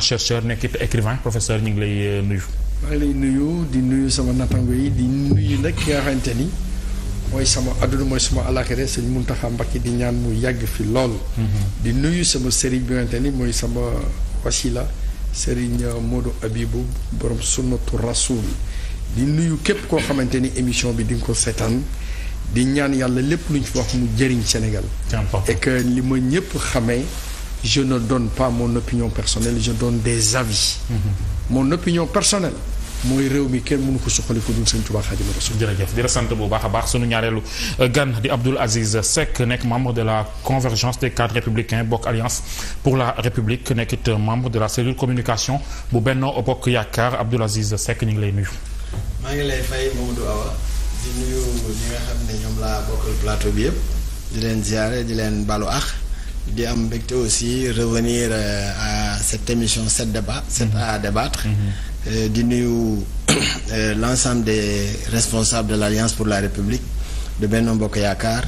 chercheur nekk it écrivain professeur ñu ngi lay euh, nuyu. maa ngi lay nuyu di nuyu sama nattango yi di nuyu nag ki nga xamante ni mooy sama àdduna mooy sama àllaaxira sëñ Muntaxa Mbàkke di ñaan mu yàgg fi lool. Mhm. di nuyu sama sëriñ bi nga ni mooy sama wasila sëriñ euh, Modou Abibu borom sunnatu rasul di nuyu képp koo xamante ni émission bi di ko seetaan di ñaan yàlla lépp lu ñu wax mu jëriñ Sénégal. et li ma ñëpp xamee. je ne donne pas mon opinion personnelle je donne des avis. Mm-hmm. mon opinion personnelle. mooy réew mi kenn mënu ko suqali ko dul sëñ Tuubaa Xaadimu Rasuul. jërëjëf di la sant euh, de la convergence des cadres républicains bokk la république nekk it membre de la cellule communication bu Benno Bokk Yaakaar ñu ngi lay nuyu. maa ngi lay fay leen ziare di leen balu ax di am mbégte aussi revenir euh, à cette émission sept débat sept mhm. à débattre mhm. euh, di nuyu euh, l'ensemble des responsables de l'Alliance pour la République de Benno Bokk Yaakaar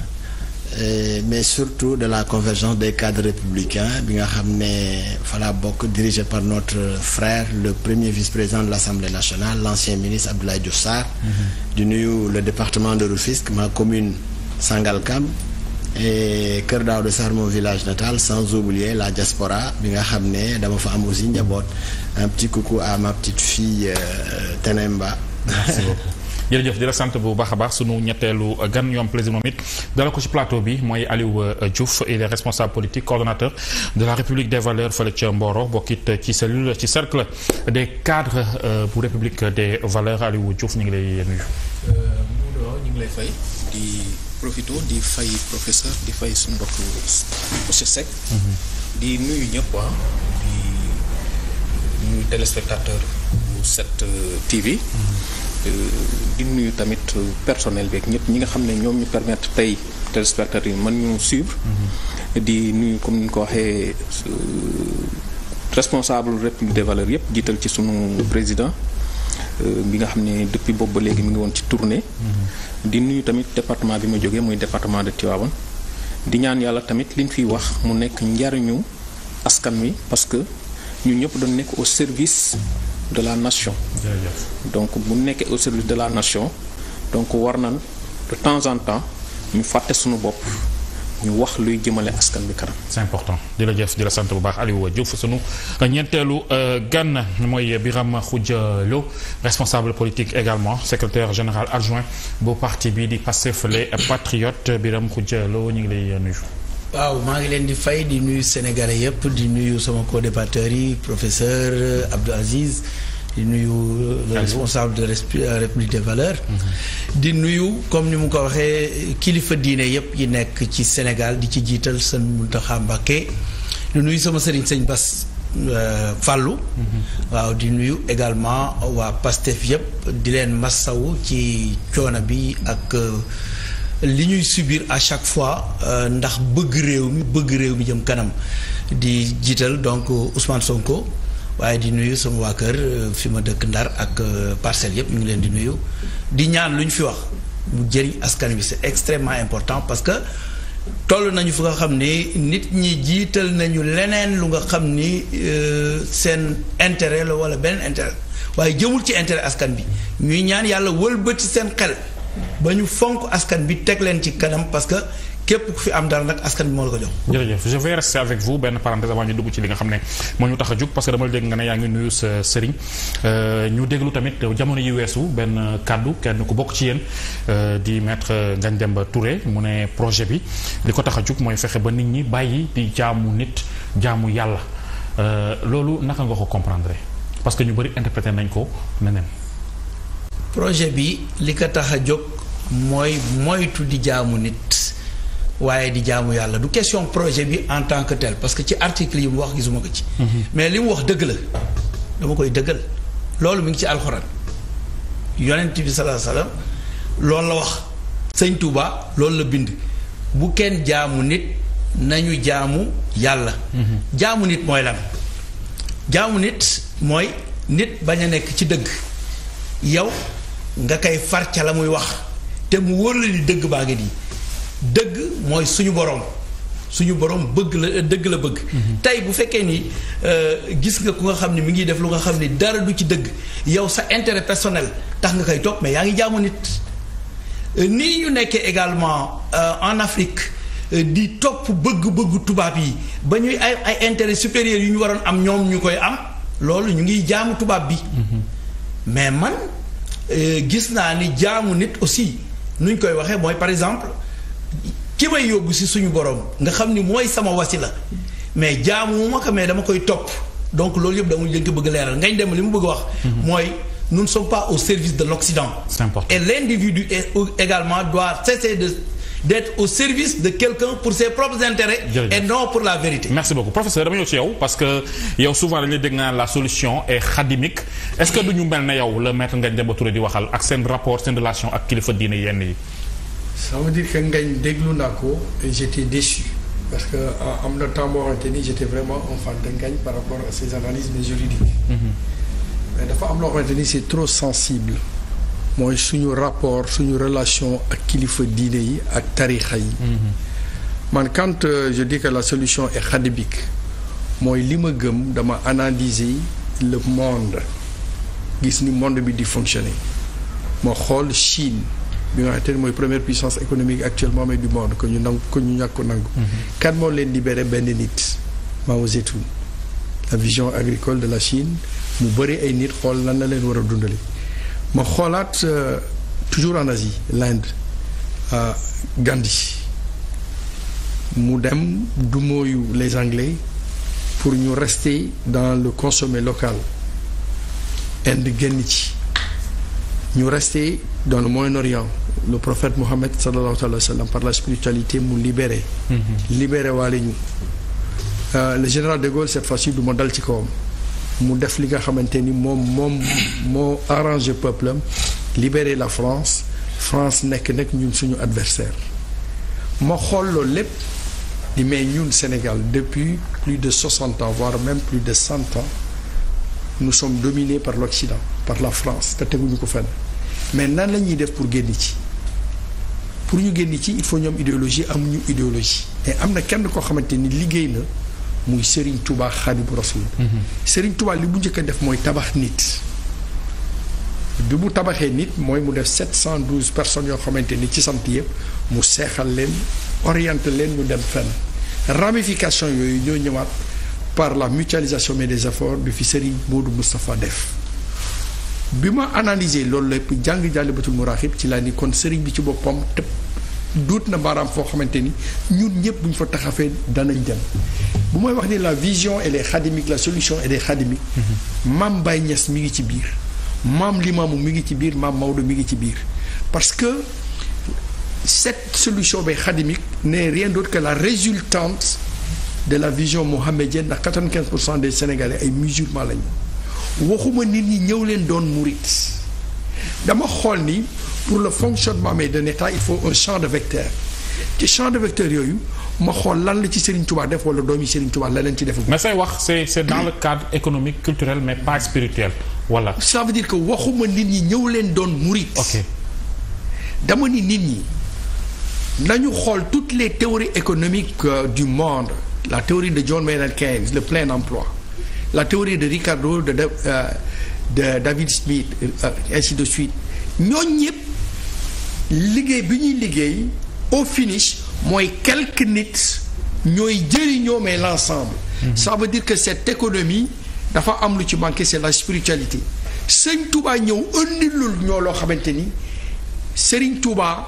mais surtout de la convergence des cadres républicains bi nga xam ne fala bokk dirigé par notre frère le premier vice-président de l'Assemblée nationale l'ancien ministre Abdoulaye Diouf Sarr mhm. di nuyu le département de Rufisque ma commune Sangalkam et Kër Daouda Sarr mon village natal sans oublier la diaspora bi nga xam ne dama fa am aussi njaboot un petit coucou à ma petite fille euh, Tenemba. merci beaucoup jërëjëf di sant bu baax a baax sunu ñetteelu gan ñu am plaisir moom it dala ko ci plateau bi mooy Aliou euh, Diouf il est responsable politique coordonnateur de la République des valeurs fële ca Mboro bokkit ci cellule ci cercle des cadres pour euh, République des valeurs Aliou Diouf ñu ngi lay nuyu. Moundou profité di fay professeur di fay suñu mbokk monsieur nuyu ñëpp ah di nuyu téléspectateur bu 7TV euh, euh, di nuyu tamit euh, personnel beeg ñëpp ñi nga xam ne ñoom ñu permettre tey téléspectateurs yi man ñu suivre di nuyu comme ni ko waxee responsable république des valeurs yëpp jiital ci suñu président bi nga xam ne depuis boobu ba léegi mu ngi woon ci tournée. Mm-hmm. di nuyu tamit département bi ma jógee mooy département de Tivaouane di ñaan yàlla tamit li liñ fiy wax mu nekk njariñu askan wi parce que ñu ñëpp doon nekk au service de la nation. donc bu nekkee au service de la nation donc war na de temps en temps ñu fàtte suñu bopp. ñu wax luy jëmale askan bi kanam. c'est important di la jëf di la sant bu baax Aliou Diouf sunu ñeenteelu euh, gan mooy Birame Khoudia Lo responsable politique également secretaire général adjoint bu parti bi di Pastef les Patriotes Birame Khoudia Lo ñu ngi lay nuyu. waaw maa ngi leen di fay di nuyu Sénégalais yëpp di nuyu sama co yi professeur Abdou Aziz. di nuyu le responsable de euh, république des valeurs di nuyu comme ni mu ko waxee kilifa diine yépp yi nekk ci Sénégal di ci jiital sëñ Muntaxa Mbàkke di nuyu sama sëriñ sëñ Bas euh, Fallou waaw di nuyu également waa Pastef yépp di leen massaw ci coono bi ak euh, li ñuy subir à chaque fois ndax bëgg réew mi bëgg réew mi jëm kanam di jiital donc Ousmane Sonko waaye di nuyu sama waa kër euh, fi ma dëkk Ndar ak euh, parcelles yëpp ñu ngi leen di nuyu di ñaan lu ñu fi wax mu jëriñ askan wi c'est extrêmement important parce que toll nañu fi nga xam ni nit ñi jiital nañu leneen lu nga xam ni euh, seen intérêt la wala benn intérêt waaye jëmul ci intérêt askan bi ñuy ñaan yàlla wëlbati seen xel ba ñu fonk askan bi teg leen ci kanam parce que képp ku fi am dara nag askan bi moo la ko jox. jërëjëf je vais avec vous benn parenthèse ñu dugg ci li nga xam ne moo ñu tax a jug parce que dama la nga ne yaa ngi nuyu sa sëriñ euh, ñu déglu tamit jamono yi weesu benn kàddu kenn ku bokk ci yéen euh, di maître Ngagne Demba toure mu ne projet bi li ko tax a jug mooy fexe ba nit ñi bàyyi di jaamu nit jaamu yàlla euh, loolu naka nga parce que ñu bëri interprété nañ ko neneen. projet li ko tax a jóg mooy moytu di jaamu nit. waaye di jaamu yàlla du question projet bi en tant que tel parce que ci article yi mu wax gisuma ko ci. mais li mu wax dëgg la dama koy dëggal loolu mi ngi ci alxuraan yonent bi sallallahu alayhi wasallam loolu la wax. sëñ Touba loolu la bind bu kenn jaamu nit nañu jaamu yàlla. jaamu nit mooy lan jaamu nit mooy nit bañ a nekk ci dëgg yow nga koy far ca la muy wax te mu wóor la ni dëgg baa ngi nii. dëgg mooy suñu borom suñu borom bëgg la dëgg la bëgg. Mhm. tey bu fekkee ni euh, gis nga ku nga xam ni mu ngi def lu nga xam ni dara du ci dëgg yow sa intérêt personnel tax nga koy topp mais yaa ngi jaamu nit. Euh, nii ñu nekkee également euh, en Afrique di topp bëgg-bëggu tubaab yi ba ñuy ay ay intérêt supérieur yu ñu waroon am ñoom ñu koy am loolu ñu ngi jaamu tubaab bi. Mhm. mais man gis naa ni jaamu nit aussi nuñ koy waxee mooy par exemple. ki may yóbbu si suñu borom nga xam ni mooy sama la mais jaamu ma ko mais dama koy topp donc loolu yëpp dama leen ko bëgg leeral ngañ dem li mu bëgg wax. Mhm. mooy nous ne sommes pas au service de l'Occident. c'est pour ses propres intérêts et non pour la vérité. merci beaucoup professeur dama ñëw ci yow parce que yow souvent dañuy dégg la solution est xadimique est-ce que du ñu mel ne yow la maître Ngagne Demba Touré di waxal ak seen rapport seen relation ak kilifa diine yenn yi. ça veut dire que ngañ déglu naa ko et j'étais déçu parce que am na temps boo xamante ni j'étais vraiment un fan de ngañ par rapport à ses analyses mais juridiques mhm. mais dafa am loo xamante ni c'est trop sensible mooy suñu rapport suñu relation ak kilifa diine yi ak tarixa yi mhm. man quand euh, je dis que la solution est xadibik mooy li ma gëm dama analyser le monde gis ni monde bi di fonctionner ma xool Chine bi nga xamante ne mooy première puissance économique actuellement mais du monde que ñu nangu que ñu ñàkk nangu. Mhm. kan moo leen libéré benn nit Mao Zedong la vision agricole de la Chine mu bëri ay nit xool lan la leen war a dundale ma xoolaat euh, toujours en Asie l'Inde Gandhi mu dem du mooyu les Anglais pour ñu rester dans le consommé local Inde génn ci ñu rester dans le Moyen-Orient le prophète Mohammed sallallahu alayhi par la spiritualité mu libéré. Mhm. libéré waale euh, ñu. le général de Gaulle cette fois-ci du ma dal ci kawam mu def li nga xamante ni moom moom moo arrangé peuple am libéré la France France nekk nag ñun suñu adversaire ma xool loolu lépp di mais ñun Sénégal depuis plus de soixante ans voire même plus de cent ans nous sommes dominés par l'Occident par la France te teguñu ko fenn mais nan la ñuy def pour génn ci. pour ñu génn ci il faut ñoom idéologie amuñu idéologie mais am na kenn koo xamante ni liggéey na muy Serigne Touba Xaadimu Rasuul mhm. Serigne Touba li bu njëkk def mooy tabax nit bi mu tabaxee nit mooy mu def 712 personnes yoo xamante ni ci sant yëpp mu seexal leen orienté leen mu dem fenn ramification yooyu ñoo ñëwaat par la mutualisation mais des efforts bi fi Serigne Modou Moustapha def bi ma analyser loolu lépp jàng jàll batul muraaxib ci laa ni kon sëriñ bi ci boppam te duut na baaraam foo xamante ni ñun ñëpp bu ñu fa taxafee danañ dem bu mooy wax ni la vision elle est xadimique la solution elle est xadimique mm-hmm. maam Baye Niass mi ngi ci biir maam Limaamu mi ngi ci biir maam Maodo mi ngi ci biir parce que cette solution bay xadimique n'est rien d'autre que la résultante de la vision mohammedienne ndax 95 pour cent des Sénégalais ay musulmans lañu waxuma nit ñi ñëw leen doon murit dama xool ni pour le fonctionnement mais d'un état il faut un champ de vecteurs ci champ de vecteurs yooyu ma xool lan la ci Serigne Touba def wala doomi Serigne Touba la leen ci def. mais say wax c'est c'est dans le cadre économique culturel mais pas spirituel voilà. ça veut dire que waxuma nit ñi ñëw leen doon murit. ok dama ni nit ñi nañu xool toutes les théories économiques euh, du monde la théorie de John Maynard Keynes le la théorie de Ricardo de de, euh, de David Smith euh, ainsi de suite ñooñ ñëpp liggéey bi ñuy liggéey au finish mooy quelques nit ñooy jëriñoo mais l'ensemble mhm. ça veut dire que cette économie dafa am lu ci manqué c'est la spiritualité sëñ Touba ñëw andilul ñoo loo xamante ni sëriñ Touba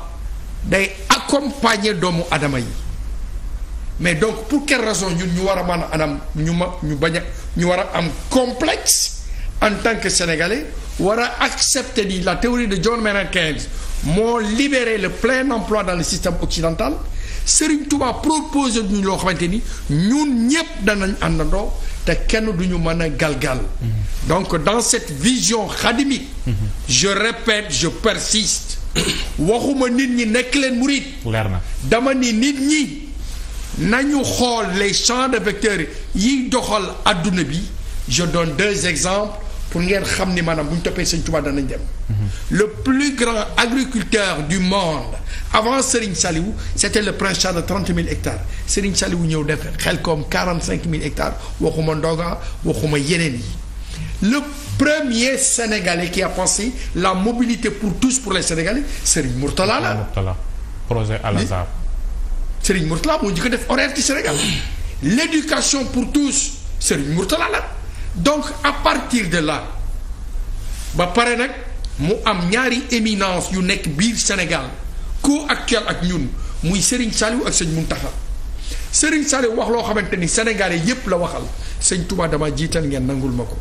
day accompagner doomu adama yi mais donc pour quelle raison ñun ñu war a mën a anam ñu ma ñu bañ a ñu war a am complexe en tant que sénégalais war a accepter di la théorie de John Maynard Keynes moo libéré le plein emploi dans le système occidental Serigne Touba proposé ñu loo xamante ni ñun ñépp danañ àndandoo te kenn du ñu mën a galgal donc dans cette vision xadimique je répète je persiste waxuma nit ñi nekk leen murit leer na dama ni nit ñi nañu xool les champs de vecteurs yi doxal adduna bi je donne deux exemples pour ngeen xam ni maanaam bu ñu toppee Sëñ Tuubaa danañ dem le plus grand agriculteur du monde avant Serigne Saliou c'était le prince Charles de trente mille hectares Serigne Saliou ñëw def xel comme quarante cinq mille hectares waxuma ndoga waxuma yeneen yi le premier sénégalais qui a pensé la mobilité pour tous pour les sénégalais Serigne Mourtala la projet Al Serigne Mourtala moo njëkk def horaire ci Sénégal l'éducation pour tous Serigne Mourtala la donc à partir de la ba pare nag mu am ñaari éminence yu nekk biir Sénégal co-actuel ak ñun muy Serigne Saliou ak sëñ tax Serigne Saliou wax loo xamante ni sénégalais yépp la waxal sëñ Touba dama jiital ngeen nangul ma ko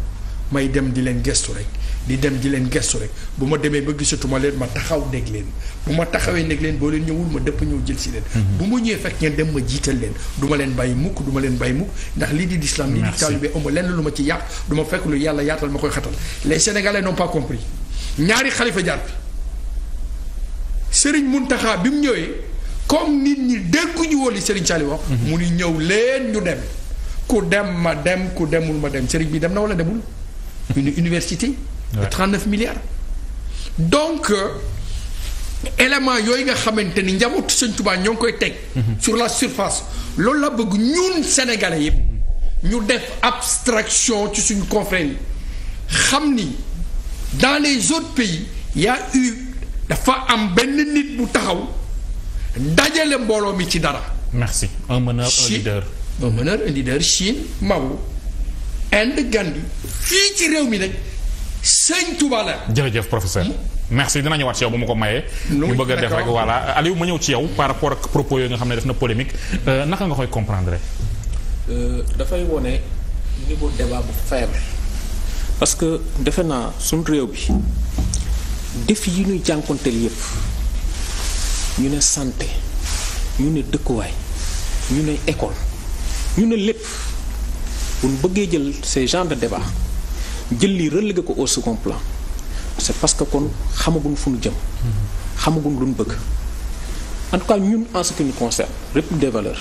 may dem di leen gestu rek di dem di leen gestu rek bu ma demee ba gisatuma leen ma taxaw dégg leen bu ma taxawee dégg leen boo leen ñëwul ma dëpp ñëw jël si leen mhm. bu ma ñëwee fekk ngeen dem ma jiital leen du leen bàyyi mukk du leen bàyyi mukk ndax lii di l'islam lii di taalibe amul lenn lu ma ci yàq du ma fekk lu yàlla yaatal ma koy xatal les sénégalais n'ont pas ñaari xalifa jaar bi Serigne Mountakha bi mu ñëwee comme nit ñi dégguñu woon li Serigne Saliou wax mhm. mu ni ñëw leen ñu dem ku dem ma dem ku demul ma dem Serigne bi dem na wala demul université de 39 milliards. donc euh, élément yooyu nga xamante ni njabootu Sëñ ñoo ngi koy teg. Mhm. sur la surface loolu la bëgg ñun sénégalais yëpp ñu def abstraction ci suñu confrérie yi xam ni dans les autres pays y a dafa am benn nit bu taxaw dajale mbooloo mi ci dara. merci un meneur un leader. un meneur un leader Chine Mao Inde Gandhi fii ci réew mi nag. sëñ Touba la. jërëjëf professeur. Hmm? merci dina ñëwaat ci yow bu ma ko mayee. ñu bëgg a def rek voilà Aliou ma ñëw ci yow par rapport ak propos yooyu nga xam ne def na polémique euh, naka nga koy comprendre. Euh, dafay wone niveau débat bu faible. parce que defe naa suñu réew bi défi yi ñuy jànkonteel yépp ñu ne santé ñu ne dëkkuwaay ñu ne école ñu ne lépp bu ñu bëggee jël ces genres de débat. jël lii relégué ko au second plan parce que kon xamaguñ fu ñu jëm. xamaguñ lu ñu bëgg. en tout cas ñun en ce qui nous concerne république des valeurs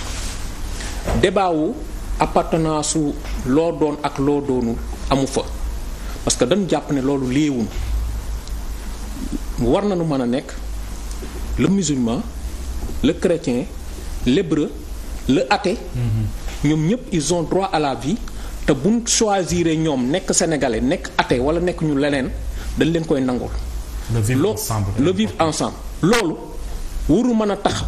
débat wu appartenance su loo doon ak loo doonu amu fa parce que dañu jàpp ne loolu léewuñu war na nu mën a nekk le musulman le chrétien l'hébreu le athée mm-hmm. ñoom ñëpp ils ont droit à yi te buñ choisir ñoom nekk sénégalais nekk athée wala nekk ñu leneen dañ leen koy nangul le vivre ensemble le vivre ensemble loolu waru mën a tax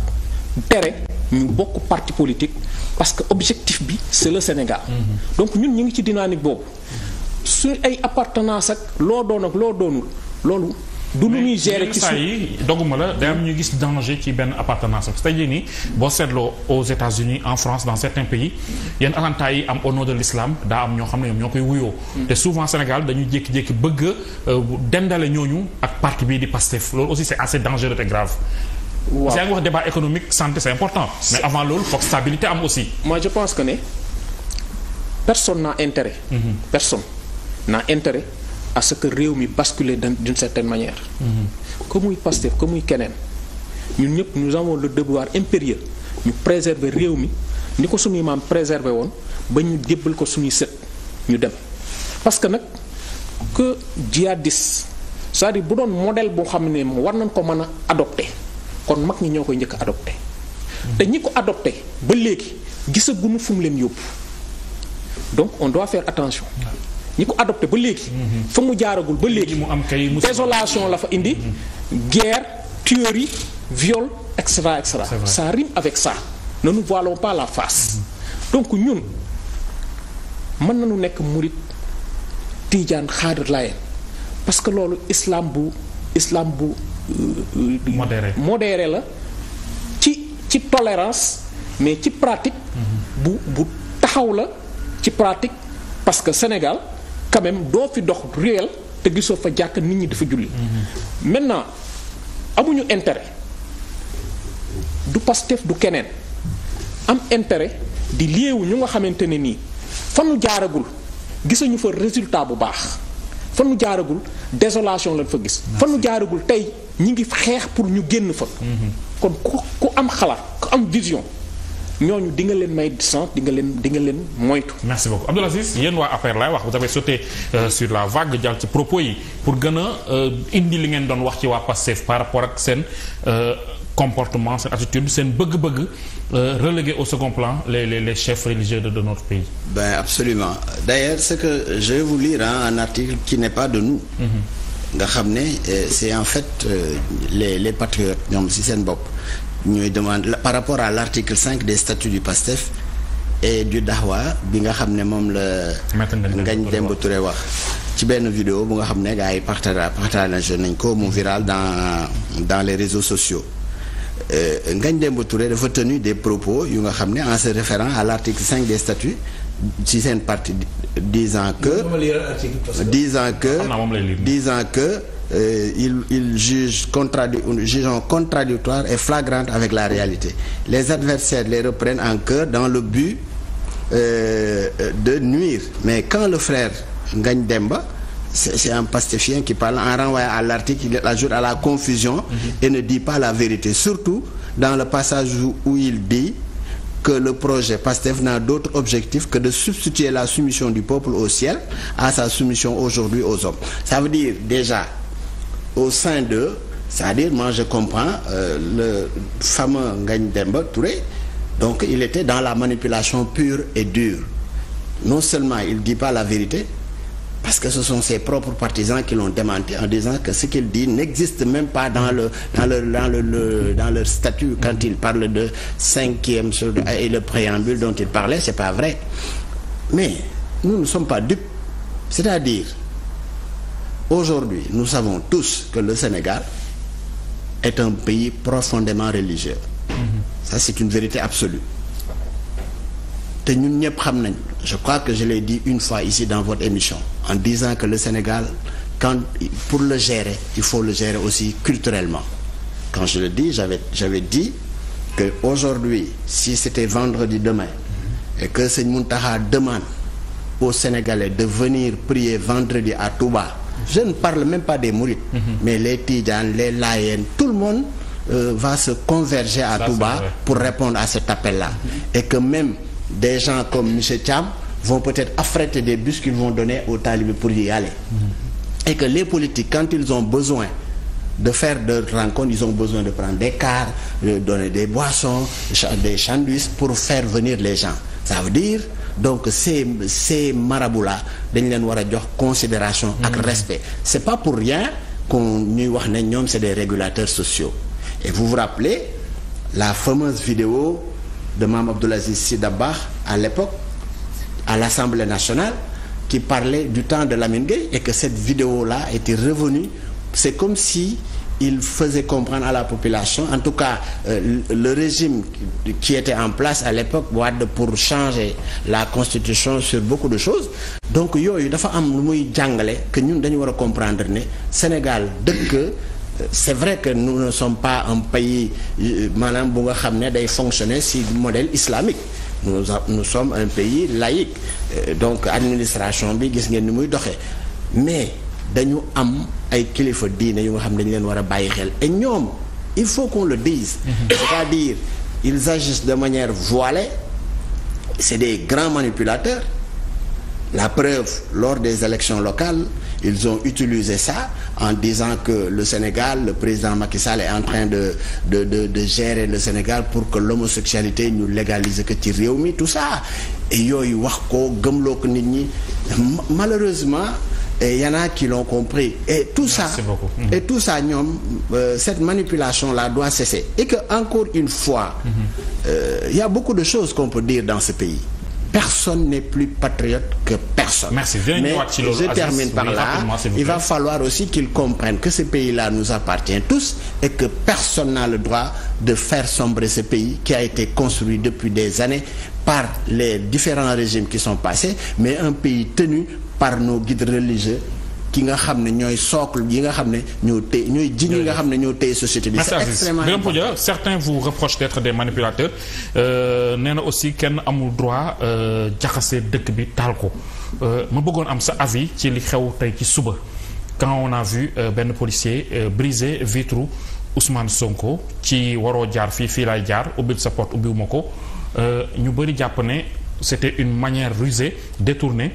tere ñu bokk parti politique parce que objectif bi c'est le Sénégal mm-hmm. donc ñun ñu ngi ci dynamique boobu su ay appartenance ak loo doon ak loo doonul loolu du lu ñuy gérer ci yi doguma la day am ñu gis danger ci benn appartenance c'est-à-dire ni boo seetloo aux États-Unis en France dans certains pays yenn attentat yi am au de l'islam daa am ñoo xam ne ñoo koy wuyoo mm. te souvent Sénégal dañuy jékki-jékki bëgg euh, dendale ñooñu ak parti bii di Pastef loolu aussi c'est assez dangereux et grave waaw yaa ngi wax débat économique santé c'est important mais avant loolu foog stabilité am aussi moi je pense que ne personne n'a intérêt mm-hmm. personne n'a intérêt à que réew mi basculer d'une certaine manière. Mm-hmm. comme muy Pastef comme muy keneen ñun ñëpp ñu nous avons le devoir impérieux ñu préserver réew mi ni ko suñuy maam préserver woon ba ñu jébbal ko suñuy set ñu dem parce que nag que djihadiste cest dire bu doon modèle boo xam ne war nañ ko mën a adopté kon mag ñi ñoo koy njëkk a adopté mm-hmm. te ñi ko adopté ba léegi gisaguñu fu mu leen yóbbu donc on doit faire attention ñi ko adopté ba léegi. Mhm. fa mu jaaragul ba léegi. mu am kay désolation la fa indi. Mhm. guerre tuerie viol et cetera et cetera. avec ça ne nous voilons pas la face. Mhm. donc ñun mën nañu nekk murit tiijaan xaadir laayeen parce que loolu islam bu islam bu. Euh, modéré modéré la ci ci tolérance mais ci pratique. bu bu taxaw la ci pratique parce que Sénégal. quand même doo fi dox réel te gisoo fa jàkk nit ñi dafa julli. maintenant amuñu intérêt du Pastef du keneen am intérêt di liewu ñu nga xamante ne nii fanu jaaragul gisuñu fa résultat bu baax fanu jaaragul désolation la dafa gis. fanu jaaragul tey ñi ngi xeex pour ñu génn fa. Mhm. kon ku ku am xalaat ku am vision. ñooñu di nga leen may sens di nga leen di nga leen moytu. merci beaucoup Abdoul Aziz yéen waa affaire laay wax vous avez sauté euh, sur la vague jàll ci propos yi pour gën a euh, indi li ngeen doon wax ci waa Pastef par rapport ak seen euh, comportement seen attitude seen bëgg-bëgg reléguer au second plan les les les chefs religieux de de notre pays. ben absolument d'ailleurs ce que je vais vous lire hein, un article qui n'est pas de nous. Mm-hmm. nga xam ne c'est en fait les les patriotes ñoom ci seen bopp. ñooy demande par rapport à l'article 5 des statuts du PASTEF et du Dahwa bi nga xam ne moom la ngañ dem ba Touré wax ci benn vidéo bu nga xam ne gars yi partage partagé nañ ko mu viral dans dans les réseaux sociaux euh, Ngagne Demba Touré dafa tenu des propos yu nga xam ne en se référant à l'article 5 des statuts ci seen parti partie disant que disant que disant que euh, il il juge contradi jugeant contradictoire et flagrante avec la réalité les adversaires les reprennent en cœur dans le but euh, de nuire mais quand le frère Ngagne Demba c'est un pastéfien qui parle en renvoyant à l'article il ajoute à la confusion mm -hmm. et ne dit pas la vérité surtout dans le passage où, où il dit que le projet PASTEF n'a d'autre objectif que de substituer la soumission du peuple au ciel à sa soumission aujourd'hui aux hommes ça veut dire déjà au sein de c'est-à-dire moi je comprends euh, le fameux Ngagne Demba Touré donc il était dans la manipulation pure et dure non seulement il dit pas la vérité parce que ce sont ses propres partisans qui l'ont démenti en disant que ce qu'il dit n'existe même pas dans le dans le dans le, le dans leur statut quand il parle de cinquième et le préambule dont il parlait c'est pas vrai mais nous ne sommes pas dupes c'est-à-dire aujourd'hui nous savons tous que le Sénégal est un pays profondément religieux mm -hmm. ça c'est une vérité absolue te ñun ñëpp xam nañ je crois que je l'ai dit une fois ici dans votre émission en disant que le Sénégal quand pour le gérer il faut le gérer aussi culturellement quand je le dis j'avais j'avais dit que aujourd'hui si c'était vendredi demain et que Sëñ Mountakha demande aux Sénégalais de venir prier vendredi à tout Touba je ne parle même pas des mourides mhm. mais les tidianes les laayeen tout le monde euh, va se converger à Touba pour répondre à cet appel là et que même des gens comme monsieur Thiam vont peut-être affréter des bus qu'ils vont donner aux talibés pour y aller mhm. et que les politiques quand ils ont besoin de faire de rencontres ils ont besoin de prendre des cars de donner des boissons des sandwichs pour faire venir les gens ça veut dire donc ces ces marabouts là leen war a jox considération ak mm. respect c'est pas pour rien qu'on ñuy wax ne ñoom c'est des régulateurs sociaux et vous vous rappelez la fameuse vidéo de Mame Abdoul Aziz Sy Dabakh à l'époque à l'Assemblée nationale qui parlait du temps de Lamine Gueye et que cette vidéo la était revenue c'est comme si il faisait comprendre à la population, en tout cas euh, le régime qui était en place à l'époque, Wade pour changer la constitution sur beaucoup de choses. donc yooyu dafa am lu muy jàngale que ñun dañu war a comprendre ne Sénégal dëkk. Euh, c'est vrai que nous ne sommes pas un pays euh, maanaam bu nga xam ne day fonctionner ci modèle islamique nous nous sommes un pays laïque donc administration bi gis ngeen ni muy doxee mais. dañu am ay kilifa diine yu nga xam dañu leen war a bàyyi xel et ñoom il faut qu'on le dise mhm. c'est-à-dire ils agissent de manière voilée c'est des grands manipulateurs la preuve lors des élections locales ils ont utilisé ça en disant que le Sénégal le président Macky Sall est en train de de de de gérer le Sénégal pour que l'homosexualité ñu légalise que ci réew mi tout ça et yooyu wax ko gëmloo ko nit ñi malheureusement et il y en a qui l'ont compris et tout Merci ça beaucoup. Mhm. et tout ça ñoom euh, cette manipulation là doit cesser et que encore une fois il mm -hmm. euh, y a beaucoup de choses qu'on peut dire dans ce pays personne n'est plus patriote que personne. Merci. Mais je termine par là. Il va falloir aussi qu'ils comprennent que ce pays-là nous appartient tous et que personne n'a le droit de faire sombrer ce pays qui a été construit depuis des années par les différents régimes qui sont passés, mais un pays tenu par nos guides religieux ki nga xam ne ñooy socle yi nga xam ne ñoo téye ñooy jin yi nga xam ne ñoo téye société bi. c'est extrêmement important certains vous reprochent d'être des manipulateurs euh, nee na aussi kenn amul droit euh, jaxase dëkk bi taal ko euh, ma bëggoon am sa avis ci li xew tey ci suba quand on a benn policier briser vitre Ousmane Sonko ci waroo jaar fii fii laay jaar ubbil sa porte ubbiwuma ko ñu bëri jàpp ne c'était une manière rusée détournée.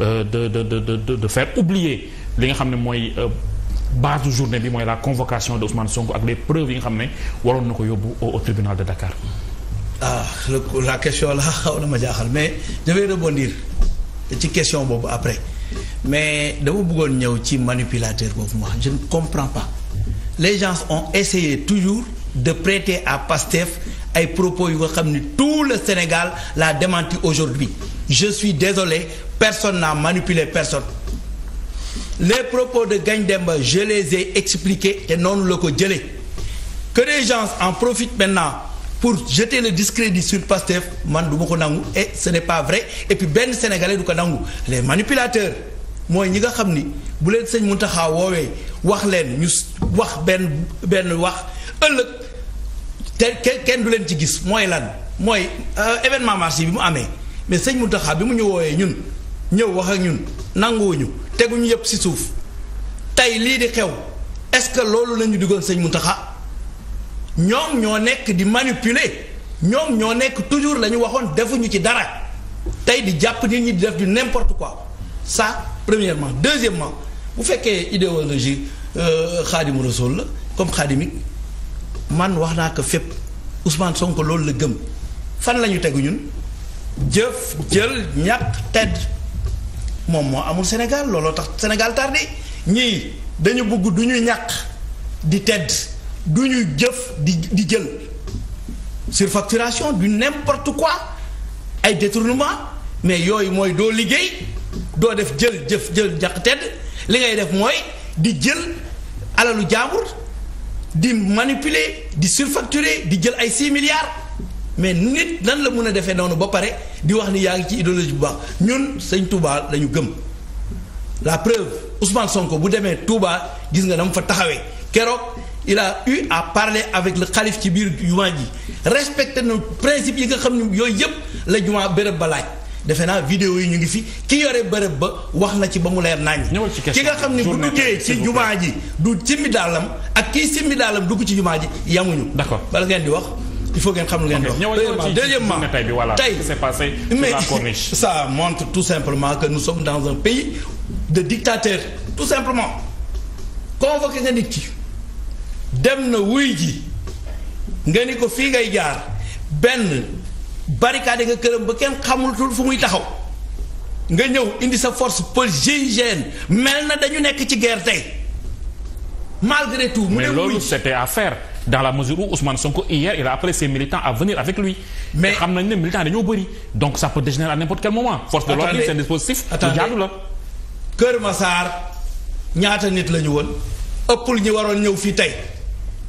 Euh, de de de de de faire oublier li nga xam ne mooy euh, base du journée bi mooy la convocation de Ousmane Sonko ak les preuves yi nga xam ne waroon na ko yóbbu au tribunal de Dakar. ah la question la xaw na ma jaaxal mais je vais rebondir ci question boobu après mais dama bëggoon ñëw ci manipulateur boobu ma je ne comprends pas les gens ont essayé toujours de prêter à Pastef ay propos yu nga xam ni tout le Sénégal l'a démenti aujourd'hui je suis désolé Personne n'a manipulé personne. Les propos de Gagne Demba, je les ai te noonu la ko jëlee. Que les gens en profitent maintenant pour jete le discrédit sur Pastef, man du ko nangu et ce n'est pas vrai et puis benn Sénégalais du ko nangu. Les manipulateur mooy ñi nga xam ni bu leen sëñ Mountakha woowee wax leen ñu wax benn benn wax ëllëg te kenn du leen ci gis mooy lan mooy euh, événement marché bi mu amee mais sëñ Mountakha bi mu ñu woowee ñun. ñëw wax ak ñun nanguwuñu teguñu yëpp si suuf tey lii di xew est-ce que loolu lañu diggoon sëñ Mountakha ñoom ñoo nekk di manipuler ñoom ñoo nekk toujours la ñu waxoon defuñu ci dara tey di jàpp nit ñi di def du n'importe quoi ça premièrement deuxièmement bu fekkee idéologie euh, xaadimu rasul la comme xaadimik man wax naa ko fépp Ousmane sonk loolu la gëm fan la ñu tegu ñun jëf jël ñàkk tedd moom moo amul Sénégal looloo tax Sénégal tardé ñii dañu bëgg duñu ñu ñàkk di tedd du ñu jëf di di jël surfacturation du n'importe quoi ay détournement mais yooyu mooy doo liggéey doo def jël jëf jël ñàkk tedd li ngay def mooy di jël alalu jaambur di manipuler di surfacturer di jël ay 6 milliards mais nit nan la mun a defee noonu ba pare di wax ni yaa ngi ci idéologie bu baax ñun sëñ Touba lañu gëm la preuve Ousmane Sonko bu demee Touba gis nga dama fa taxawee keroog il a à parler avec le xalif ci biir jumaa ji respecté na principe yi nga xam ne yooyu yëpp la jumaa béréb ba laaj defe naa vidéo yi ñu ngi fi ki yore bërëb ba wax na ci ba mu leer naññ ki nga xam ne bu duggee ci jumaa ji du simmi daalam ak kii simmi daalam dugg ci jumaa ji yamuñu d'accord bala ngeen di wax il faut ngeen xam lu ngeen dox. deuxièmement tey mais ça montre tout simplement que nous sommes dans un pays de dictateurs tout simplement convoqué nga nit ki dem na wuy ji nga ni ko fii ngay jaar benn barricade nga këram ba kenn xamulatul fu muy taxaw nga ñëw indi sa force police GIGN mel na dañu nekk ci gerte tey malgré tout. mu ne mais loolu c'était à dans la mesure où Ousmane Sonko hier il a appelé ses militants a venir avec lui. mais xam nañ ne militants dañoo bëri donc ça peut dégénérer à n'importe quel moment. force de l'ordre seen dispositif. lu jaadu la. Kër Massar ñaata nit la ñu woon lu ñi waroon ñëw fii tey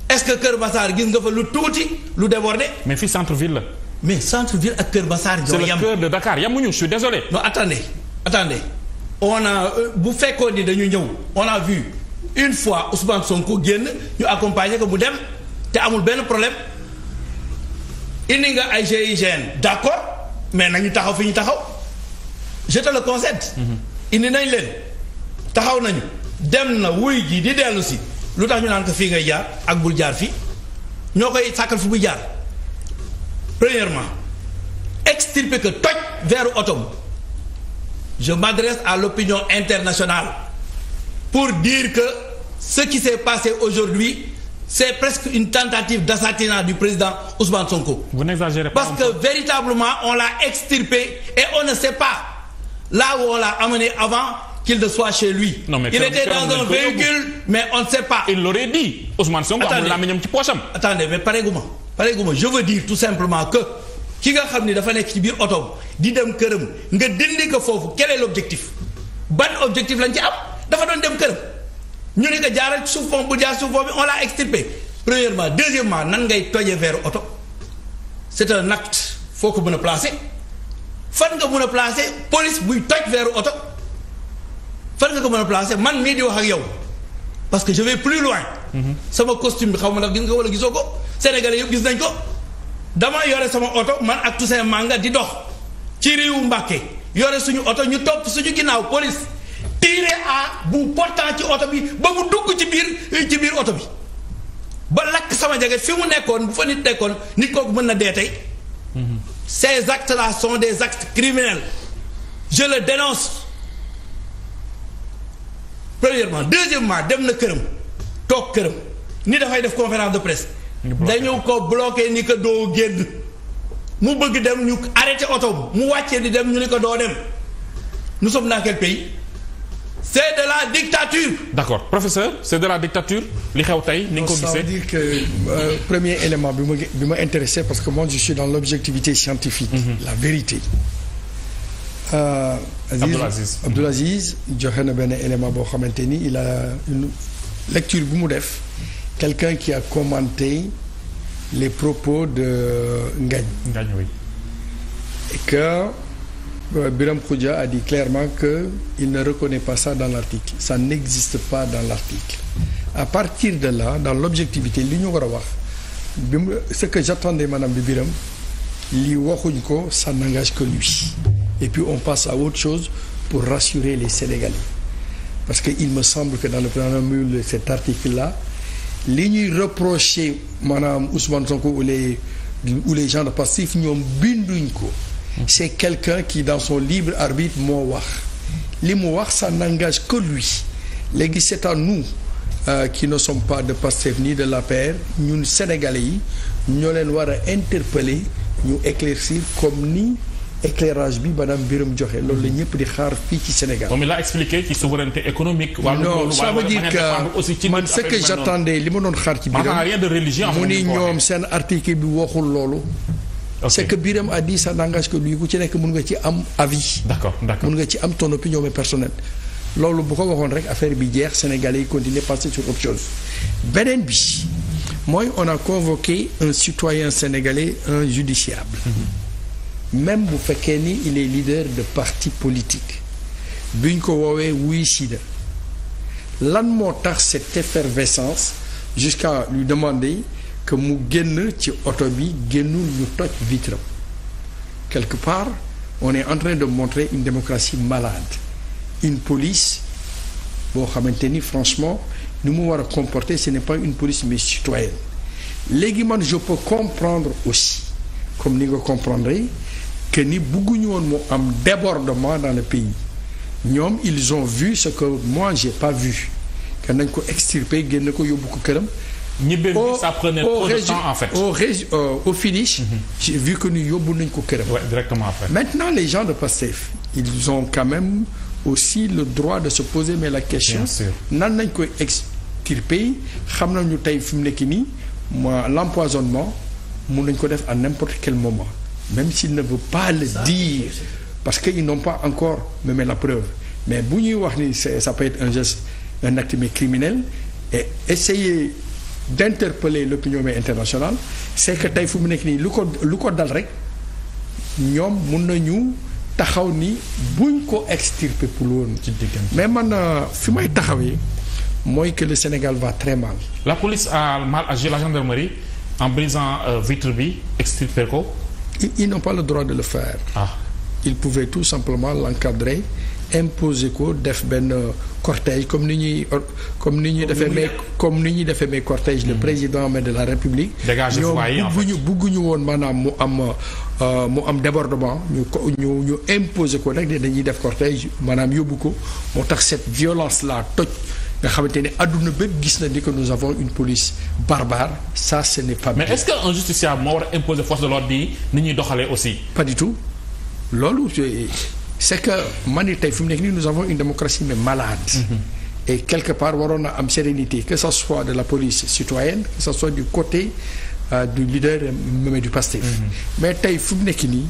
est-ce que Kër Massar gis nga fa lu tuuti lu débordé. mais fii centre ville la. mais centre ville ak Kër Massar. ñoo yem c'est le cœur de Dakar yemuñu je suis désolé. non attendez attendez on a euh, bu fekkoon ni dañu ñëw on a fois Ousmane Sonko génn ñu accompagner ko mu dem. te amul benn problème indi nga ay GIGN d' accord mais ñu taxaw fi ñu taxaw je la le mhm. indi nañ leen taxaw nañu dem na wuy ji di dellusi lu tax ñu naan ko fii ngay jaar ak bul jaar fi ñoo koy sàkkal fu muy jaar premièrement extirper que toj veeru otom je m'adresse à l'opinion internationale pour dire que ce qui s'est passé aujourd'hui c'est presque une tentative d'assassinat du président Ousmane Sonko. Vous n'exagérez pas. Parce que véritablement, on l'a extirpé et on ne sait pas la woo on l'a amené avant qu'il ne soit chez lui. Non, mais il était dans un véhicule, mais on ne sait pas. Il l'aurait dit. Ousmane Sonko amul làmmiñ am ci poosam. Attendez, mais pareeguma pareeguma je veux dire tout simplement que ki nga xam ni dafa nekk ci biir oto di dem këram nga dindi ko foofu quel est l'objectif ban objectif lañ ci am dafa doon dem këram. ñu ne ko jaaral suuf foofu bu jaar suuf bi on l'a extirpé premièrement deuxièmement nan ngay tojee verre oto c'est un nag foo ko mën a placer fan nga mën a placer police buy toj verre oto fan nga ko mën a placer man mii di wax ak yow parce que je vais plus loin. Mhm. sama costume bi xaw ma ndax gis nga wala gisoo ko Sénégalais yow gis nañ ko dama yore sama oto man ak Toussaint Manga di dox ci réewu Mbàkke yore suñu oto ñu topp suñu ginnaaw police. tiré à bu portant ci oto bi ba mu dugg ci biir ci biir oto bi ba lakk sama jaget fi mu nekkoon bu fa nit nekkoon nit kooku mën na dee tey ces actes là sont des actes criminels je le dénonce premièrement deuxièmement dem na këram toog këram ni dafay def conférence de presse dañu ko bloqué ni ko doo génn mu bëgg dem ñu arrêté oto mu wàccee di dem ñu ni ko doo dem nous sommes dans quel pays c'est de la dictature. d'accord professeur c'est de la dictature li xew tey ni nga ko euh, premier élément bi ma bi ma intéressé parce que moi je suis dans l'objectivité scientifique. Mhm. la vérité. Euh, Abdoul Aziz joxe na benn élément boo xamante ni il a une lecture bu mu def quelqu'un qui a commenté les propos de Ngagne. et que. Euh, Biram Khoudia a dit clairement qu'il ne reconnaît pas ça dans l'article. Ça n'existe pas dans l'article. À partir de là, dans l'objectivité, l'Union ce que j'attendais, Madame Biram, ça n'engage que lui. Et puis on passe à autre chose pour rassurer les Sénégalais. Parce qu'il me semble que dans le préambule de cet article-là, ñuy reprochait Madame Ousmane Sonko ou les, ou les gens de passif, nous ont c'est quelqu'un qui dans son libre arbitre moo wax li mu wax sa n'engage que lui léegi c'est à nous euh, qui ne sommes pas de Pastef ni de l'APR ñun sénégalais yi ñoo leen war a interpeller ñu éclaircir comme ni éclairage bi maanaam biram joxe loolu la ñëpp di xaar fii ci Sénégal. moom laa expliqué économique. non ça veut dire que man ce que j'attendais li ma doon xaar ci biram mu ni ñoom seen article bi waxul loolu. Okay. c'est que Birame a dit ça n'engage que ku ci nekk mun nga ci am avie d'accord d'accord mun nga ci am ton opinion mais personnelle. loolu bu ko waxoon rek affaire bi jeex sénégalais yi continuer passer sur autre beneen bi mooy on a convoqué un citoyen sénégalais injudiciable mm -hmm. même bu fekkee ni il est leader de parti politique bi ñu ko woowee wuy sida lan moo tax cette effervescence jusqu'à lui demander que mu génn ci oto bi génnul ñu toj vitre quelque part on est en train de montrer une démocratie malade une police boo xamante ni franchement ni mu war a comporter ce n'est pas une police mais citoyenne léegi man je peux comprendre aussi comme ni nga comprendre que ni bëgguñu woon mu am débordement dans le pays ñoom ils ont vu ce que moi j'ai pas vu que nañ ko extirper génn ko yóbbu ko këram ñibbe bi ça prenait trop temps en fait. au régi au finish. Mhm. j'ai vu que ñu yóbbu nañ ko këram. directement après. maintenant les gens de Pastef ils ont quand même aussi le droit de se poser mais la question. bien sûr nan nañ koy extirper xam nañu tey fi mu nekk nii moi l'empoisonnement mun nañ ko def à n'importe quel moment même s'il ne veut pas le dire parce que ils n'ont pas encore même la preuve mais bu ñuy wax ni ça peut être un geste un acte mais criminel et essayer. d'interpeller l'opinion international c'est que tey fu mu nekk nii lu ko lu ko dal rek ñoom mun nañu taxaw ni buñ ko extirper pour woon ci diggante mais man euh, fi may taxaw yi mooy que le Sénégal va très mal. la police a mal agi la gendarmerie en brisant euh, vitre bi extirper ko. ils, ils n'ont pas le droit de le faire. ah ils pouvaient tout simplement l'encadrer imposer ko def benn cortège comme ni ñuy comme ni ñuy defee mais comme ni ñuy defee mais cortège le mm. président mais de la république ñoom bugguñu bugguñu woon maanaam mu am euh, mu am débardement ñu ko ñu ñu imposer ko nag dañuy def cortège maanaam yóbbu ko moo tax cette violence là toj nga xamante ne àdduna bépp gis na ni que nous avons une police barbare ça ce n'est pas mais est-ce qu'un justiciable moo war a imposer force de l'ordre bi ni ñuy doxalee aussi pas du tout loolu c'est que man it tey fi mu nekk nii nous avons une démocratie mais malade. Mm-hmm. et quelque part waroon na am sérénité que ça soit de la police citoyenne que ça soit du côté euh, du leader même du Pastef. Mm-hmm. mais tey fi nekk nii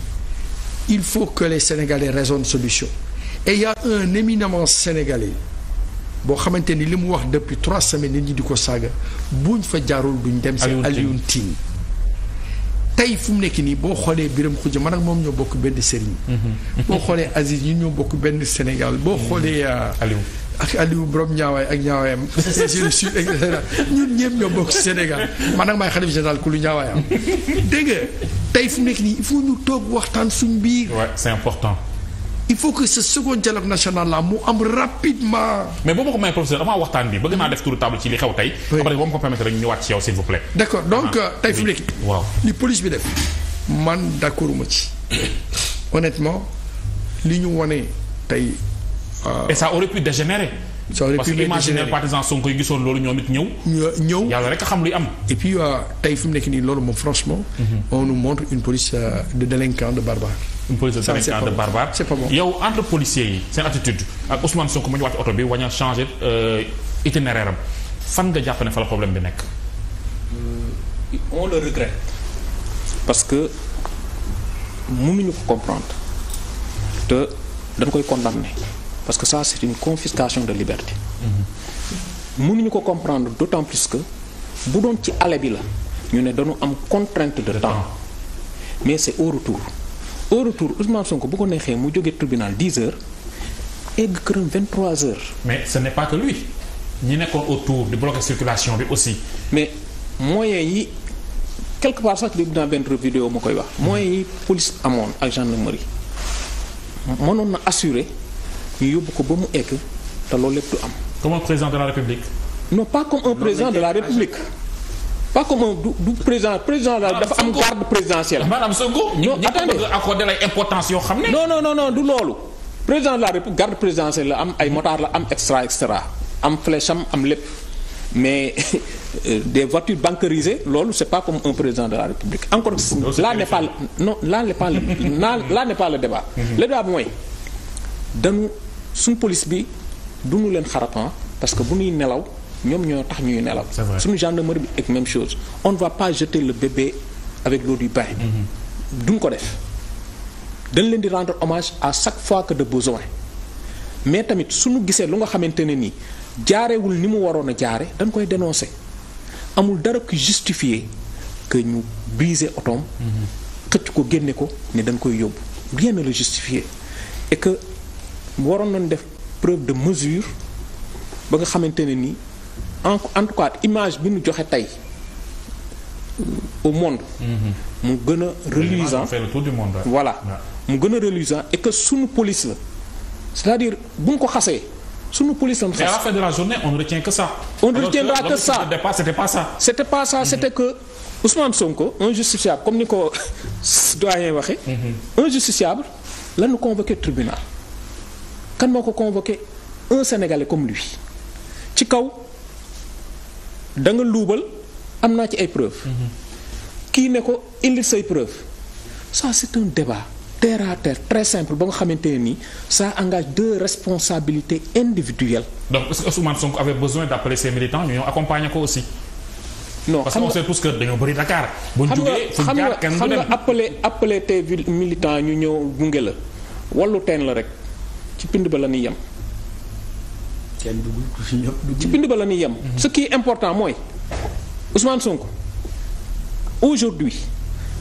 il faut que les Sénégalais raisonnent solution. et il y a un éminemment sénégalais boo xamante ni li mu wax depuis trois semaines nit ñi di ko saaga buuñ fa jaarul duñ dem. Alioune Tine Alioune tey fu mu nekk nii boo xoolee Biram Khoudia man ak moom ñoo bokk benn sëriñ. Mhm. boo xoolee Aziz ñun ñoo bokk benn Sénégal boo xoolee. Mhm. Euh, Aliou ak Aliou borom ñaawaay ak ñaawaayam. ñun ñëpp ñoo bokk Sénégal man ak maay xalif général ku lu ñaawaayam dégg nga tey fu mu nekk nii il faut ñu toog waxtaan suñ biir. c'est important. il faut que ce second dialogue national là mu am rapidement. mais boo ma ko may professeur avant waxtaan bi bëgg naa mm-hmm. def tour table ci li xew tey. après boo ma ko permettre rek ñëwaat ci yow s'il vous plaît. d'accord donc tey fi mu nekk. waaw li police bi def. man d'accord ma ci honnêtement li ñu wane tey. Euh, et ça aurait pu dégénérer. ça aurait pu dégénérer parce que imaginer gisoon loolu ñoom it ñëw. ñëw yàlla rek a xam luy am. et puis tey fi mu nekk nii loolu moom franchement. Mm-hmm. on nous montre une police euh, de une police de délinquant de barbare yow entre policiers yi seen attitude ak Ousmane Sonko mu ñu wàcc oto bi wañ changé euh, itinéraire fan nga jàpp ne fa la problème bi nekk euh, on le regrette parce que mënuñu ko comprendre te dañ koy condamner parce que ça c'est une confiscation de liberté mm-hmm. mënuñu ko comprendre d'autant plus que bu doon ci ale bi la ñu ne dañu am contrainte de temps mais c'est au retour au retour Ousmane Sonko bu ko neexee mu jógee tribunal 10 heures egg këram 23 heures. mais ce n'est pas que lui ñi nekkoon autour di bloquer circulation bi aussi. mais moyens yi quelque part sax dégg naa benn vidéo ma koy wax. moyens yi police amoon ak gendarmerie mënoon na assurer ñu yóbbu ko ba mu egg te loolu lépp du am. comme un président de la république. non pas comme un président de la république. pas comme du président président daal dafa am garde présidentielle. maanaam Sonko ñu accordé lay importance yoo xam ne. non du loolu président de la République garde présidentielle la am ay motard la am extra extra am flèche am am lépp mais euh, des voitures bancarisées loolu c'est pas comme un président de la République. encore là n'est pas non là n'est pas le là pas le débat. Mhm. le débat mooy dañu suñu police bi duñu leen xaratan parce que bu ñuy nelaw. ñoom ñoo tax ñuy nelaw suñu gendarmerie bi ak même chose on ne va pas jeter le bébé avec l'eau du bain mhm. duñ ko def dañ leen di rendre hommage à chaque fois que de besoin mais tamit suñu gisee lu nga xamante ne nii jaarewul ni mu waroon a jaare dañ koy dénoncer amul dara ku justifier que ñu briser otoom mhm. xëcc ko génne ko ne dañ koy yóbbu rien ne le justifier et waroon nañ def preuve de mesure ba nga xamante ne nii en en tout cas image bi ñu joxe tey au monde. mu gën a reluisant voilà mu gën a reluisant et que sunu police la c'est-à-dire bu ñu ko xasee. sunu police la mu xas on ne retient que ça. on ne retiendra que ça alors c'était pas ça. c'était pas ça c'était que Ousmane Sonko un justiciable comme ni ko doyen waxee. Mhm. un justiciable lan nu tribunal. kan moo ko convoqué un sénégalais comme lui ci kaw. da nga luubal am naa ci ay preuve mhm. kii ne ko indi say preuve ça c'est un débat terre à terre très simple ba nga xamante ne nii ça engage deux responsabilité individuelles. donc est-ce que Ousmane Sonko avait besoin d'appeler ses militants ñu ñëw accompagner ko aussi. non xam que on sait tous dañoo bëri Dakar. bu ñu jugee fu ñu jaar kenn du dem xam nga appeler appeler tes militants ñu ñëw gunge la wallu teen la rek ci pind ba la ñuy yem. kenn dugul ñëpp dugul ci bind ba la ñuy yem. Mhm. ce qui important mooy Ousmane Sonko aujourd'hui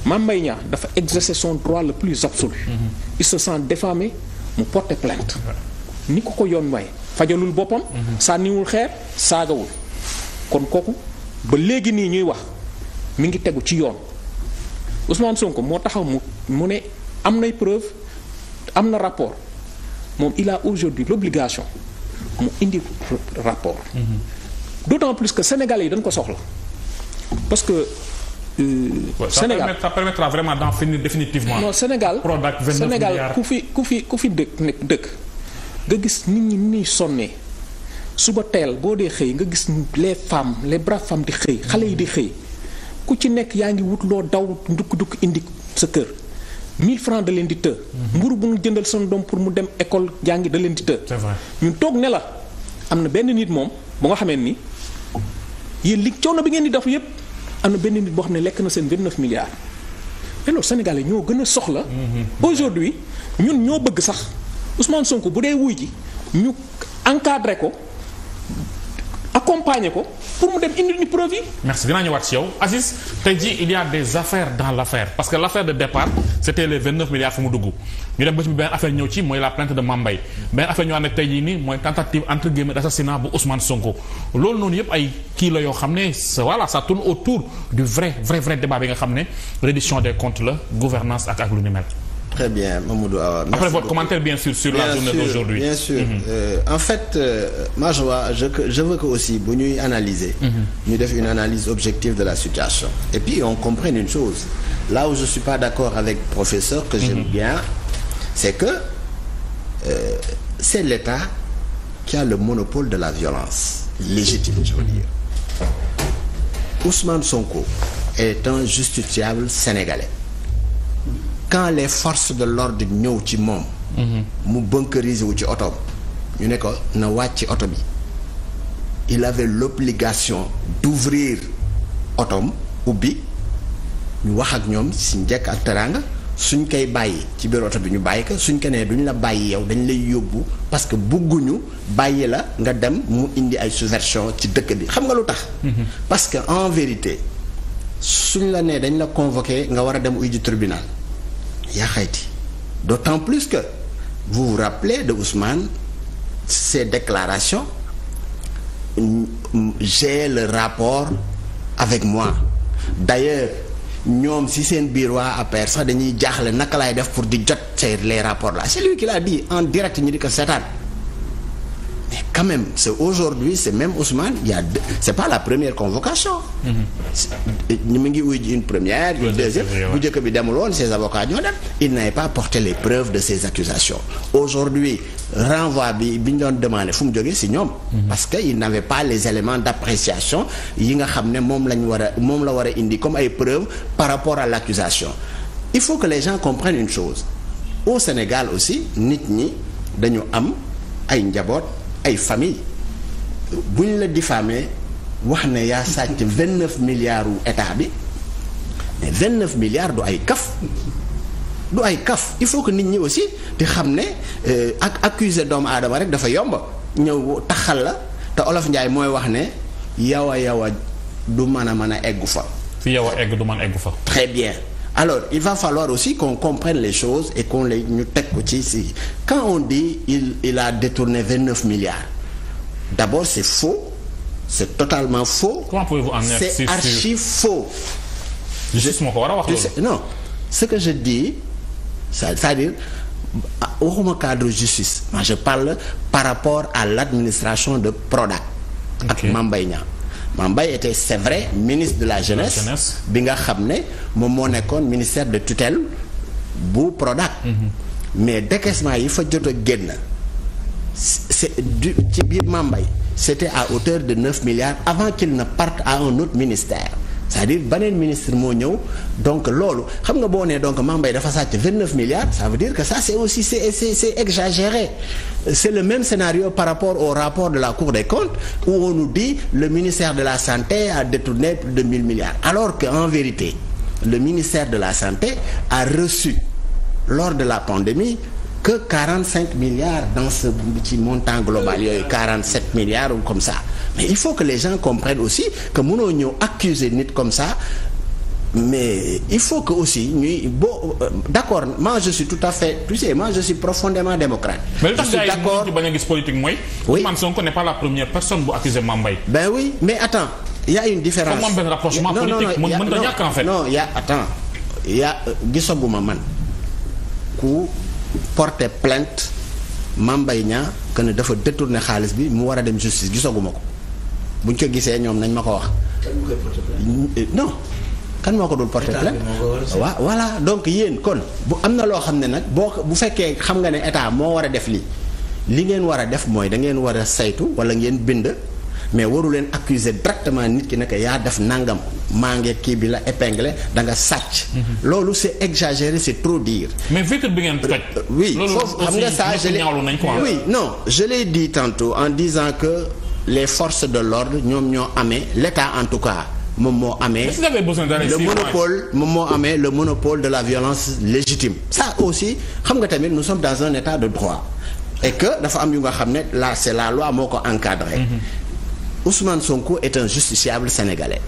Mame Mbaye Niang dafa exercer son droit le plus absolu. Mhm. il se sent défamé mu porter plainte. ni ko ko yoon may fajalul boppam. Mhm. sànniwul xeer saagawul. kon kooku ba léegi nii ñuy wax mi ngi tegu ci yoon Ousmane Sonko moo taxaw mu mu ne am nay preuve am na rapport moom il a aujourd'hui l'obligation mu indi rapport. Mhm. d'autant plus que sénégalais yi dañ ko soxla parce que. Euh, ouais, Sénégal permet, vraiment d'en finir définitivement. non Sénégal Prodac Sénégal ku fi ku fi ku fi dëkk nekk dëkk. nga gis nit ñi ni sonnee suba teel boo dee xëy nga gis les femmes les braves femmes di xëy xale yi di xëy ku ci nekk yaa ngi wut loo daw ndukk-ndukk indi sa kër. 1000 francs da leen di të. Mhm. mburu bu ñu jëndal seen doom pour mu dem école jàngi da leen di të. c'est vrai ñun toog ne la am na benn nit moom ba nga xamee ni yéen li na bi ngeen di def yépp am na benn nit boo xam ne lekk na seen 29 milliards. mais loolu Sénégalais ñoo gën a soxla. Mhm. aujourd'hui ñun ñoo bëgg sax Ousmane Sonko bu dee wuy ji ñu encadré ko. accompagner ko pour mu dem indil ñu preuve yi. merci dinaa ñëwaat ci yow Aziz tey il y a des affaires dans l' affaire parce que l' affaire de départ c' était les vingt neuf milliards fu mu dugg ñu dem ba ci benn affaire ñëw ci mooy la plainte de Mambay benn affaire ñu ànd ak tey jii mooy tentative entre guillemets d' bu Ousmane Sonko loolu noonu yëpp ay kii la yoo xam ne voilà ça tourne autour du vrai vrai vrai bi nga xam ne reddition des comptes la très bien Mamadou Awa. après votre beaucoup. sur la journée mhm. euh, en fait euh, ma joie je veux que aussi bu ñuy analyser. Mhm. ñu def une analyse objective de la situation. et puis on comprenne une chose là où je suis pas d'accord avec professeur. que j'aime mhm. bien c'est que euh, c'est l'État qui a le monopole de la violence légitime je veux dire Ousmane Sonko est un justiciable quand les forces de l'ordre ñëw ci moom mhm. mu bunkériser wu ci oto ñu ne ko na wàcc ci oto bi il avait l'obligation d'ouvrir otom ubbi ñu wax ak ñoom si njëkk ak teraanga suñ koy bàyyi ci biir oto bi ñu bàyyi ko suñ ko nee duñ la bàyyi yow dañ lay yóbbu parce que bugguñu bàyyi la nga dem mu indi ay subversion ci dëkk bi xam nga lu tax mhm. parce que en vérité suñ la nee dañ la convoqué nga war a dem uy ji tribunal yaa xayti d'autant plus que vous vous rappelez de Ousmane ses déclarations j'ai le rapport avec moi d'ailleurs ñoom si seen biir waa APR sax dañuy jaaxle naka laay def pour di jot ces les rapports là c'est lui qui l'a en direct ñu di ko seetaan quand même c'est aujourd'hui c'est même Ousmane il y a pas la première convocation ñu mm-hmm. mu ngi wuy ji une première une jëkk bi demul woon ses avocats ñoo dem il n'avait pas porté les preuves de ces accusations aujourd'hui renvoi bi bi ñu doon demandé fu mu jógee si ñoom mm-hmm. parce que il n'avait pas les éléments d'appréciation yi nga xam ne moom lañ war moom la war a indi comme ay preuves par rapport à l'accusation il faut que les gens comprennent une chose au Sénégal aussi nit ñi dañu am ay njaboot ay famille bu ñu la diffamé wax ne yaa sàcc vingt neuf milliards u état bi mais vingt neuf milliards du ay kaf du ay kaf il faut que nit ñi aussi di xam ne euh, ak accuser doomu aadama rek dafa yomb ñëw taxal la te Olof Njaay mooy wax ne yow a yow a du mën a mën a eggu fa. fi yow egg du mën a eggu fa. bien. alors il va aussi qu'on comprenne les choses et qu'on ñu teg ko ci si quand on dit il il a détourné vingt neuf milliards d'abord c'est faux c'est totalement faux. comment en être c'est ko war a wax loolu non que je dis c'est-à-dire waxuma cadre justice moi je parle par rapport à l'administration de Prodac. ak Mame Mame Mbaye était c'est vrai ministre de la jeunesse bi nga xam ne moom moo nekkoon ministère de tutelle bu Prodac mhm. mais décaissement yi fa jot a génn c'est du ci biir Mame Mbaye c'était à hauteur de neuf milliards avant qu'il na parte à un autre ministère c'est-à-dire beneen ministre moo ñëw donc loolu xam nga boo nee donc Mame yi dafa sàcc vingt neuf milliards ça veut dire que ça c'est aussi c'est c'est c'est le même scénario par rapport au rapport de la Cour des comptes où on nous dit le ministère de la santé a détourné plus de mille milliards alors que en vérité le ministère de la santé a reçu lors de la pandémie que 45 milliards dans ce petit montant global yooyu 47 milliards ou comme ça mais il faut que les gens comprennent aussi que mënoo ñëw accuser nit comme ça mais il faut que aussi ñuy boo euh, d'accord moi je tout à fait tu sais moi je suis profondément démocrate. mais d'accord mooy. oui la première personne bu accuser Mame Mbaye. ben oui mais attends y a une différence. no benn rapprochement politique mën mën na ñàkk en fait. non y a attends y a euh, man ku porter plainte Mame Mbaye Niang ne dafa détourner xaalis bi mu war a dem justice gisaguma ko. buñ ko gisee ñoom nañ ma ko wax. Eh, non. kan moo ko dul porter plainte waa voilà donc yéen kon bu am na loo xam ne nag boo bu fekkee xam nga ne état moo war a def lii li ngeen war a def mooy da ngeen war a saytu wala ngeen bind mais waru leen accuser directement nit ki ne yaa def nangam maa ngi kii bi la épinglé danga nga sàcc. Mm-hmm. loolu c' est exagéré c' est trop dire. mais vitre bi ngeen toj. Euh, oui foofu xam nga ça je l' ai oui non je l' ai dit que. les forces de l'ordre ñoom ñoo amee l'État en tout cas moom moo amee le monopole moom moo amee le de la violence légitime ça aussi xam nga tamit nous sommes dans un état de droit et que dafa am yu nga xam ne la c'est la loi moo ko encadré mm-hmm. Ousmane Sonko est un justiciable sénégalais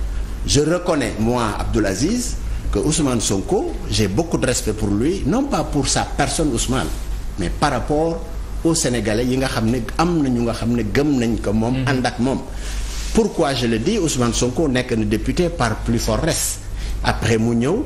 je reconnais moi Abdoul Aziz que Ousmane Sonko j'ai beaucoup de respect pour lui non pas pour sa personne Ousmane mais par rapport aux Sénégalais yi nga xam ne am na ñu nga xam ne gëm nañ ko moom mhm. ànd ak moom pourquoi je le dis Ousmane Sonko nekk na député par plus fort reste après mu ñëw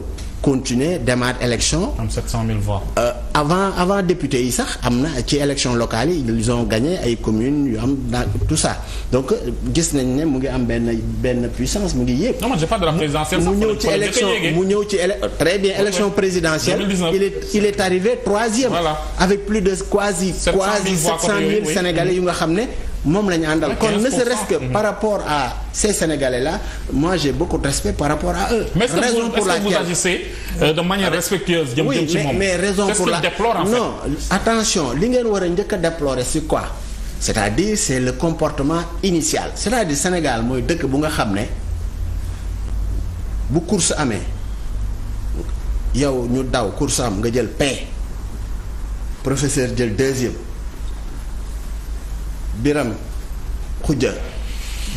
continuer demaat élection. am 700000 voix. Euh, avant avant député yi sax am na ci élection locale yi ils ont gagné ay communes yu am dans tout ça donc euh, gis nañ ne mu ngi am benn benn puissance mu ngi yéeg. non man j'ai pas mu ñëw ci élection mu euh, ñëw ci éle très bien élection présidentielle. il est il est arrivé troisième. voilà avec plus de quasi. quasi 700000 Sénégalais nga xam ne. moom la ñu àndal kon ne serait-ce par rapport à ces Sénégalais là moi j'ai beaucoup respect par rapport à eux. mais est-ce que vous, euh, de manière respectueuse. jëm jëm mais raison pour la non attention li ngeen war a njëkk a déplorer c'est quoi. c'est-à-dire c'est le comportement initial c'est-à-dire Sénégal mooy dëkk bu nga xam ne bu course amee yow ñu daw course am nga jël paie professeur jël deuxième. Biram Khoudia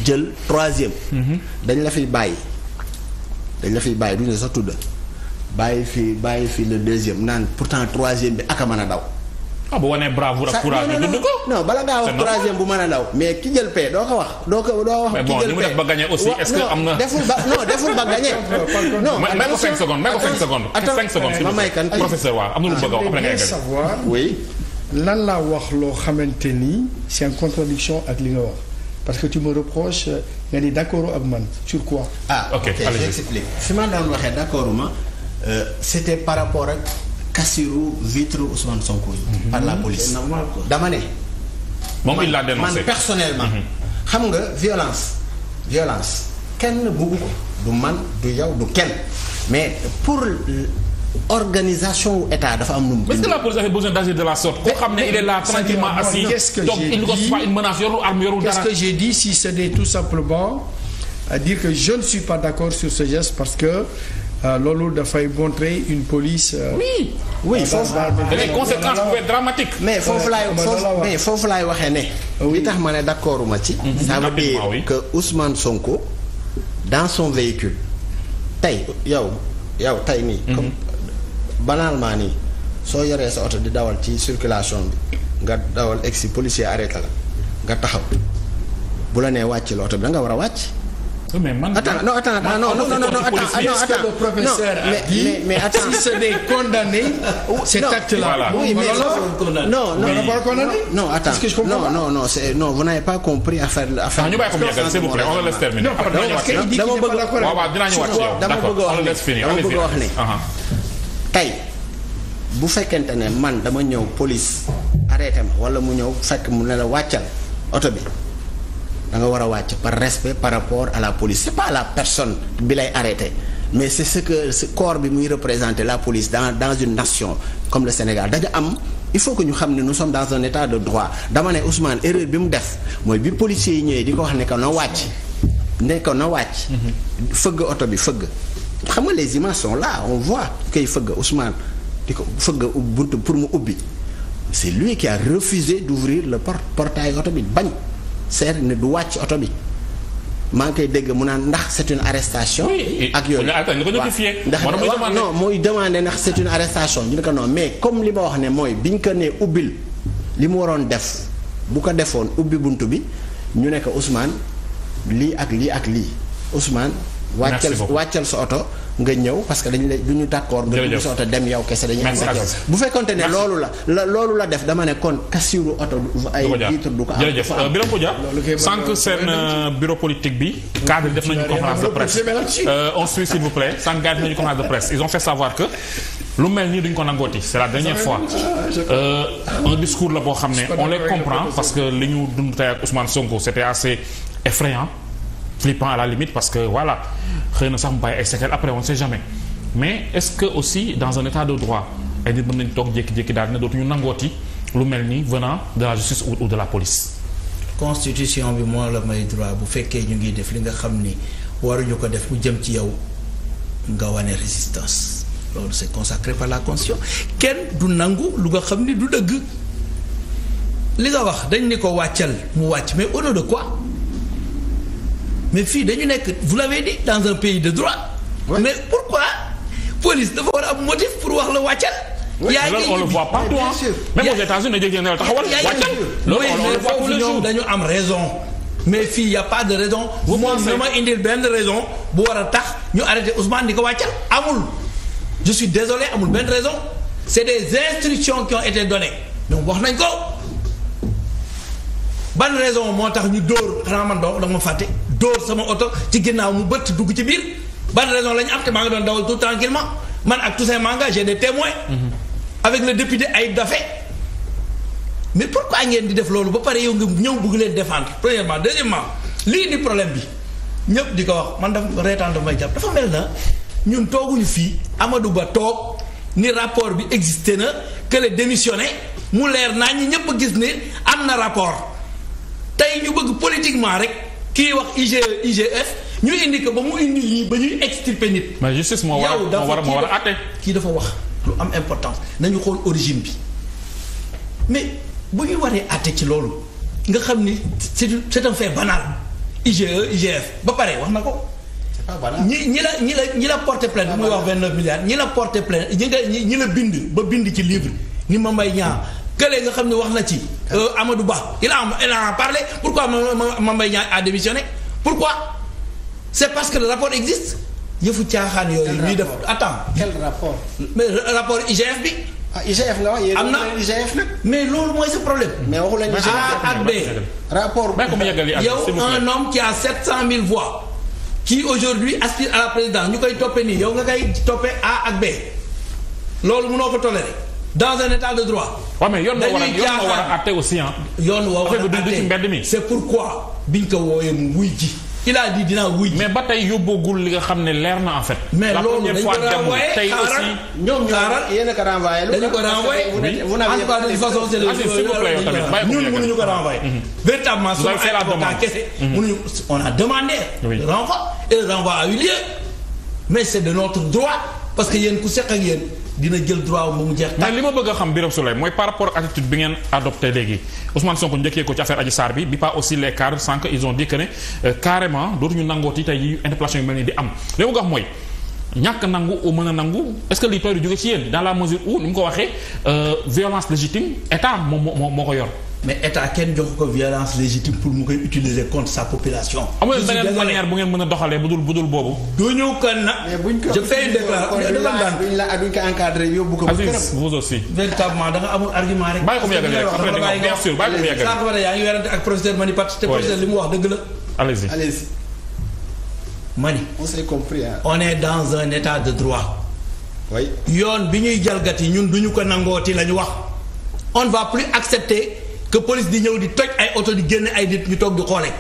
jël troisième. Mhm. dañ la fiy bàyyi dañ la fiy bàyyi duñu sax tudd bàyyi fii bàyyi fii le deuxième naan pourtant troisième bi ak a mën a daw. Ah, bala ngaa wax troisième bu mën a daw. mais ki jël paie doo ko wax. doo ko doo wax ki jël paie mais ba gagné aussi est na. deful ba non deful ba gagné. non may ko cinq secondes may ko cinq secondes. cinq secondes ma may kan professeur waaw am na lu mu a wax après nga yeggali. oui. lan laa wax loo xamante ni c'est en contradiction ak li nga wax parce que tu me reproches euh, nga ni d'accord ak man sur quoi. ah, ah ok j'explique fi ma daan waxee d'accord ma euh, c'était par rapport ak Kassirou vitre Ousmane Sonko yi. Mhm. par la police dama ne. moom il l'a dénoncé man personnellement. Mhm. xam nga violence. violence kenn bugg ko du man du yow du kenn mais pour. organisation wu état dafa am nu mu. est la police a besoin d'agir de la sorte. koo xam ne il est là tranquillement assis donc il ne cause pas une menace yorul arme yorul dara. qu'est-ce si dire que je ne suis pas d'accord sur ce geste parce que. Euh, loolu dafay montrer une police. Euh, oui oui foofu. les conséquences pouvaient être dramatiques. mais foofu laay foofu waxee ne. li tax ma ne d'accord ma ci. Mhm. ça veut dire que Ousmane Sonko dans son véhicule tey yow yow tey nii. banalement nii soo yoree sa oto di dawal ci circulation bi nga dawal egsi policier arrêté la nga taxaw bu la nee wàcc la oto bi da war a wàcc. mais man attends non attends non non non non attends le professeur a dit mais attends si c'est des condamnés oh, cet acte-là oui mais non non pas compris affaire affaire ah, ñu dama bëgg dama bëgg wax ne tey bu fekkente ne man dama ñëw police arrêté ma wala mu ñëw fekk mu ne la wàccal oto bi da nga war a wàcc par respect par rapport à la police c'est pas la personne bi lay arrêté mais c'est ce que ce corps bi muy représenter la police dans dans une nation comme le Sénégal dañu am il faut que ñu xam ne nous sommes dans un état de droit dama ne Ousmane erreur bi mu def mooy bi policiers yi ñëwee di ko wax ne ko na wàcc ne ko na wàcc mhm. fëgg oto bi fëgg xam nga les images sont là on voit kay fëgg Ousmane di ko fëgg bunt pour mu ubbi si lu qui a refusé d'ouvrir le port portail oto bi bañ seer ne du wàcc oto bi maa ngi koy dégg mu naan ndax c'est un arrestation ak yooyu ndax non mooy demandé ndax c'est un arrestation ñu ne ko non mais comme li ma wax ne mooy biñ ko nee ubbil li mu waroon def bu ko defoon ubbi bunt bi ñu nekk ko Ousmane lii ak lii ak lii Ousmane wàccal wàccal sa oto nga ñëw parce que dañu la du ñu d'accord nga dugg sa oto dem yow kese dañuy ànd ak yow bu fekkonte ne loolu la loolu la def dama ne kon kasiru oto ay vitre du ko am jërëjëf Birame Kodja sànq seen euh, bureau politique bi cadre def nañu conférence de presse euh, on suit s'il vous plaît sànq gars nañu conférence de presse ils ont fait savoir que lu mel nii duñ ko nangooti c'est la dernière fois euh, un discours la boo xam ne on les comprend parce que li ñu dund ak Ousmane flippant à la limite parce que voilà xëy na sax mu bàyyi ay séquelles après on ne jamais mais est-ce que aussi dans un état de droit ay nit mën nañ toog jékki-jékki daal ne dootuñu nangooti lu mel ni venant de la justice ou de la police. constitution bi moo la may droit bu fekkee ñu ngi def li nga xam ni waruñu ko def mu jëm ci yow nga wane résistance loolu c'est consacré par la constitution kenn du nangu lu nga xam ni du dëgg li nga wax dañ ni ko wàccal mu wàcc mais au nom de mais fii dañu nekk vous l'avez dit dans un pays de droit. mais pourquoi police dafa war a am motif pour wax la wàccal. yaa ngi on le voit partout même aux États-Unis taxawal wàccal loolu on le raison. mais fii y' a pas de raison. moom na ma indil benn raison bu war a tax ñu arrêté Ousmane di ko wàccal amul. je suis désolé amul benn raison. c' est des instructions qui ont été données. donc wax nañ ko ban raison moo tax ñu dóor xanaa man doo da ma fàtte. dóor sama oto ci ginnaaw mu bëtt dugg ci biir ban raison la ñu am te maa ngi doon dawal tout tranquillement man ak Toussaint Manga j'ai des témoins mm-hmm. avec le ay Ayib Daffé mais pourquoi ngeen di def loolu ba pare yow nga ñëw bëgg leen défendre premièrement deuxièmement lii di problème bi ñëpp di ko wax man dafa reetaan dafa may jàpp dafa mel na ñun tooguñu fii Amadou Ba toog ni rapport bi existé na que le mu leer naa ñi ñëpp gis ne am na rapport rek kii wax IG IGF ñu indi ko ba mu indi ñii ba ñuy extirper nit. mais justice moo war moo war moo war a àtte kii dafa wax lu am importance nañu xool origine bi mais bu ñu waree àtte ci loolu nga xam ni c'est c'est un fait banal IGE IGF ba pare wax na ko. ñi ñi la ñi la ñi la porté plainte muy wax vingt neuf milliards ñi la porté plainte ñi nga ñi la bind ba bind ci livre ni ma may ñaa kële nga xam ne wax na ci. Euh, Amadou Ba il a il a parlé pourquoi Mame Mbaye Niang a démissionné pourquoi c'est parce que le rapport existe yëfu caaxaan yooyu. ñuy def attends quel rapport. mais rapport bi. ah IGF nga wax yéen na mais loolu mooy sa problème. mais waxu la IGF A ah, ak ah, B. rapport yow un homme qui a 700 000 voix. qui aujourd'hui aspire à la présidence ñu koy toppee nii yow nga koy toppee A ak B. loolu mënoo ko tolérer. dans un état de droit. waaw mais yoon moo war a yoon moo war a àtte aussi yoon war a àtte du ci mbedd mi. c'est pourquoi biñ ko wooyee mu wuy ji. a dit dinaa wuy ji. mais ba tey yóbboogul li nga xam ne leer na fait. mais loolu dañu ko renvoyé tey aussi. ñoom ñoo yéen a ko renvoyé. dañu ko renvoyé en tout cas de toute mhm. mhm. a demandé. mais c'est de notre droit parce que yéen ku seq ak yéen dina jël droit am ba mu jeex. mais li ma bëgg a xam Birame Souleye mooy par rapport ak attitude bi ngeen adopté léegi Ousmane Sonko njëkkee ko ci affaire Adji Sarr bi bi pas aussi les cadres sànq ils ont dit que ne euh, carrément dootuñu nangooti tey interpellation yu mel nii di am li ma bëgg mooy. ñàkk nangu ou mën a nangu est-ce que li tooy du jóge ci yéen dans mesure où ni mu ko waxee euh, violence légitime état moom moo moo ko yor. mais état kenn jox ko violence légitime pour mu koy utiliser contre sa population. amul beneen bu ngeen mën a doxalee budul budul boobu. du ñu ko na. mais buñ ko buñ la buñ ko encadré vous aussi. véritablement da amul argument rek. bàyyi ko mu yàggale rek après da nga bien sûr bàyyi ko mu yàggale. sànq ba tey mu wax dëgg la. allez ma ni on s'est compris hein? on dans un état de droit. oui yoon bi ñuy jalgati ñun du ñu ko nangooti la ñu wax. on ne va plus accepter que police di ñëw di toj ay oto di génne ay nit ñu toog di xoole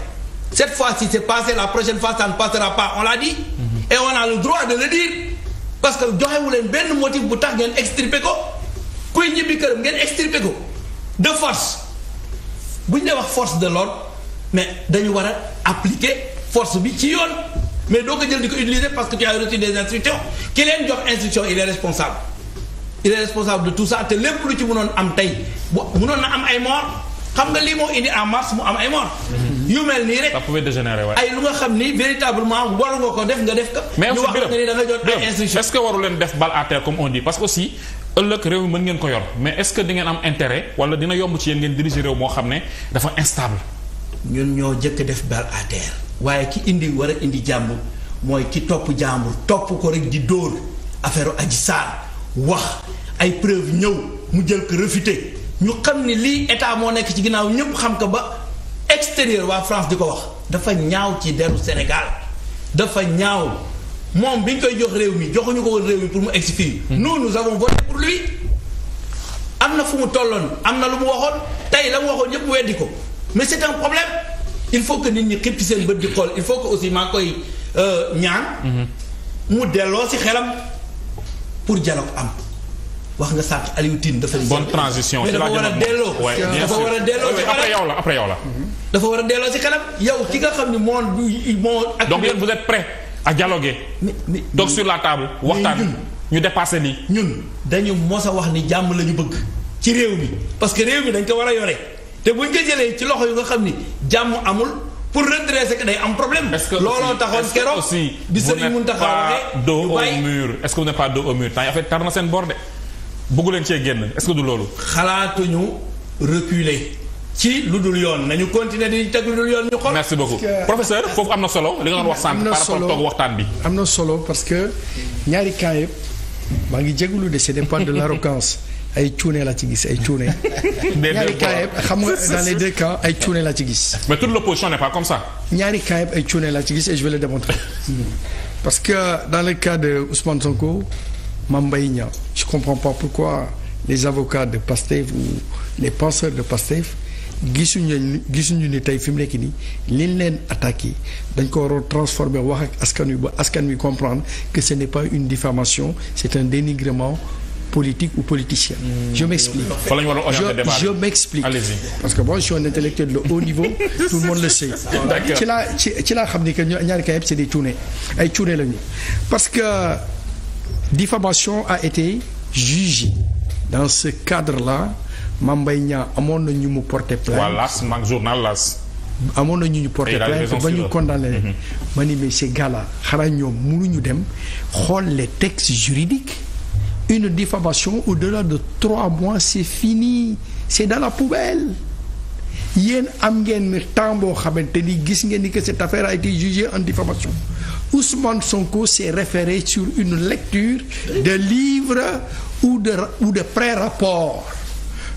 cette fois-ci c'est passé la prochaine fois ça ne passera pas on l'a dit. Mm-hmm. droit de le dire. parce que joxewu leen benn motif bu tax ngeen extirper ko kuy ñibbi këram ngeen extirper ko de force bu ñu lay wax force de l'ordre mais dañu war a appliquer force bi ci yoon. mais doo ko jël di ko utiliser parce que tu as reçu des instructions ki leen jox instruction il est responsable il est responsable de tout te lépp lu ci mënoon am tey bu mënoon na am ay mort xam nga lii moo indi en mars mu am ay mort mhm. yu mel nii rek ay lu nga xam ni véritablement waru nga ko def nga def mais ñu wax nga ni da jot ay instruction est-ce que waru leen def balle à terre comme on dit parce que aussi ëllëg réew mi mën ngeen ko yor mais est-ce que am intérêt wala dina yomb ci yéen ngeen diriger réew moo xam ne dafa instable ñun ñoo jëkk def balle à waaye ki indi war a indi jàmbur mooy ki topp jàmbur topp ko rek di dóor affaire aji saar wax ay preuve ñëw mu jël ko réfuté ñu xam ni lii état moo nekk ci ginnaaw ñëpp xam ko ba extérieur waa France di ko wax dafa ñaaw ci deru Sénégal dafa ñaaw moom bi ñu koy jox réew mi joxuñu ko woon réew mi pour mu egsi noonu hmm. nous nous pour lui am na fu mu tolloon am na lu mu waxoon tey la mu waxoon yëpp weddi ko mais c'est un problème il faut que nit ñi xippi seen bët di xool il faut que aussi maa koy euh, ñaan. Mhm. mu delloo si xelam pour dialogue am. wax nga sànq Aliou Tine dafa. bonne transition dafa war a dafa war a delloo ci après la après yow la. si xelam yow ki nga xam ni moo moo. ak donc yéen vous êtes prêts à dialoguer. mais donc sur la table. waxtaan ñu dépassé nii. ñun dañu mos a wax ni jàmm la ñu bëgg. ci réew mi parce que réew mi dañ ko war a yore. te buñ ko ci loxo yu nga xam ni jàmm amul pour redresser que day am problème. looloo taxoon keroog bi sëriñ Mountakha waxee dos au mur est ce que vous pas dos au mur temps affaire tar na seen borde bëggu leen cee génn est ce que du loolu. xalaatuñu reculer. ci lu dul yoon nañu continuer di teg lu dul yoon ñu xool. merci beaucoup professeur foofu am na solo li nga doon wax sànq. par rapport toog waxtaan bi. am na solo parce que ñaari cas yëpp maa ngi jégalu de c'est des points de l'arrogance ay cuune la ci gis ay cuune. ñaari cas xam nga dans les deux cas laa ci gis. mais toute l'opposition n'est pas comme ça. ñaari cas yëpp ay cuune laa ci gis et je vais le démontrer. parce que dans le cas de Ousmane Sonko Mame Mbaye Niang je comprends pas pourquoi les avocats de Pastef ou les penseurs de Pastef gisuñu ni tey fi mu nekk nii liñ leen attaqué dañ ko waroon transformer wax ak askan wi ba askan wi comprendre que ce n'est pas une diffamation c'est un dénigrement politique ou politicien. Hmm. je m'explique je parce que bon je suis un intellectuel de haut niveau tout le monde le sait. Ah, ci laa ci ci xam ni que ñaari cas yëpp c'est des tournées ay tournées la ñu parce que diffamation a été jugée dans ce cadre la ma mbay Niang amoon na ñu mu porter plainte. waa amoon na ñu ñu porter plainte ba ñu condamné. Mhm. ma ni mais ces gars-là xanaa ñoom mënuñu dem xool les textes juridiques. une diffamation au-delà de trois mois c'est fini c'est dans la poubelle yéen am ngeen temps boo xamante ni gis ngeen ni que cette affaire a été jugée en diffamation Ousmane Sonko s'est référé sur une lecture de livres ou de ou de pré-rapport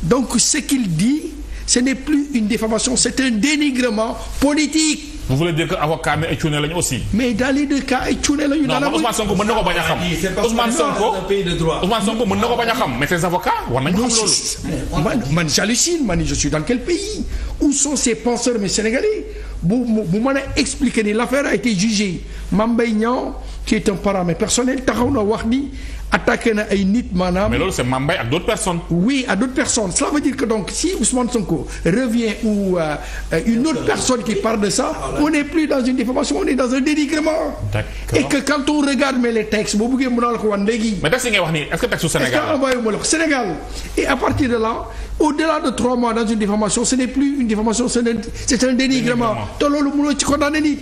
donc ce qu'il dit ce n'est plus une diffamation c'est un dénigrement politique vous voulez dire que avocat mais ay cuune lañu aussi. mais dans les deux cas ay cuune lañu. non Ousmane Sonko mën na ko bañ a xam. Ah, Ousmane Sonko Ousmane Sonko mën na ko a xam mais ses avocats war xam loolu. man man j'hallucine man je suis dans quel pays où sont ces penseurs mais sénégalais bu man mën a expliquer ni l'affaire a été jugée Mame Mbaye Niang qui est un parent mais personnel taxaw na wax ni. attaqué na ay nit maanaam. mais loolu c'est Mame Mbaye ak d'autres personnes. oui à d'autres personnes cela veut dire que donc si Ousmane Sonko revient ou euh, euh, une autre personne qui parle de ça on n'est plus dans une diffamation on est dans un dénigrement. et que quand on regarde mais les textes boo buggee mën naa la ko wan léegi. mais dans une diffamation ce n'est plus une diffamation c'est un dénigrement te loolu mënoo condamné nit.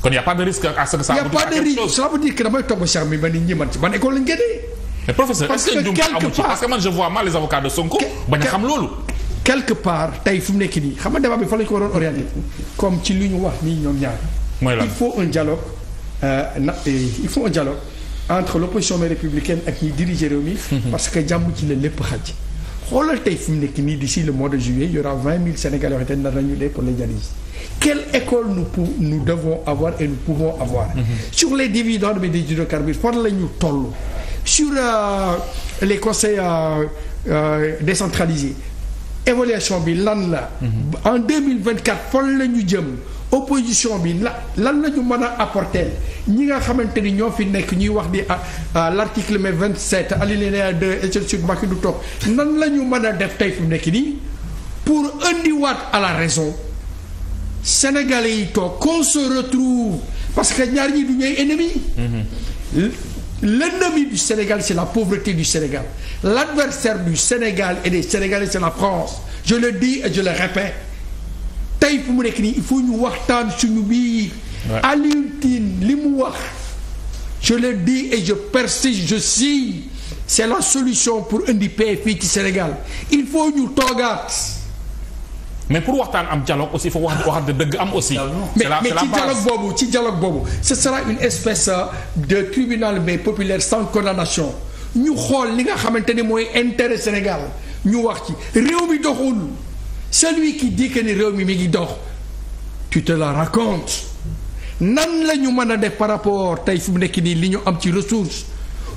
kon y' a pas de risque à ce que ça. y' a damay togg charme bi ba ni ñi man ci ban école lañ professeur est que njumte parce que man je vois mal les avocats Sonko. bañ a xam loolu. quelque part tey fu mu nekk nii xam nga débat bi fa lañ ko waroon orienté comme ci li ñu wax nii ñoom ñaar. mooy lan il faut un dialogue euh, na euh, il faut un dialogue entre l' opposition républicaine ak ñi diriger réew mi. parce que jàmm ci la lépp xaj. xoolal tey mu nekk nii d'ici le mois de juillet il y aura vingt mille sénégalais yoo xam ne nar nañu dee pour les dialyses quelle école nous pour nous devons avoir et nous pouvons avoir. Mm-hmm. sur les dividendes mais des hydrocarbures fan la ñu toll. sur euh, les conseils euh, euh, décentralisés évaluation bi lan la. Mm-hmm. en deux mille vingt quatre fan la ñu jëm. opposition bi la lan la ñu mën a apporter ñi nga xamante ni ñoo fi nekk ñuy wax di ah, ah, l'article mais 27 alinéa 2 et cetera Macky du toog nan la ñu mën a def tey fi mu nekk nii pour indiwaat à la raison sénégalais yi toog qu'on se retrouve parce que ñaar ñi du ñooy ennemi mm-hmm. l'ennemi du Sénégal c'est la pauvreté du Sénégal l'adversaire du Sénégal et des Sénégalais c'est la France je le dis je le répète tey fu nekk nii il ñu waxtaan suñu biir. Alioune Tine li mu wax je le dis et je persiste la solution pour indi paix fii ci Sénégal il faut ñu toogaat. mais pour waxtaan am dialogue aussi il wax wax dëgg am aussi. mais mais ci dialogue boobu ci dialogue boobu ce sera une espèce euh, de tribunal mais populaire sans condamnation ñu xool li nga xamante ne mooy intérêt Sénégal ñu wax ci réew mi doxul. celui qui dit que ni réew mi mi ngi dox tu la racontes nan la ñu mën a def par rapport tey fu mu nekk nii li ñu am ci ressource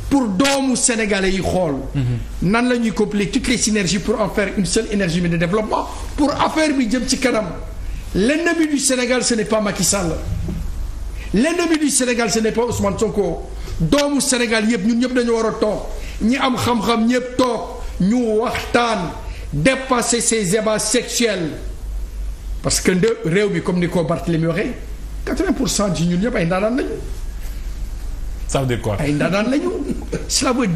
pour doomu sénégalais yi xool. Mhm. nan la ñuy coupler toutes les synergies pour en faire une seule énergie de développement pour affaire bi jëm ci kanam l'ennemi du Sénégal ce n'est pas Macky Sall bi du Sénégal ce n'est pas Ousmane Sonko doomu Sénégal yëpp ñun ñëpp dañu war a toog ñi am xam-xam ñëpp toog ñu waxtaan. dépasser ces ébats sexuels parce que nde réew bi comme ni ko li muy waxee quatre-vingts pour cent ci ñun ñëpp ay ndaanaan lañu. ça veut dire quoi ay ndaanaan lañu. cela veut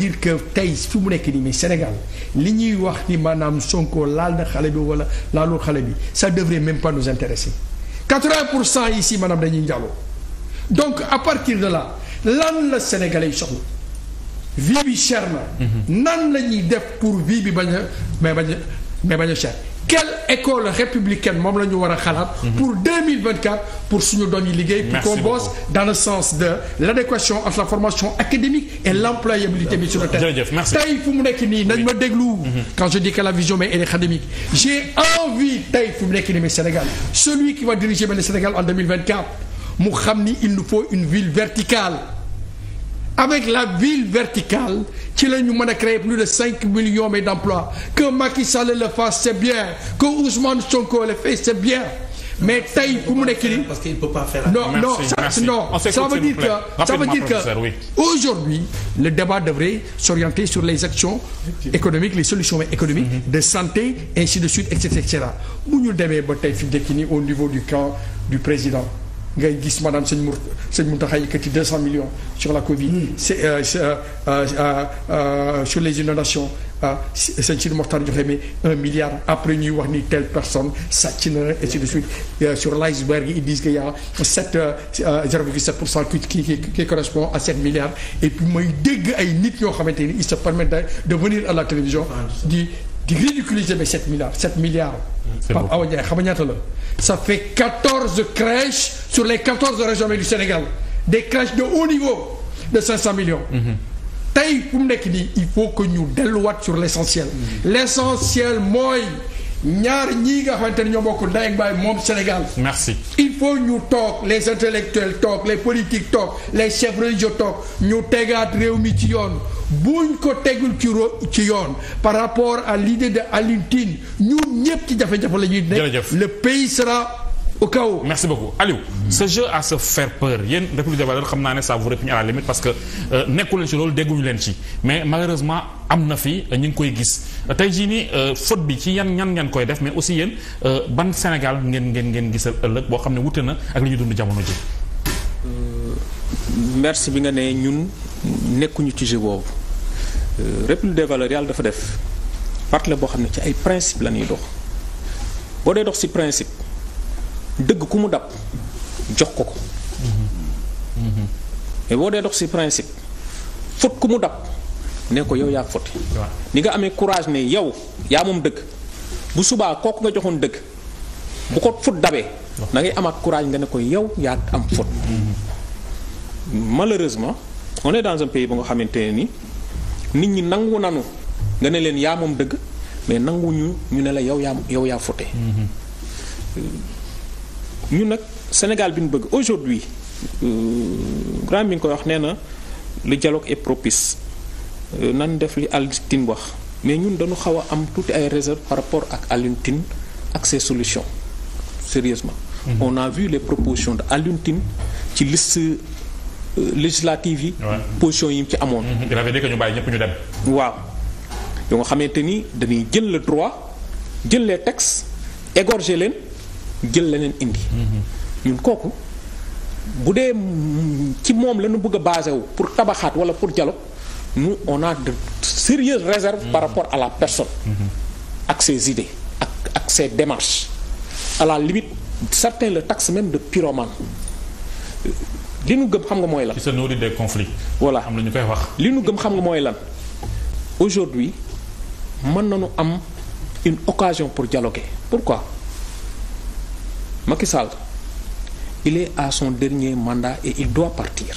tey fi mu nekk nii mais Sénégal li ñuy wax ni maanaam Sonko laal xale bi wala laalul xale bi ça devrait même pas nous intéresser quatre-vingts pour cent ici maanaam dañuy njaaloo donc à partir de là lan la Sénégalais yi soxla. vie bi cher na. Mhm. nan la ñuy def pour vie bi bañ a mais bañ a mais bañ a cher. quelle école républicaine moom la ñu war a xalaat. Mhm. pour mille vingt quatre pour suñu doom yi liggéey. pour qu'on bosse dans le sens de l' adéquation entre la formation académique et mhm. l' employabilité bi sur le terrain. tey fu mu nekk nii nañ ma déglu. quand je dis que la vision mais elle est académique j'ai envie tey fu mu nekk nii mais Sénégal celui qui va diriger le Sénégal en deux mille vingt quatre mu xam ni il nous faut une ville verticale. avec la ville verticale ci la ñu mën a créer plus de cinq millions mais d'emplois que Macky Sall le fasse c'est bien que Ousmane Sonko le fait c'est bien mais tey fu mu nekk nii parce qu'il peut pas faire non non ça veut dire que le débat devrait s'orienter sur les actions économiques les solutions économiques mhm. de santé ainsi de suite et cetera et cetera bu ñu demee ba tey fi mu nii au niveau du camp du président ngay gis maanaam sëñ Mour sëñ Mountakha yëkkati 200 millions sur la Covid. Hmm. c'est euh, euh, euh, sur les inondations ah sëñ Sidi Mokhtar joxe mais un milliard après ñuy wax ni telle personne sàcc na et ainsi de suite sur l'iceberg ils disent que y a 7 0,7 pour cent qui qui correspond à 7 milliards et mooy dégg ay nit ñoo xamante ni ils se permettent de venir à la télévision ah, di. di ridiculiser mais 7 milliards 7 milliards. c'est bon Pape Awa Ndiaye xam nga crèches sur les 14 régions du Sénégal des crèches de haut niveau de millions. Mm-hmm. tey fu il faut que ñu delluwaat sur l' essentiel. l' ñaar ñii nga xamante ne ñoo bokk ndey ak baay moom Sénégal. merci il faut ñu toog les intellectuels toog les politiques toog les chefs religieux toog ñu tegaat réew mi ci yoon buñ ko tegul ci ci yoon par rapport à l'idée de Alioune ñu ñun ñëpp ci jafe-jafe la ñuy nekk. le pays sera. au cas où merci beaucoup Aliou. ce jeu à se faire peur yéen République des Valeurs xam naa ne ça vous répugne à la parce que euh, nekku leen ci loolu dégguñu leen ci mais malheureusement am na fi euh, ñu ngi koy gis tey jii nii euh, faute bi ci yan ñan ngeen koy def mais aussi yéen ban Sénégal ngeen ngeen ngeen gisal ëllëg boo xam ne wute na ak li ñu dund jamono ji. merci bi nga ne ñun nekkuñu ci jeu boobu République des Valeurs yàlla dafa def parti la boo xam ne ci ay principe la ñuy dox boo dee dëgg ku mu dab jox ko ko mm-hmm. mais boo dee dox ci principe faute ku mu dab ne ko yow yaa faute ni nga amee courage ne yow yaa moom dëgg bu subaa kooku nga joxoon dëgg bu ko faute dabee da ngay amaat courage nga ne ko yow yaa am faute mm-hmm. malheureusement on dans un pays bu nga xamante ne ni nit ñi nangu nanu nga ne leen yaa moom dëgg mais nanguñu ñu ne la yow yaa yow yaa faute ñun nag Sénégal bi ñu bëgg aujourd'hui euh, grand bi nga koy wax nee na le dialogue est propice euh, nan def li Alioune wax mais ñun dañu xaw a am tuuti ay réserve par rapport ak Alioune ak ses solution sérieusement mm -hmm. on a vu les propositions de Alioune Tine ci liste euh, législative yi position yi mu ci amoon mhm. ñu bàyyi ñëpp ñu dem waaw yoo nga xamante ni dañuy jël le droit jël les textes égorger leen jël leneen indi. ñun kooku bu dee ci moom la ñu bëgg a basé wu pour tabaxaat wala pour dialogue nous on a de sérieuses réserves par rapport à la personne. ak ses idées ak ak ses démarches la limite certains le taxent même de pyromane. li nu gëm xam nga mooy lan. qui des conflits. voilà am na ñu koy wax. li nu gëm xam nga mooy lan aujourd'hui mën nañu am une occasion pour dialoguer pourquoi. Macky Sall il est à son dernier mandat et il doit partir.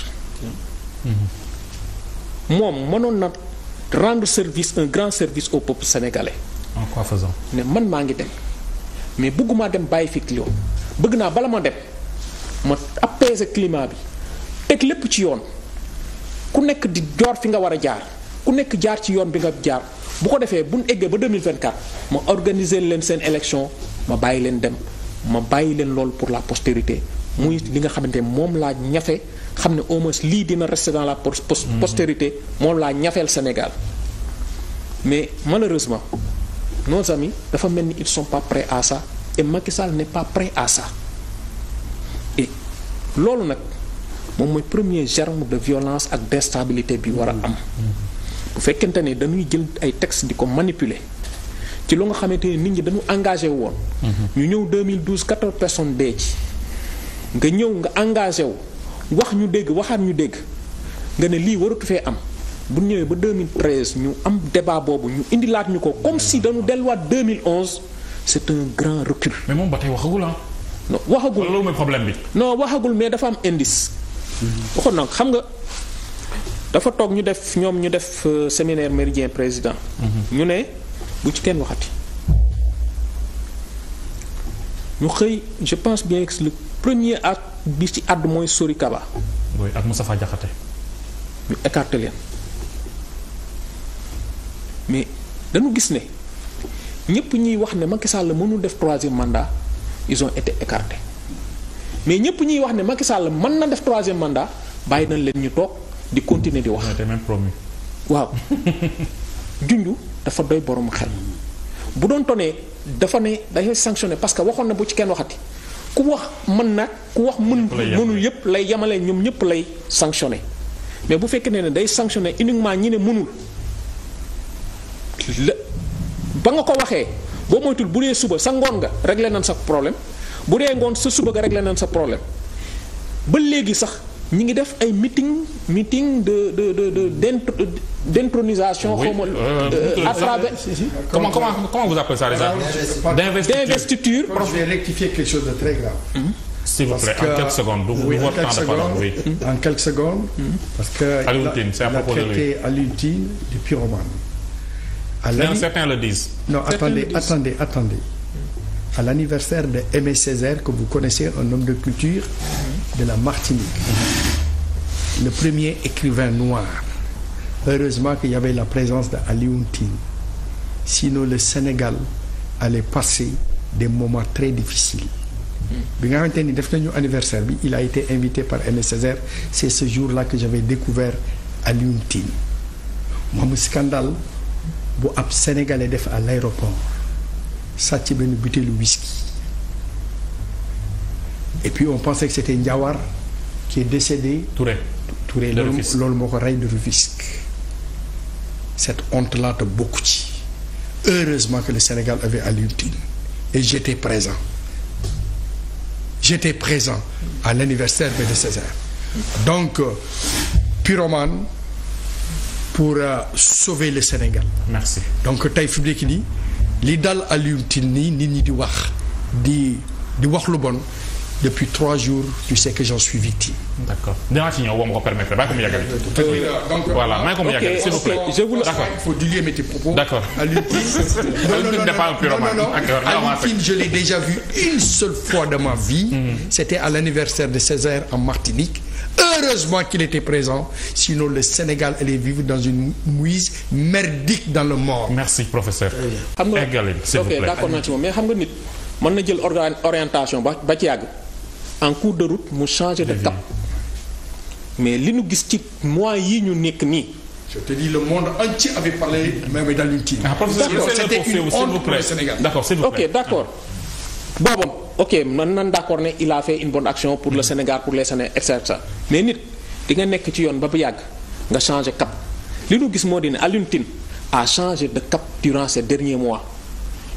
moom mënoon na rendre service un grand service au peuple sénégalais. en quoi ne man maa ngi dem mais bëgguma dem bàyyi fi climat bëgg naa bala ma dem ma apaiser climat bi teg lépp ci yoon ku nekk di door fi nga war a jaar ku nekk jaar ci yoon bi nga jaar bu ko defee bu ñu eggee ba 2024 ma organiser leen seen élection ma bàyyi leen dem. ma bàyyi leen loolu pour la postérité muy li nga xamante moom laa ñafe xam ne au moins lii dina rester dans la mm-hmm. postérité moom laa ñafeel Sénégal mais malheureusement nos amis dafa mel ni ils sont pas prêts à ça et Macky Sall n'est pas prêt à ça loolu nag moom mooy premier germe de violence ak d'instabilité bi war a am mm-hmm. bu fekkente ne dañuy jël ay textes di ko manipuler ci lu nga xamante ni nit ñi dañu engagé woon. Mhm. ñu ñëw 2012 14 personnes dee ci nga ñëw nga engagé wu wax ñu dégg waxaat ñu dégg nga ne lii waratu fee am bu ñëwee ba 2013 ñu am débat boobu ñu indilaat ñu ko comme si dañu delluwaat 2011 c'est un grand recul. mais moom ba tey waxagul ah. non waxagul bi. non waxagul mais dafa am indice. Mhm. waxoon nag xam nga dafa toog ñu def ñoom ñu def euh, séminaire méridien président. Mhm. ñu ne. bu ci kenn waxati ñu xëy je pense bi que le premier acte bi ci àdd mooy Sori Kaba. mooy ak Moustapha Diakhaté. ñu écarté leen mais dañu gis ne ñëpp ñuy wax ne Macky Sall mënul def troisième mandat ils ont été écartés mais ñëpp ñuy wax ne Macky Sall mën na def troisième mandat bàyyi nañ leen ñu toog di continuer di wax. même promis waaw junju dafa doy borom xel bu doon tonee dafa ne dañuy sanctionné parce que waxoon na bu ci kenn waxati ku wax mën na ku wax mën mënul yëpp lay yemale ñoom ñëpp lay sanctionné mais bu fekkee ne day sanctionné uniquement ñi ne mënul la ba nga ko waxee boo moytul bu dee suba sa ngoon nga réglé nan sa problème bu dee ngoon sa suba nga réglé nan sa problème ba léegi sax ñi ngi def ay meeting meeting de de de d'intronisation. oui euh, euh, à travers. comment comment comment vous appelez ça déjà. d'investiture d'investiture. je vais en quelques secondes. Mm-hmm. parce que. Alioune il a traité Alioune du pyromane. à l'anniversaire non certains le disent. non attendez attendez attendez. à l'anniversaire de Aimé Césaire que vous connaissez un homme de culture. la Martinique. Le premier écrivain noir. Heureusement qu'il y la présence d'Alioune Sinon, le Sénégal allait passer des moments très difficiles. bi nga xamante ni def nañu anniversaire bi il a été invité par Aimé Césaire c' est ce jour là que j'avais découvert Alioune Tine scandale bu ab sénégalais def à l' aéroport sàcc benn butéelu whisky et puis on pensait que c'était Ndiawar qui est décédé. Touré Touré loolu loolu moo ko rey de Rufisque cette honte là te bokk ci heureusement que le Sénégal avait Alioune Tine et j'étais présent j'étais présent à l'anniversaire de Césaire donc euh, puroman pour euh, sauver le Sénégal. donc tey fi mu nekk li dal Alioune Tine nii nit ñi di wax di di wax lu bon. depuis trois jours tu sais que j'en suis victime. d'accord dinaa ci ñëw woo ma ko permettre bàyyi ko mu yàggali. donc euh, euh, voilà maa ngi ko mu yàggali s'il vous plaît. je vous d'accord il faut diluer mes propos. d'accord Alioune Tine je l'ai déjà vu une seule fois de ma vie. Mm-hmm. c'était à l'anniversaire de Césaire en Martinique. heureusement qu'il était présent sinon le Sénégal allait vivre dans une mouise merdique dans le mort. merci professeur. xam nga s'il vous plaît d'accord naa ci moom mais xam nga nit mën na jël orientation ba ba ci yàgg. en cours de route mu changer de mhm. cap mais li ñu gis ci mois yi ñu nekk nii. je te dis le monde entier avait parlé même dans l'ultime. ah professeur c'était une honte pour le Sénégal. d'accord s'il vous plaît ok d'accord. boobu ok man nan d'accord ne il a fait une bonne action pour le mhm. Sénégal pour les Sénégalais et cetera mais nit di nga nekk ci yoon ba bu yàgg nga changer cap li ñu gis moo di ne Alioune Tine a changé de cap durant ces derniers mois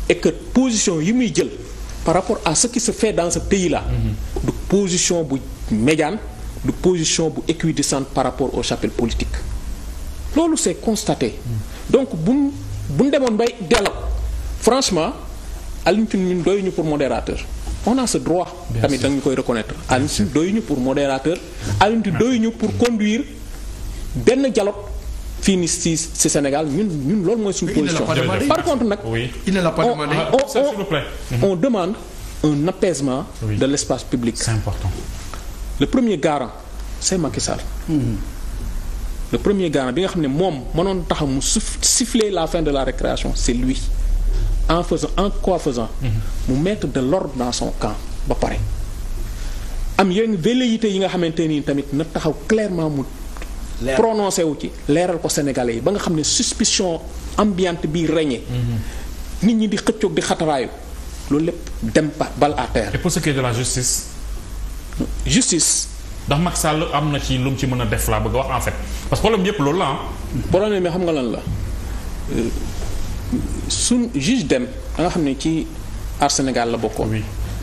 et position yi muy jël. par rapport à ce qui se fait dans ce pays-là mhm. du position bu médiane du position bu équidistante par rapport aux chapelles politiques loolu c'est constaté mhm. donc bu mu demoon bay dialogue franchement Alioune Tine ñun doyuñu pour modérateur on a ce droit tamit da ñu koy reconnaître Alioune Tine doyuñu pour modérateur Alioune Tine doyuñu pour conduire benn dialogue fii nii si si Sénégal ñun ñun loolu mooy suñu position par contre nag il ne l'a pas demandé on demande un apaisement de l'espace public le premier garant c'est Macky mhm. le premier garant bi nga xam ne moom mënoon taxaw mu siffler la fin de la récréation c'est en faisant en quoi faisant mhm. mu mettre de l'ordre camp ba pare am yenn velléité yi nga xamante nii tamit na taxaw clairement mu prononcé wu ci leeral ko sénégalais yi ba nga xam ne suspicion ambiante bi régné mm-hmm. nit ñi di xëccoog di xataraayu loolu lépp dem ba bal à terre. pour ce qui de la justice. justice. ndax Macky Sall am na ci lum ci mën a def laa bëgg a wax en fait parce que problème yëpp loolu la problème yi xam nga lan la euh, suñ juge dem da nga xam ne ci aar Sénégal la bokkoon.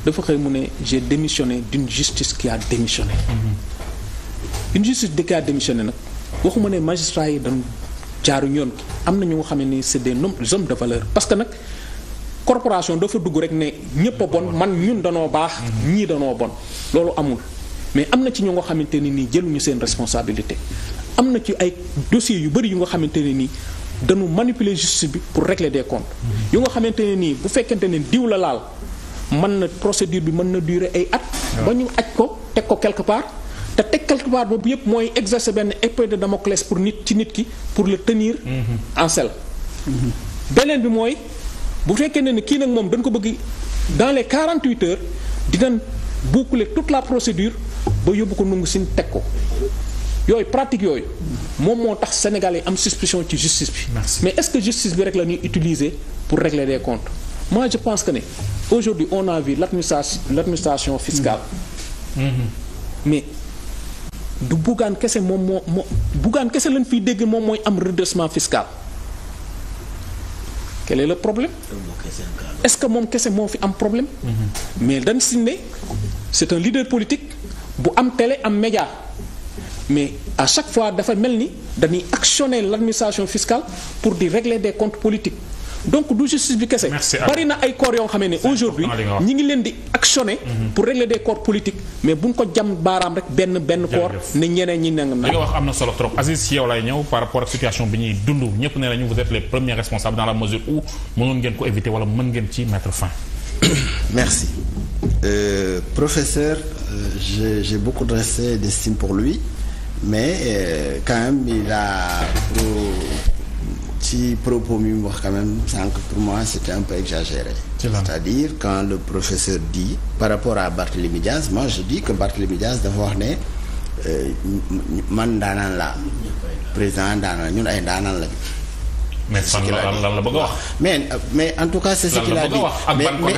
dafa xëy mu ne j'ai démissionné d'une justice qui a démissionné. Mm -hmm. une justice déclarée démissionnaire nag waxuma ne magistrats yi dañu jaaruñ yoon am na ñu nga xam ne ni c'est des hommes de valeur parce que nag corporation dafa dugg rek ne ñëpp a bon man ñun danoo baax ñii danoo bon loolu amul mais am na ci ñu nga xamante ne nii jëluñu seen responsabilité am na ci ay dossiers yu bëri yu nga xamante ne nii dañu manipuler justice bi pour régler des comptes mm-hmm. yu nga xamante ne nii bu fekkente ne diw la laal mën na procédure bi mën na durer ay at ba ko teg ko quelque te teg tegtaltuwaar boobu yëpp mooy exercer benn épée de Damoclès pour nit ci nit ki pour le tenir mhm. en selle mhm. beneen bi mooy bu fekkee ne ni kii nag moom dañ ko bëgg dans les 48 heures dinañ boucler toute la procédure ba yóbbu ko nungu sin teg ko yooyu pratique yooyu moom moo tax sénégalais am suspicion ci justice bi mais est-ce que justice bi rek la ñuy utiliser pour régler des comptes moi je pense que ne aujourd'hui on a vu l'administration l'administration fiscale mm -hmm. du buggaan kese moom moo moo buggaan kese lañ fiy dégg moom mooy am redressement fiscal quel est problème est-ce que moom kese moo fi am problème mm-hmm. mais dañ si ne c'est un leader politique bu am tele am média mais à chaque fois dafa mel ni dañuy actionner l'administration fiscale pour di régler de comptes politiques donc du justice bi kese. bari na ay corps yoo xam ne aujourd'hui ñi ngi leen di actionner. Mhm. pour régler des corps politiques mais buñ ko jam baaraam rek benn benn corps. ne ñeneen ñi nangam na li nga wax am na solo trop Aziz si yow lay ñëw par rapport ak situation bi ñuy dund ñëpp ne nañu vous êtes les premiers responsables dans la mesure où mënoon ngeen ko éviter wala mën ngeen ci mettre fin. Euh, euh, mais euh, quand a. ci propos mi mu wax quand même sànq pour moi c'était un peu exagéré c'est-à-dire quand le professeur dit par rapport à Barthélémy Diaz moi je dis que Barthélémy Diaz dafa wax ne euh, man ndaanaan la président ndaanaan ñun ay ndaanaan lañu mais la bëgg a wax. mais mais en tout cas c'est ce qu'il a dit mais mais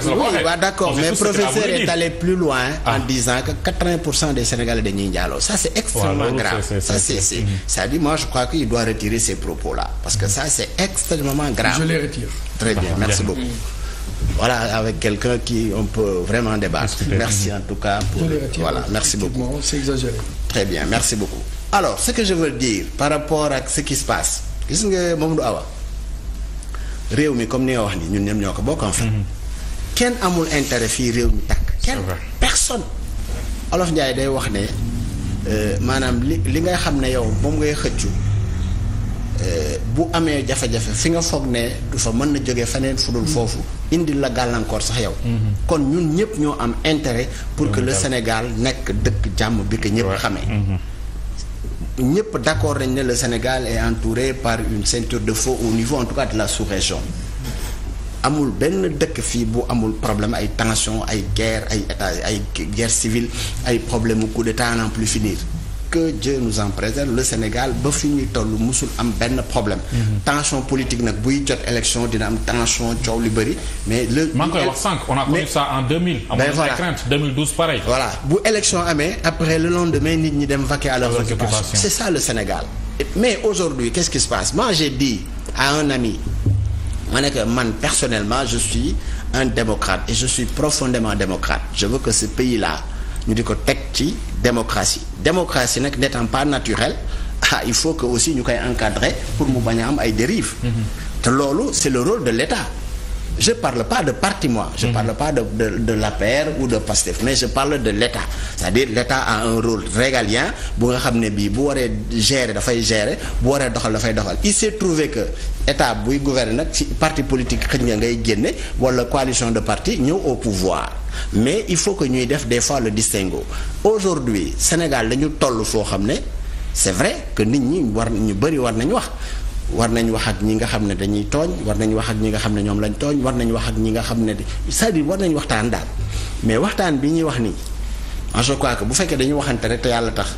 d'accord mais professeur est allé plus loin ah. en disant que 80 pour cent des Sénégalais dañuy njaaloo ça c'est extrêmement grave c'est c'est cest mhm. que ça c'est extrêmement grave. je très bien merci beaucoup. voilà avec quelqu'un qui on peut vraiment débattre. merci en tout merci beaucoup. c'est exagéré. très bien merci beaucoup. alors ce que je veux dire par rapport ak ce qui se passe gis nga Mamadou Awa. réew mi comme ni nga wax nii ñun ñoom ñoo ko bokk mhm. kenn amul intérêt fii réew mi takk. kenn personne. Olof Ndiaye day wax ne euh, maanaam li ngay xam ne yow moom ngay xëccu euh, bu amee jafe-jafe nga foog ne fa mën na jóge feneen fu mhm. foofu indil la gàllankoor sax yow. Mhm. kon ñëpp ñoo am intérêt. pour que le Sénégal nekk dëkk jàmm bi ko ñëpp xamee. ñëpp d'accord nañ ne la Sénégal est entouré par une ceinture de feu au niveau en tout cas de la sous-région amul benn dëkk fii bu amul problème ay tension ay guerre ay état ay guerre civile ay problème coup d'état n'en plus finir que Dieu nous en préserve le Sénégal ba fi ñuy toll musul am benn problème. Mhm. tension politique nag buy jot élection dina am tension coow li bëri mais. le maa ngi koy wax sànq on a en 2000. amoon na crainte 2012 pareil. voilà bu élection amee après dem vaquer à leurs occupations c'est ça le Sénégal. mais aujourd'hui qu'est-ce qui se passe moi j'ai dit à un ami ma ne que man personnellement je suis un démocrate et je suis profondément démocrate je veux que ce pays-là. ñu di ko teg ci démocratie démocratie nag n'étant pas naturelle ah il faut que aussi ñu koy encadrer pour mu bañ a am ay dérives mm-hmm. te loolu c'est le rôle de l'État je parle pas de parti moi je mm-hmm. parle pas de de ou de PASTEF mais je parle de l'État c'est-à-dire l'État a un rôle régalien bu nga xam ne bii bu waree gérer dafay gérer bu waree doxal dafay doxal il s'est trouvé que État buy gouverner nag ci parti politique xëj nga ngay génne wala coalition de parti ñëw au pouvoir mais il faut que ñuy def des fois le distinguo aujourd'hui Sénégal dañu toll foo xam ne c'est vrai que nit ñi war ñu bëri war nañu wax war nañu wax ak ñi nga xam ne dañuy tooñ war nañu wax ak ñi nga xam ne ñoom lañ tooñ war nañ wax ak ñi nga xam ne c'est-à-dire war nañu waxtaan daal mais waxtaan bi ñuy wax nii je crois que bu fekkee dañu waxante rek te yàlla tax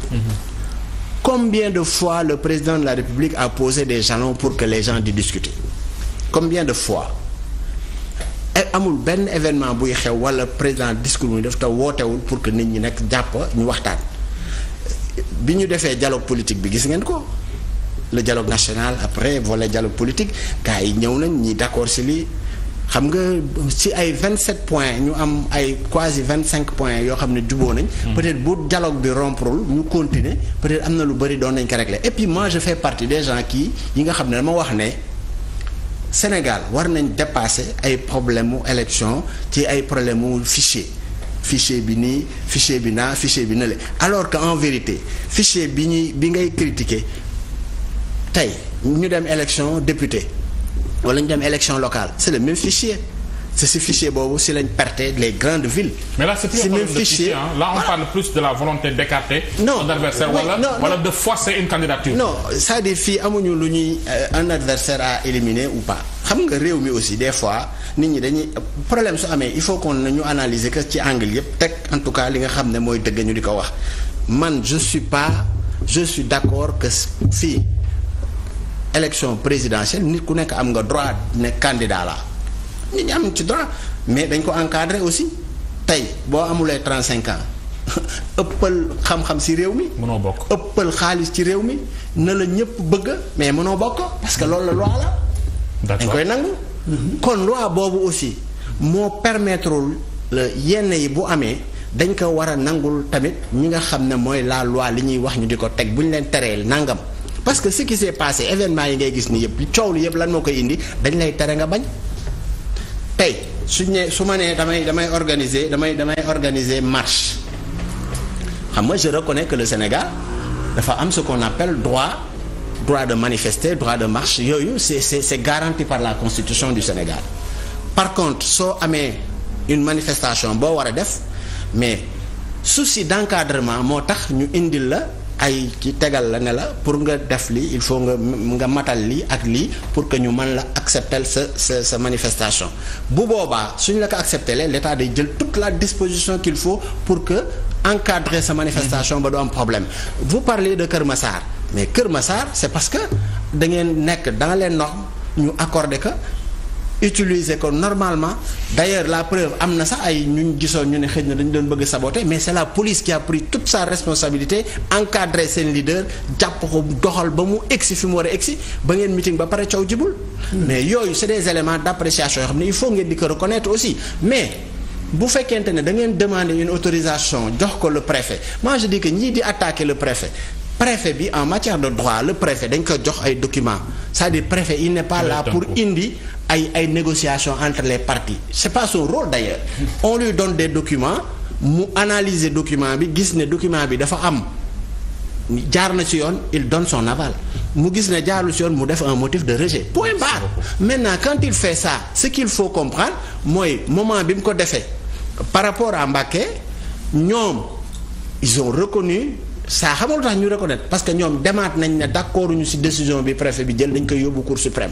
combien de fois le président de la République a posé des jalons pour que les gens di discuter combien de fois amul benn événement buy xew wala président discours muy def te wootewul pour que nit ñi nag jàpp ñu waxtaan bi ñu defee dialogue politique bi gis ngeen ko le dialogue national après volet dialogue politique gars yi ñëw nañ ñi d'accord ci lii xam nga ci ay 27 points ñu am ay quasi cinq points yoo xam ne juboo nañ. Hmm. peut-être bu dialogue bi romprul ñu continuer peut-être am na lu bari doon nañ ko régler et puis moi je fais des gens qui yi nga xam ne dama wax ne. Sénégal war nañ dépasser ay problème mu élection ci ay problème mu fichier fichier bi nii fichier bi naa fichier bi nële alors que en vérité fichier bi ñuy bi ngay critiquer tey ñu dem élection député wala ñu dem élection locale c'est le même fichier c'est ce fichier boobu si lañ perte les grandes villes. mais là c'est plus un problème de fichier là on parle plus de la volonté d'écarter un adversaire wala wala de forcer fii amuñu lu ñuy euh, un adversaire à éliminer ou pas xam nga réew mi aussi des fois nit ñi dañuy problème su amee il faut qu'on ñu analyser que ci angle yëpp teg en tout cas li nga xam ne mooy dëgg ñu di ko wax man je suis pas je suis d'accord que fii élection présidentielle nit ku nekk am nga droit ne candidat la nit ñi am ci droit mais dañ ko encadrer aussi tey boo amulee 35 ans ëppal xam-xam si réew mi. mënoo bokk ëppal xaalis ci réew mi na la ñëpp bëgg mais mënoo bokk parce que loolu la loi la. dañ kon loi boobu aussi moo permettrewul yenn yi bu amee. dañ ko war a nangul tamit ñi nga xam ne mooy la loi li ñuy wax ñu di ko teg bu ñu leen teree nangam parce que ce qui s'est passé événement yi ngay gis nii yëpp coow li yëpp lan moo koy indi dañ lay tere nga bañ tey suñ ne su ma nee damay damay organiser damay damay organiser marche xam nga je reconnais que le Sénégal dafa am ce qu'on appelle droit droit de manifester droit de marche yooyu c'est c'est c'est garanti par la constitution du Sénégal par contre soo amee une manifestation boo war a def mais si d'encadrement moo tax ñu indil la ay ci tegal la ne la pour nga def lii il faut nga nga matal lii ak lii pour que ñu mën la accepter sa sa sa manifestation bu boobaa suñ la ko accepter leen day jël toute la disposition qu'il faut pour que encadrer sa manifestation ba du am problème vous parlez de Kër Massar mais Kër Massar c'est parce que da ngeen nekk dans leen normes ñu accorder ko utiliser ko normalement d'ailleurs la preuve am na sax ay ñu gisoon ñu ne xëj na dañu doon bëgg saboter mais c'est la police qui a pris toute sa responsabilité encadré seen leader jàpp ko doxal ba mu egsi fi mu war a egsi ba ngeen meeting ba pare coow jibul mais yooyu c'est des éléments d'appréciation yoo xam ne il faut ngeen di ko reconnaître aussi mais bu fekkente ne da ngeen demander une autorisation jox ko le préfet moi je dis que ñii di attaquer le préfet préfet bi en matière de droit la préfet dañ ko jox ay documents c'est-à-dire préfet il n'est pas là pour indi ay ay négociation entre les parties c'est pas son rôle d'ailleurs on lui donne des documents mu analyser document bi gis ne document bi dafa am jaar na si yoon il donne son aval mu gis ne jaarul si yoon mu def un motif de rejet point barre maintenant quand il fait ça ce qu'il faut comprendre mooy moment bi mu ko defee par rapport à Mbacké ñoom ils ont reconnu saa xamul tax ñu reconnaître parce que ñoom demaat nañ ne d' accord ñu si décision bi préfet bi jël dañ koy yóbbu cour suprême.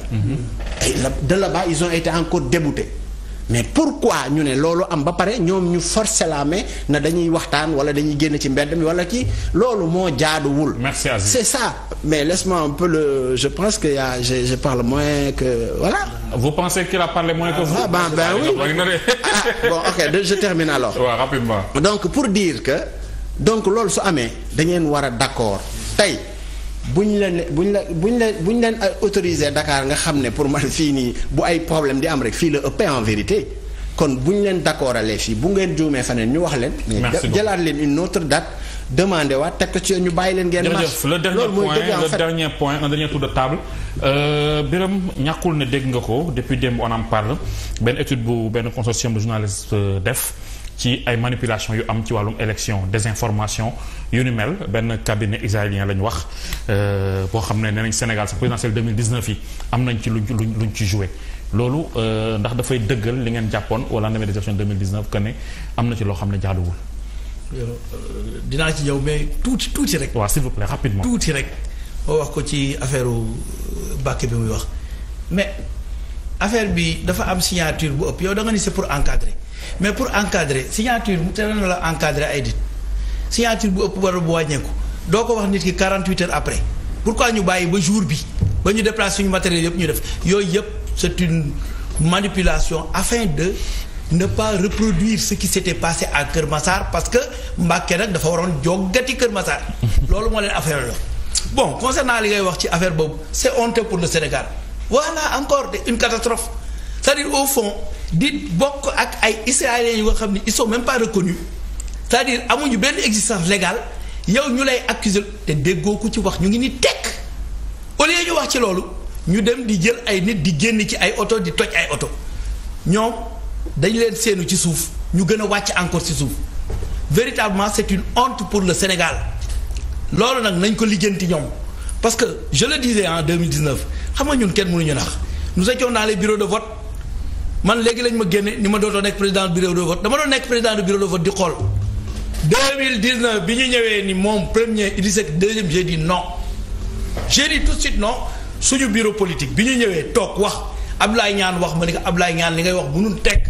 ay mhm. la de ils ont été encore déboutés. mais pourquoi ñu ne loolu am ba pare ñoom ñu forcer la main na dañuy waxtaan wala dañuy génn ci mbedd mi wala kii loolu moo jaaduwul. merci Aziz c'est ça mais laisse-moi un peu le je pense que y je je parle moins que voilà. vous pensez qu'il a parlé moins que ah, vous. ah ben ben oui ah bon ok je termine donc loolu su amee da ngeen war a d'accord tey bu ñu leen bu ñu la bu ñu leen bu ñu leen autorisé Dakar nga xam ne pour man fii nii bu ay problème di am rek fii la ëppee en vérité kon bu ñu leen d'accord alee fii bu ngeen jumee juumee feneen ñu wax leen. jëlaat leen une autre date. demandé waat teg ko ci ñu bàyyi leen ngeen. marche loolu mooy dëgg en fait le dernier point un dernier tour de table. Euh, Birame ñàkkul ne dégg nga ko depuis démb on en parle benn étude bu benn consortium de journalistes euh, def. ci ay manipulation yu am ci wàllum élection désinformation yu ni mel benn cabinet israélien la ñu wax euh, boo xam ne nee nañ Sénégal sa présidentielle 2019 yi am nañ ci lu luñ luñ ñu ci joué loolu euh, ndax dafay dëggal li ngeen jàppoon au lendemain des élections 2019 que ne am na ci loo xam ne jaaduwul. Euh, dinaa ci yow mais tuuti tuuti rek. waaw s'il vous plaît rapidement tuuti rek. boo wax ko ci affaire Mbacké bi muy wax mais affaire bi dafa am signature bu ëpp yow da nga ni c'est mais pour encadrer signature mu te na la encadrer ay nit signature bu ëpp wala bu wàññeeku doo ko wax nit ki 48 heures après pour pourquoi ñu bàyyi ba jour bi ba ñu déplacer suñu matériel yëpp ñu def yooyu yëpp c'est une manipulation afin de ne pas reproduire ce qui s'était passé à Kër Massar parce que Mbàkke nag dafa waroon joggati Kër Massar loolu moo leen affaire la bon concernant li ngay wax ci affaire boobu c'est honteux pour le Sénégal voilà encore une catastrophe c'est-à-dire au fond di bokk ak ay israéliens yu nga xam ne ils sont même pas reconnus c'est-à-dire amuñu benn existence légale yow ñu lay accuser te déggoo ko ci wax ñu ngi ni tekk au lieu ñu wax ci loolu ñu dem di jël ay nit di génn ci ay oto di toj ay oto ñoom dañu leen seenu ci suuf ñu gën a wàcc encore ci suuf véritablement c'est une honte pour le Sénégal loolu nag nañ ko lijjanti ñoom parce que je le disais en 2019 xam nga ñun kenn mënuñu nax nous étions dans les bureaux man léegi lañ ma génne ni ma dootoo nekk président du bureau de vote dama doon nekk président du bureau de vote di xool bi ñu ñëwee ni moom premier il disait deuxième j'ai dit non j'ai tout de suite non suñu bureau politique bi ñu ñëwee toog wax Ablaye Niane wax ma ni ko Ablaye Niane li ngay wax bu mënul tekk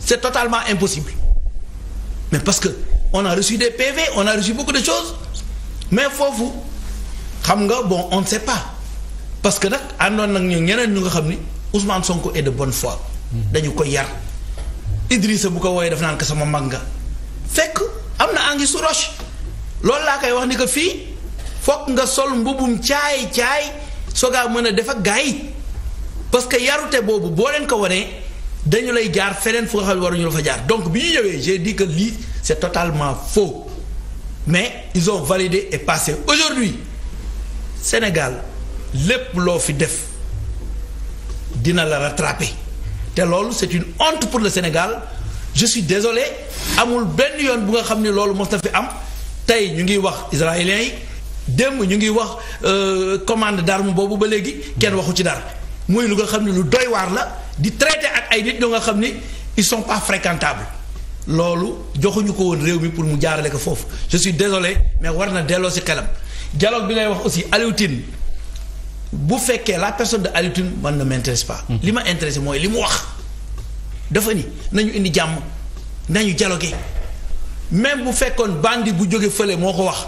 c'est totalement impossible mais parce que on a reçu des PV on a reçu beaucoup de choses mais foofu xam nga bon on ne sait pas parce que nag àndoon nag ñu ñeneen ñu nga xam ni Ousmane Sonko est de bonne foi dañu ko yar Idrissa bu ko wooyee daf naan ko sama mag nga fekk am na angi su roche loolu laa koy wax ni ko fii fokk nga sol mbubum caay caay sogaa mën a def ak gaa yi parce que yarute boobu boo leen ko waree dañu lay jaar feneen fu nga xam ne waruñu la fa jaar donc bi ñu ñëwee j'ai dit que lii c'est totalement faux mais ils ont validé et passé aujourd'hui Sénégal lépp loo fi def dina la rattraper te loolu c'est une entre pour le Sénégal je suis désolé amul benn yoon bu nga xam ni loolu mos na fi am tey ñu ngi wax israéliens yi démb ñu ngi wax euh, commande d'arme boobu ba léegi kenn waxu ci dara muy lu nga xam ni lu doy waar la di traité ak ay nit ñoo nga xam ni il sont pas fréquentables loolu joxuñu ko woon réew mi pour mu jaarale ko foofu je suis désolé mais war na delloo si xelam dialogue bi ngay wax aussi Aliou bu fekkee la personne de Alioune man ne m'intéresse pas. Mhm. li ma intéressé mooy li mu wax dafa ni nañu indi jàmm nañu dialogué même bu fekkoon bandi bu jóge fële moo ko wax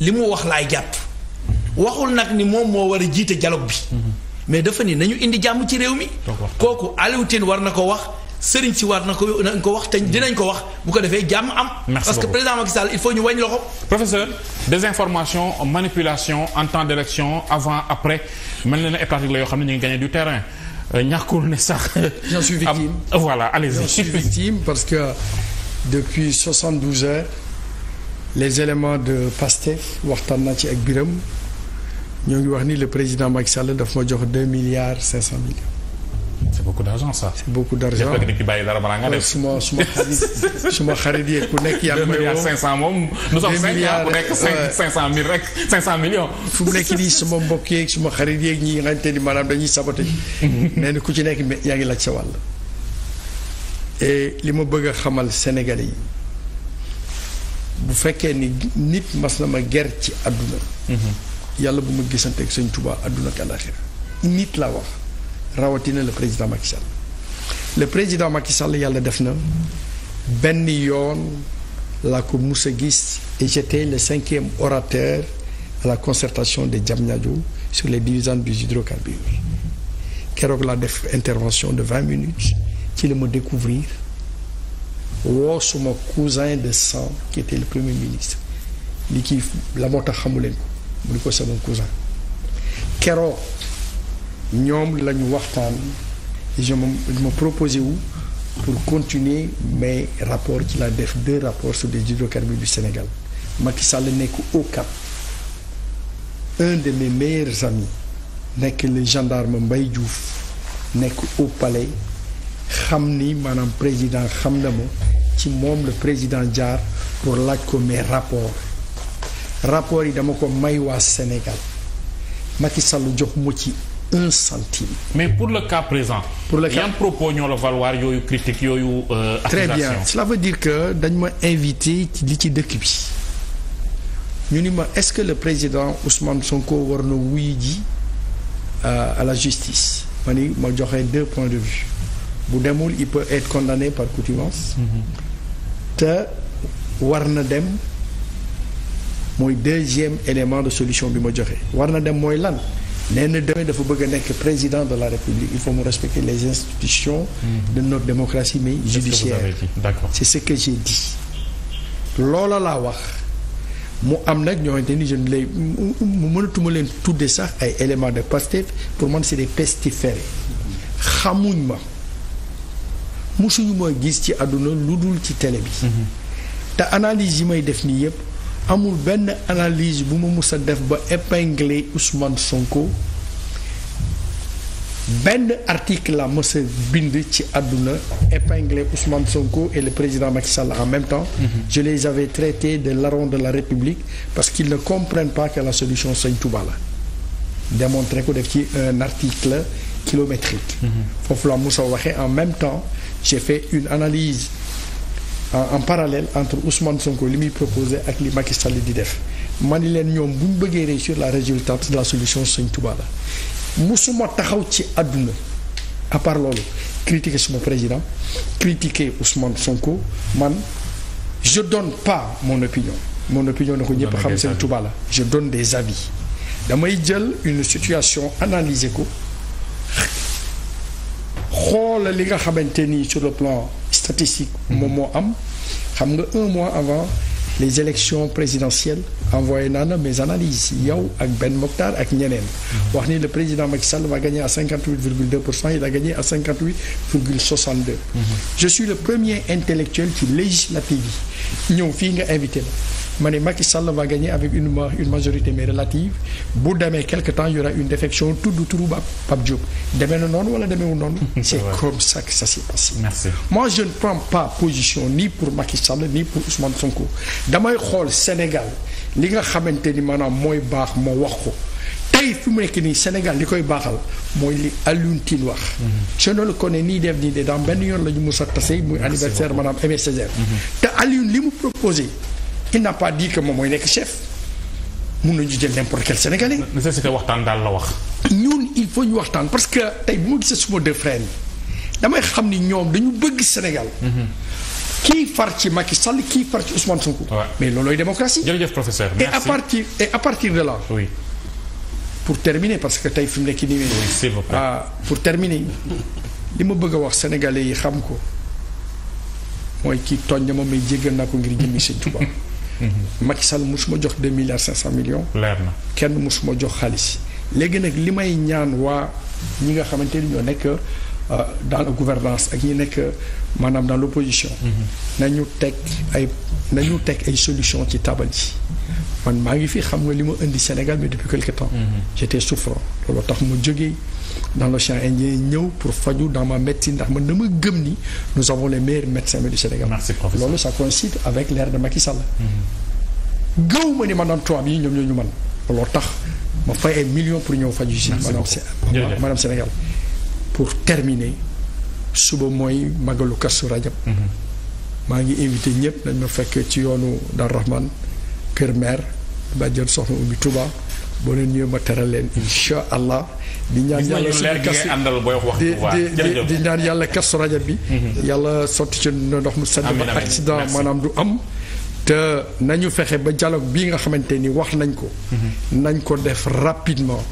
li mu wax laay jàpp waxul nag ni moom moo war a jiite jalog bi mhm. mais dafa ni nañu indi jàmm ci réew mi. kooku Alioune war na ko wax. sëriñ si waat na ko na ko wax te dinañ ko wax bu ko defee jàmm am. parce que président Macky Sall il faut ñu wàññi loxo. professeur désinformation manipulation en temps d' élection avant après mel na ne ay pratique la yoo xam ne ñu ngi gagné du terrain euh, ñàkkul ne sax. j'en suis ah, voilà allez-y. j'en suis victime parce que depuis 72 heures les éléments de Pastef waxtaan naa ci ak biram ñoo ngi wax ni le président Macky Sall daf ma jox 2 milliards 500 millions. c'est beaucoup d'argent ça. c'est beaucoup d'argent jëf di suma suma xarit suma xarit yeeg ku nekk yaa ngi may woo. 500 moom nous ku nekk rek 500 millions. fu mu nekk nii suma mbokk yeeg suma xarit ñi nga xamante ni maanaam dañuy saboté. nee na ku ci nekk yaa ngi laaj sa wàll. li ma bëgg xamal Sénégalais yi bu fekkee ni nit mas na ma ger ci àdduna. Mm-hmm. yàlla bu ma gisanteeg sëñ Tuubaa àdduna ak nit laa wax. rawatina le président Macky Sall le président Macky Sall yàlla def na benn yoon laa ko mus a gis et j'étais le cinquième orateur à la concertation de Diamniadio sur les divisions du hydrocarbures keroog laa def intervention de vingt minutes ci la ma découvrir woo suma cousin de sang qui était le premier ministre li kii la moo tax xamu leen ko mu ni ko sama cousin keroog ñoom la ñu waxtaan je me ma proposé wu pour continuer mes rapport ci la def deux rapports sur les hydrocarbures du Sénégal Macky Sall nekk au Cap un de mes meilleurs amis nekk le gendarme mbay Diouf nekk au palais xam ni maanaam président xam na ma ci moom le président jaar pour laaj ko mes rapports rapports yi dama ko may waa Sénégal Macky Sall jox mu ci un centime. mais pour le cas présent. pour le cas yan propos ñoo la valoir yooyu critique yooyu. Euh, accusation très bien cela veut dire que dañ ma invité ci li ci dëkk bi ñu ni ma est-ce que le président Ousmane Sonko war na wuy ji euh, à la justice ma ni ma joxe deux points de vue bu demul il peut être condamné par contumace. Mm-hmm. te war na dem mooy deuxième élément de solution bi ma joxe. war na dem mooy lan. nee na demain dafa bëgg a nekk président de la république il faut mu respecter les institutions mhm. de notre démocratie mais judiciaire c'est ce que j'ai dit loola laa wax mu am nag ñoo xamante ni lay mu mënatuma leen tudde sax ay éléments de Pastef pour man c'est des pestiférés xamuñ ma musuñu ma gis ci àdduna lu dul ci télé bi mhm. te analyse yi may def nii yëpp amul benn analyse bu ma mus def ba épingler Ousmane Sonko benn article la mës a bind ci àdduna épingler Ousmane Sonko et le président Macky Sall en même temps. Mm -hmm. je les avais traités de larrons de la République parce qu'ils ne comprennent pas que la solution Sëñ Touba la. démontrer ko def ci un article kilométrique. Mhm. foofu la mës a waxee en même temps j'ai fait une analyse. en parallèle entre Ousmane Sonko li muy proposé ak li Macky di def ma ni leen ñoom bu ñu bëggee réussir la résultante de la solution Sëñ Touba la musuma taxaw ci àdduna à part loolu critiquer suma président critiquer Ousmane Sonko man je donne pas mon opinion mon opinion ne ko ñëpp xam Sëñ Touba la je donne des avis damay jël une situation analyser ko xoola li nga xamante ni sur le plan statistique moom mhm. moo am xam nga un mois avant les élections présidentielles envoyé naa na mes analyses yow ak Ben Mokhtar ak ñeneen mhm. wax ni le président Macky Sall va gagner à 58 virgule il a gagné à 58 virgule 62 mhm. je suis le premier intellectuel ci législative yi ñëw fii nga invité la ma ne Macky Sall va gagner avec une une majorité mais relative bu demee quelque temps y aura une défection tudd turu ba Pape Diop demee na noonu wala demeewul noonu. c'est comme ça que ça s'est passé. merci moi je ne prends pas position ni pour Macky Sall nii pour Ousmane Sonko damay xool Sénégal li nga xamante ni maanaam mooy baax moo wax ko. tey fi mu nekk nii Sénégal li koy baaxal mooy li Alioune Tine wax. Mm-hmm. je ne le connais nii def nii de dans benn yoon la ñu mus a tase muy anniversaire maanaam MSCR. Mm-hmm. te li mu proposé. il n'a pas dit que moom mooy nekk chef mun nañu jël n'importe quel sénégalais. nécessité waxtaan daal la wax. ñun il faut ñu waxtaan parce que tey bu ma gisee suma deux frères yi damay xam ni ñoom dañu bëgg Sénégal. Mm-hmm. kii far ci Macky Sall kii far ci Ousmane Sonko. mais loolooy démocratie. jërëjëf professeur merci et à partir et à partir de là. oui pour terminer parce que tey fi mu nekk nii. oui c'est vrai ah pour terminer li ma bëgg a wax sénégalais yi xam ko mooy kii tooñ na ma may jéggal na ko ngir jëmmi Sëñ Tuubaa. Macky Sall mosuma jox deux milliards cinq cent millions. leer na kenn mosuma jox xaalis. léegi nag li may ñaan waa ñi nga xamante ni ñoo nekk euh, dans la gouvernance ak ñi nekk maanaam dans l'opposition. Mm-hmm. nañu teg ay nañu tek ay solution ci taabal ji. man maa ngi fi xam nga li ma indi Sénégal mais depuis quelque temps. Mm-hmm. j'étais souffrant looloo tax ma jógee. dans l'océan Indien ñëw pour faju dans ma médecine ndax man dama gëm ni nous avons les meilleurs médecins du Sénégal. merci professeur loolu ça coïncide avec l'ère de Macky Sall. ma ni maanaam tubaab yi ñoom ñoo ñu man loolu tax ma fay ay millions pour ñëw faju si. madame madame Sénégal. pour terminer suba mooy magalu Kazu Rajab. Mhm. maa ngi invité ñëpp dañ ma fekk ci yoonu Darou Rahman Kër Mère Badiane Soxna Oumy Touba. boo leen ñëwee ma teral leen incha allah. di ñaan yàlla suñu kasi di di ñaan rajab bi. Mhm. yàlla sotti ci ndox mu sedd ba accident maanaam du am. te nañu fexe ba dialogue bii nga xamante ni wax nañ ko. Mhm. nañ ko def rapidement.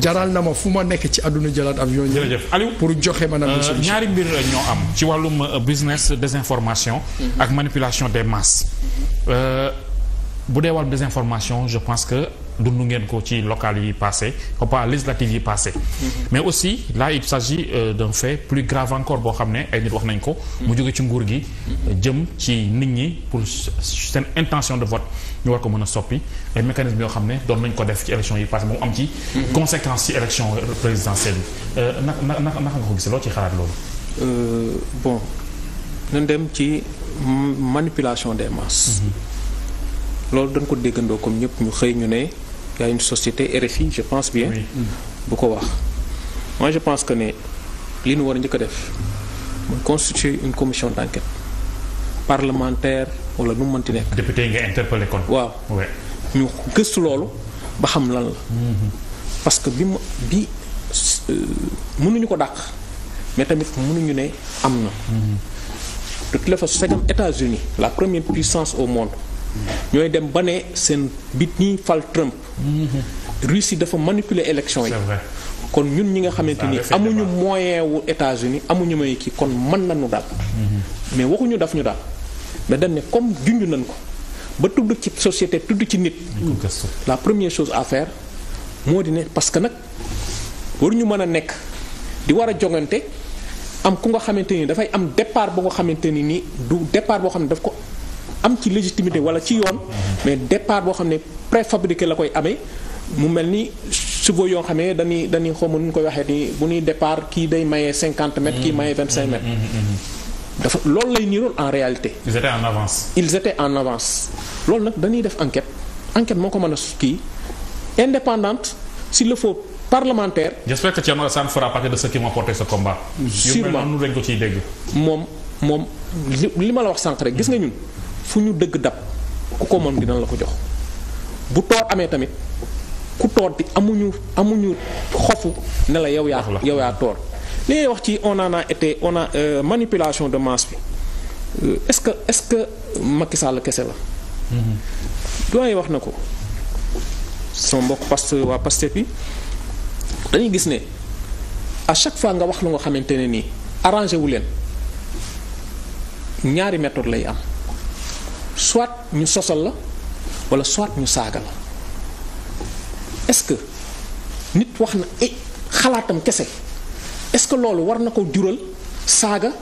jaral na ma fu ma nekk ci àdduna jëlaat avion. jërëjëf Aliou pour joxe maanaam. Euh, ñaari mbir ñoo am ci wàllum euh, business désinformation. Mhm. ak manipulation des masses. Euh, bu dee wàllu désinformation je pense que. dund ngeen ko ci local yi passé ou pas législative yi passé mhm. mais aussi là il s'agit euh, d'un fait plus grave encore boo xam ne ay nit wax nañ ko mu jóge ci nguur gi mhm. jëm ci nit ñi pour seen intention de vote ñu war ko mën a soppi ay mécanismes yoo xam ne doon nañ ko def ci élection yi passé moom am ci mhm. conséquence ci élection présidentielle yi euh, na na naka nga ko gisee loo ci xalaat loolu euh, bon ci manipulation des masses loolu dañ ko déggandoo comme ñëpp ñu xëy ñu ne y a une société RFI je pense bien. bu ko wax. moi je pense que ne li ñu war a njëkk def mooy constituer une commission d' enquête parlementaire wala nu mu mënti nekk. député nga interpellé waaw ñu gëstu loolu ba xam lan la. Mm-hmm. parce que bi ma bi euh, mënuñu ko dàq mais tamit mënuñu ne am na. Mm-hmm. de toute façon segam États-Unis la première puissance au monde mm-hmm. ñooy dem ba ne seen bit ñi fal Trump. Russie dafa manipuler élection yi. kon ñun ñi nga xamante ni amuñu moyen wu États-Unis amuñu may kii kon mën nañu daal. Mhm. mais waxuñu daf ñu daal mais dem ne comme junj nañ ko ba tudd ci société tudd ci nit. la première chose affaire moo di ne parce que nag ñu mën a nekk di war a jongante am ku nga xamante ni dafay am départ boo nga xamante ni nii du départ boo xam ne daf ko. am ci légitimité wala ci yoon mais départ boo xam ne préfabriqué la koy amee mu mel ni suba yoo xam ne dañuy dañuy xaw ma nu ñu koy waxee nii bu nuy départ kii day mayee cinquante mètres kii mayee vingt cinq mètres. Mm, mm, mm, dafa loolu lay niroon en réalité. ils avance. ils en avance loolu nag dañuy def enquête enquête moo ko mën a kii indépendante si le faut parlementaire. j'espère que Thierno ça ne fera pas que de ceux qui vont porter ce combat. sûrement ko ciy dégg. moom moom li ma la wax sànq rek gis nga ñun. fu ñu dëgg dab ku ko moom dina la ko jox bu toor amee tamit ku toor di amuñu amuñu xofu nela la yow yaa yow yaa toor li ngay wax ci on en a été on a euh, manipulation de masse bi euh, est-ce que est-ce que Macky Sall kese la mm-hmm. doyen wax na ko sama mbokk past waa Pastef bi dañuy gis ne à chaque fois nga wax la nga xamante ne nii arrangé wu leen ñaari méthode lay am soit ñu sosal la wala soit ñu saaga la est-ce que nit wax na eh xalaatam kese est-ce que loolu war na ko jural saaga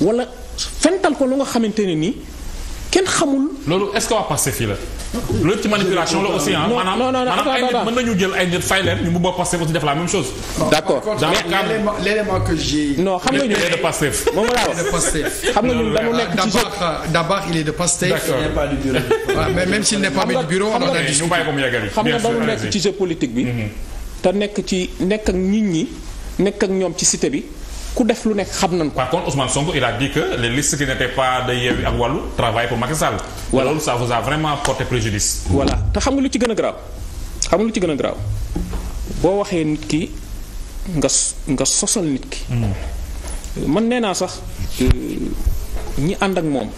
wala fental ko lu nga xamante ne nii kenn xamul. loolu est-ce que waa Pastef fii la. loolu ci manipulation la aussi ah. maanaam maanaam ay nit mën nañu jël ay nit fay leen ñu bëgg a Pastef aussi def la même chose. d'accord dans le cadre l'élément que j'ai non xam nga ñun il est de Pastef. moom laa wax xam nga ñun dañu nekk ci. Euh, d'abord il est de Pastef. d'accord il n'est pas du bureau. mais même s'il n'est pas du bureau on a discuté. xam nga dañu nekk ci jeu politique bi. Mm-hmm. te nekk ci nekk ak nit ñi nekk ak ñoom ci cité bi ku def lu nekk xam nañ ko. par contre Ousmane Sonko il a dit que les pas de Yewwi ak Wallu travaillent pour Macky Sall. voilà loolu ça vous a vraiment porté préjudice. voilà te xam nga lu ci gën a graaw xam nga lu ci gën a graaw boo waxee nit ki nga nga sosal nit ki. Hmm. man nee naa sax euh, ñi ànd ak moom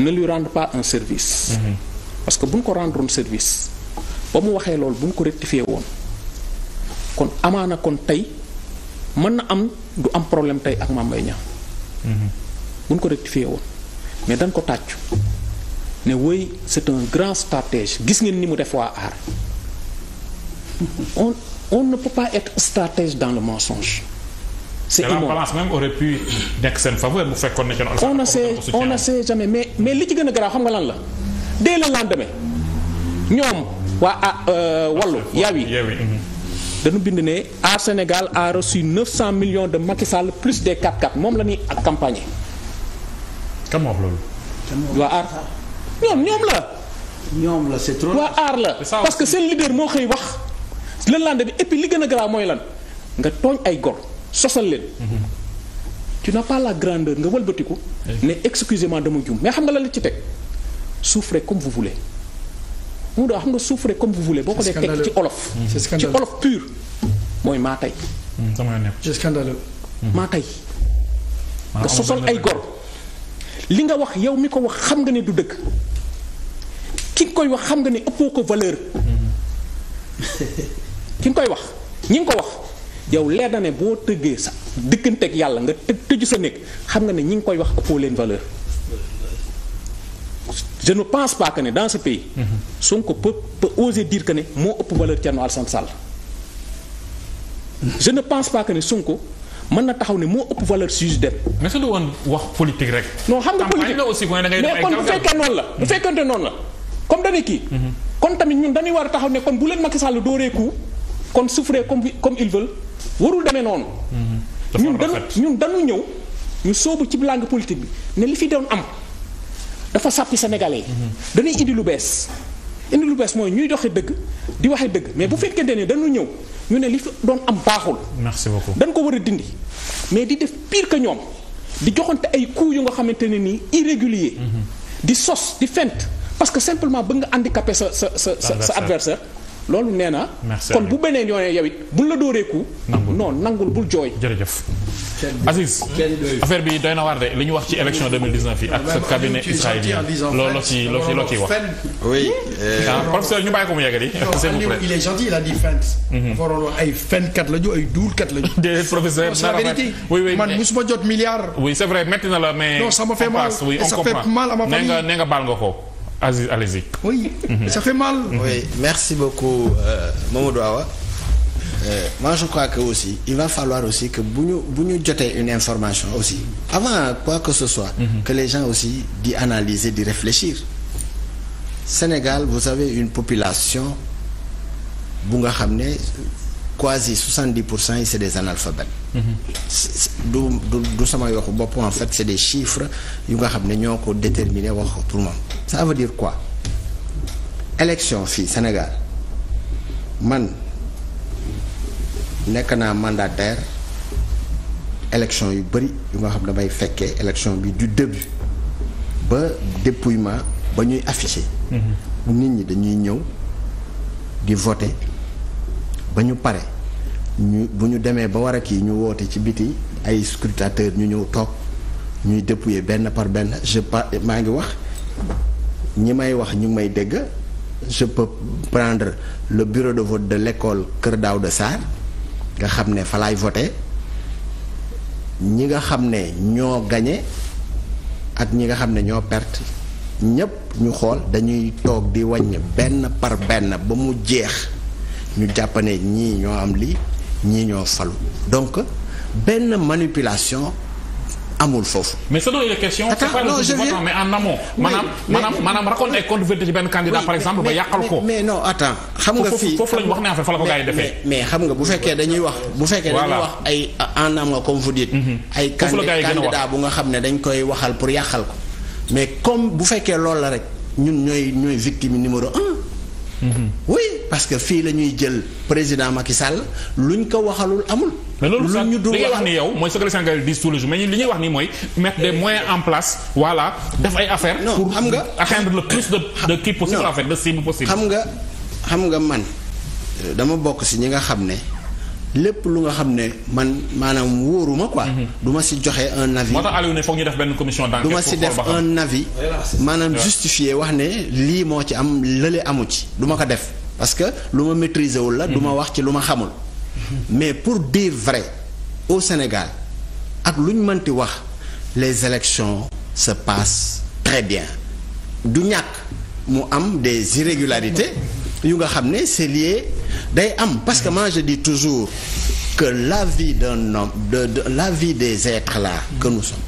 ne lui rende pas un service. Hmm. parce que bu ñu ko rendre un service ba mu waxee loolu bu ñu ko rectifié woon kon amaana kon tey mën na am. du am problème tey ak Mame Mbaye Niang mhm. buñ ko rectifié woon mais dañ ko tàccu ne wéy c'est un grand stratège gis ngeen ni mu def waa aar on on ne peut pas être stratège dans le mensonge c'est immonde la balance seen faveur bu fekkoon ne on ne sait jamais mais li ci gën a garaaw xam nga lan la dès le lendemain ñoom waa ah euh, wallu yaaw yi danu bind ne Aar Sénégal a reçu 900 million de Macky Sall plus des 4-4 moom la ñuy ak campagne. kan moo loolu. waa Aar ñoom ñoom la. ñoom la c'est trop. waa Aar la parce que seen leader moo xëy wax. le lendemain bi et puis li gën a garaaw mooy lan nga tooñ ay gor sosal leen. ci mhm. n'as pas la grandeur nga walbatiku ne excusez-moi dama juum mais xam nga la la ci teg souffrez comme vous mu daa xam nga souffrez comme vous voulez boo ko dee teg ci olof mm. ci olof pur mooy maa tey mm, mm. maa tey nga sosol ay gor li nga wax yow mi ko wax xam nga ne du dëkk ki nga koy wax xam nga ne ëppoo ko valeur mm-hmm. ki nga koy wax ñi nga ko wax yow leer na ne boo tëggee sa dëkkanteeg yàlla nga tëju sa néeg xam nga ne ñi nga koy wax ëppoo leen valeur je ne pense pas que ne dans ce pays. Sonko peut peut oser dire ne moo ëpp valeur Thierno Alassane Sall. je ne pense pas que ne mën na taxaw ne moo ëpp valeur suy dem. mais su woon wax politique rek. non xam nga politique mais kon bu fekkee noonu la. bu fekkente noonu la comme dañuy kii. kon tamit ñun dañuy war a taxaw ne kon bu leen Macky Sall dooreeku kon souffrez comme comme ils warul demee noonu. Mhm. ñun dañu ñun dañu ñëw ñu soobu ci langue politique bi ne li fi doon am. dafa sàppi sénégalais yi. dañuy indi lu bees indi lu bees mooy ñuy doxe dëgg di waxe dëgg mais bu fekkente ne dañu ñëw ñu ne li fi doon am baaxul. merci beaucoup dañ ko war a dindi mais di def pire que ñoom di joxante ay coups yu nga xamante ne nii irrégulier. Mm-hmm. di sos di fent parce que simplement bëgg nga handicapé sa sa sa sa adversaire. loolu nee na. kon bu beneen yoonee yow it buñ la dóoreeku. nangul non nangul bul jooy. jërëjëf. Aziz affaire bi doy na war de li ñu wax ci élection 2019 yi ak sa cabinet israélien loolu loo ci loo ci loo ciy wax. oui. Euh, ah, ñu bàyyi ko mu yeggali. s'il vous plaît il mhm. la ñu ay duulkat la ñu. déedéet professeur na rafet man musuma jot milliard. oui c'est vrai métti na la mais. non ça m'a fait mal ça fait mal à ma nga nee baal nga ko. Aziz, allez-y. oui. Mhm. ça fait mal. merci beaucoup euh, Mamadou Awa. Euh, je crois que aussi il va falloir aussi que bu ñu bu ñu jotee une information aussi avant quoi que ce soit. Mm que les gens aussi di analyser di réfléchir. Sénégal vous avez une population bu nga xam ne quasi 70 pour cent yi c'est des analphabètes. Mm-hmm. du du du samay waxu bopp en fait c'est des chiffres yu nga xam ne ñoo ko déterminer wax ko pour moom ça veut dire quoi élection fii Sénégal man nekk naa mandataire élection yu bëri yu nga xam ne damay fekkee élection bi du début ba dépouillement ba ñuy afficher. Mm-hmm. nit ñi dañuy ñëw di voter. ba ñu pare ñu bu ñu demee ba war a kii ñu woote ci biti ay scrutateurs ñu ñëw toog ñuy dépouiller benn par benn je pa maa ngi wax ñi may wax ñu may dégg je peux prendre le bureau de vote de l'école Kër Daouda Sarr nga xam ne fa laay voté ñi nga xam ne ñoo gañe ak ñi nga xam ne ñoo perte ñépp ñu xool dañuy toog di wàññ benn par benn ba mu jeex ñu jàpp ne ñii ñoo am lii ñii ñoo falu donc benn manipulation amul foofu. mais ce dont il est question. c'est pas le bouton mais en amont. maanaam maanaam benn candidat par exemple ba yàqal ko. mais non xam nga fii foofu lañu wax ne en xam nga bu fekkee dañuy wax. bu fekkee dañuy wax ay en amont comme vous dites. Mhm. ay candidat bu nga xam ne dañ koy waxal pour yàqal ko. mais comme bu fekkee loolu la rek ñun ñooy ñooy victime numéro un. Mm-hmm. oui parce que fii la ñuy jël président Macky Sall luñ ko waxalul amul. luñ ñu dul wax ni yow mooy secrétaire général di tous les jours mais li ñuy wax ni mooy mettre des moyens en place voilà def ay affaire pour xam nga atteindre le plus de de kii fait de cible possible. xam nga xam nga man euh, dama bokk si ñi nga xam ne. lépp lu nga xam ne man maanaam wóoruma quoi. Mhm. du ma si joxe un avis. moo tax Aliou ne def benn commission d'enquête ma si def un avis maanaam justifié wax ne lii moo ci am lële amu ci duma ko def parce que lu ma maîtriser wul la. Mhm. du ma wax ci lu ma xamul. Mhm. mais pour biir vrai au Sénégal ak lu ñu mënti wax les élections se passent très bien du ñàkk mu am des irrégularités. yu nga xam ne c'est lié day am parce que moi je toujours que la vie d'un homme de, de la vie des êtres là gënu mm-hmm. nous sommes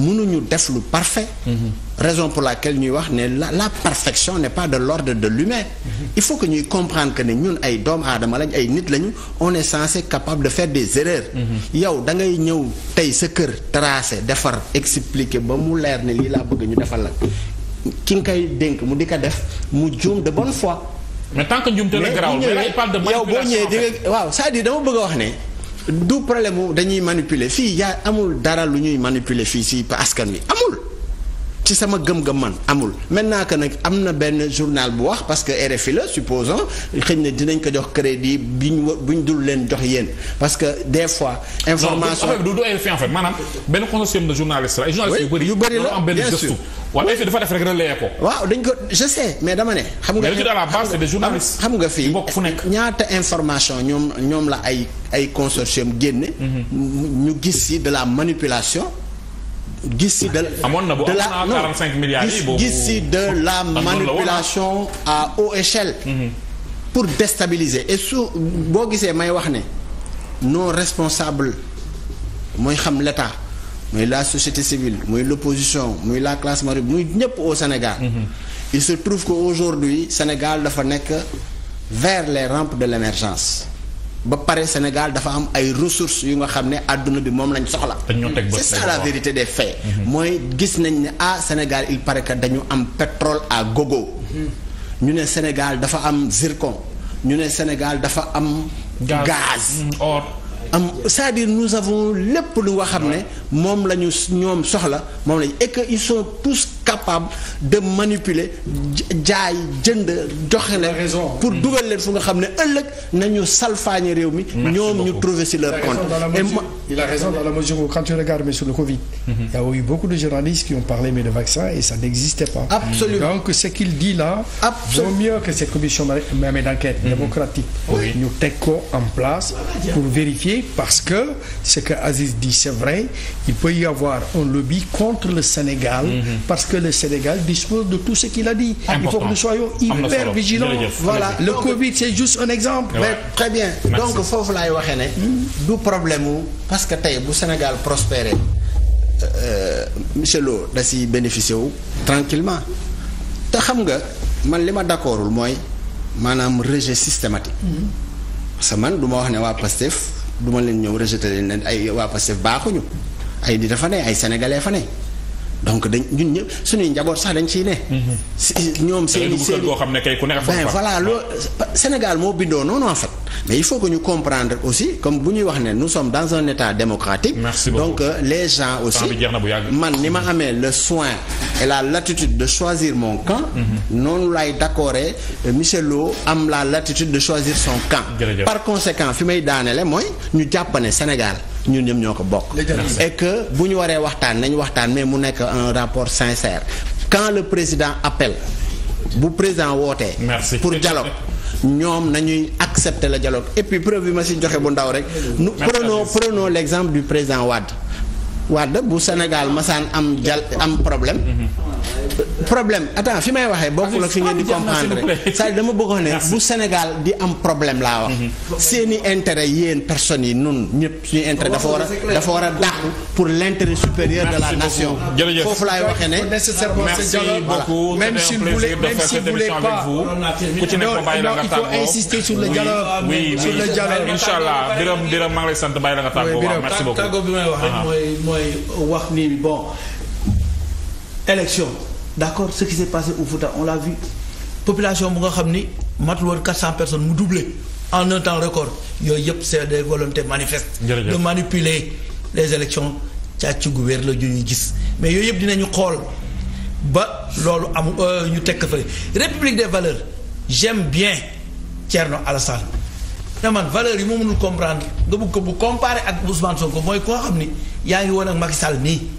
mënuñu def lu parfait mm-hmm. raison pour laquelle ñuy wax ne la la perfection n'est pas de l'ordre de l'humain mm-hmm. il faut que ñuy comprendre que ne ñun ay doom aadama lañ ay nit lañu on est censé capable de faire des erreurs yow da ngay ñëw tey sa kër tracé defar expliquer ba mu leer ne lii laa bëgg ñu defal la ki nga koy dénk mu di ko def mu juum de bonne foi mais tant que njuumte la garaaw mais il parle de yow boo ñëwee di waaw c'est-à-dire dama bëgg wax ne du problème dañuy manipuler fii yaa amul dara lu ñuy manipuler fii si askan wi amul. ci sama gëm-gëm man amul maintenant que nag am na benn journal bu wax parce que RFI la supposons xëy na dinañ ko jox crédit bi ñu bu ñu dul leen jox yéen parce que des fois. information du du RFI en fait maanaam benn consortium de journaliste yu bëri la am benn waaw ko. waaw dañ ko je mais dama ne. xam nga mais à la base des journalistes. xam nga fii ñaata information ñoom ñoom la ay ay consortium génne. Mhm. ñu gis si de la manipulation. gis si de amoon na bu de la milliards gis si de la manipulation à haute échelle. Mhm. pour déstabiliser et su boo gisee may wax ne no responsable mooy xam l'état mooy la société civile mooy l'opposition mooy la classe marine muy ñëpp au Sénégal. Mhm. il se trouve que aujourd'hui Sénégal dafa nekk vers les rampes de l'émergence. ba pare Sénégal dafa am ay ressources yu nga xam ne àdduna bi moom lañ soxla. c'est ça la vérité des faits. Mm-hmm. mooy gis nañ ne ah Sénégal il paraît que dañu am pétrole à gogo. Mm-hmm. ñu ne Sénégal dafa am zircon ñu ne Sénégal dafa am. gaz mm-hmm. or. am cest nous avons lépp lu nga xam ne moom la ñu ñoom soxla moom lañ et que ils tous. capable de manipuler jaay jënd joxe leen pour mm. dugal leen fu nga xam ne ëllëg nañu salfaañe réew mi ñoom ñu trouver si leur compte il a raison dans la mesure où quand tu regardes mais le Covid mm-hmm. y a eu beaucoup de journalistes qui ont parlé mais de vaccin et ça n'existait pas absolument donc ce qu'il dit là vaut mieux que cette commission même d'enquête mm-hmm. démocratique ko en place pour vérifier parce que ce que Aziz dit c'est vrai il peut y avoir un lobby contre le Sénégal mm-hmm. que le Sénégal dispose de tout ce qu'il a dit. Important. Il faut que nous soyons voilà le Covid c'est juste un exemple. Mais très bien donc foofu laay waxee ne. Hmm. du problème wu parce que tey bu Sénégal prospérer euh, euh Lo da si bénéficier wu. tranquillement te xam nga man li ma d'accordul mooy maanaam rejet systématique. Hmm. parce que man du ma wax ne waa Pastef du ma leen ñëw rejeté leen ay waa Pastef baaxuñu ay di dafa ne ay sénégalais fa ne. donc dañ ñun ñëpp suñuy njaboot sax dañ ciy ne. si ñoom seen i seen xam ne kay ku nekk ben voilà loo Sénégal moo bindoo noonu en fait mais il faut que ñu comprendre aussi comme bu wax ne nous sommes dans un état démocratique. Merci donc euh, les gens aussi man ni ma amee le soin et la latitude de choisir mon mhm. noonu laay d'accordé euh, Michel Lo am la latitude de choisir son camp. par conséquent fi may daanele mooy ñu jàpp ne Sénégal. ñun ñëm ñoo ko bokk et que bu ñu waree waxtaan nañu waxtaan mais mu nekk un rapport sincère quand le président appelle bu président wootee pour dialogue ñoom nañuy accepter le la et puis preuve bi ma si joxe bu ndaw rek nous prenons prenons l'exemple du président Wade wadd bu Sénégal masaan am jal am problème mhm. problème attends fi may waxee bokk ak fi ngeen di comprendre c'est-à-dire dama bëggoon ne bu Sénégal di am problème laa wax mhm. seeni intérêt yéen personnes yi nun ñëpp suñu intérêt dafa war a dafa war a pour l'intérêt supérieur de la nation foofu laay waxee ne merci beaucoup même si vous voulez même si vous pas ku ci nekk bàyyi la nga euh, sant bàyyi la nga tàggoo merci beaucoup tàggoo bi may wax mooy mooy wax ni bon élection d'accord ce qui s'est passé au Fouta on l'a bu nga xam ni matul woon 400 personnes mu doublé en un temps record yooyu yëpp c'est des volontés manifestes de manipuler les élections càcc gu wér la ñuy gis mais yooyu yëpp dinañu xool ba loolu amu euh, ñu tekk fële république des valeurs j'aime bien Thierno Alassane na man valeur yi moo mënul comprendre nga bëgg ko bu comparer ak Ousmane Sonko mooy koo xam ni yaa ngi woon ak Macky Sall nii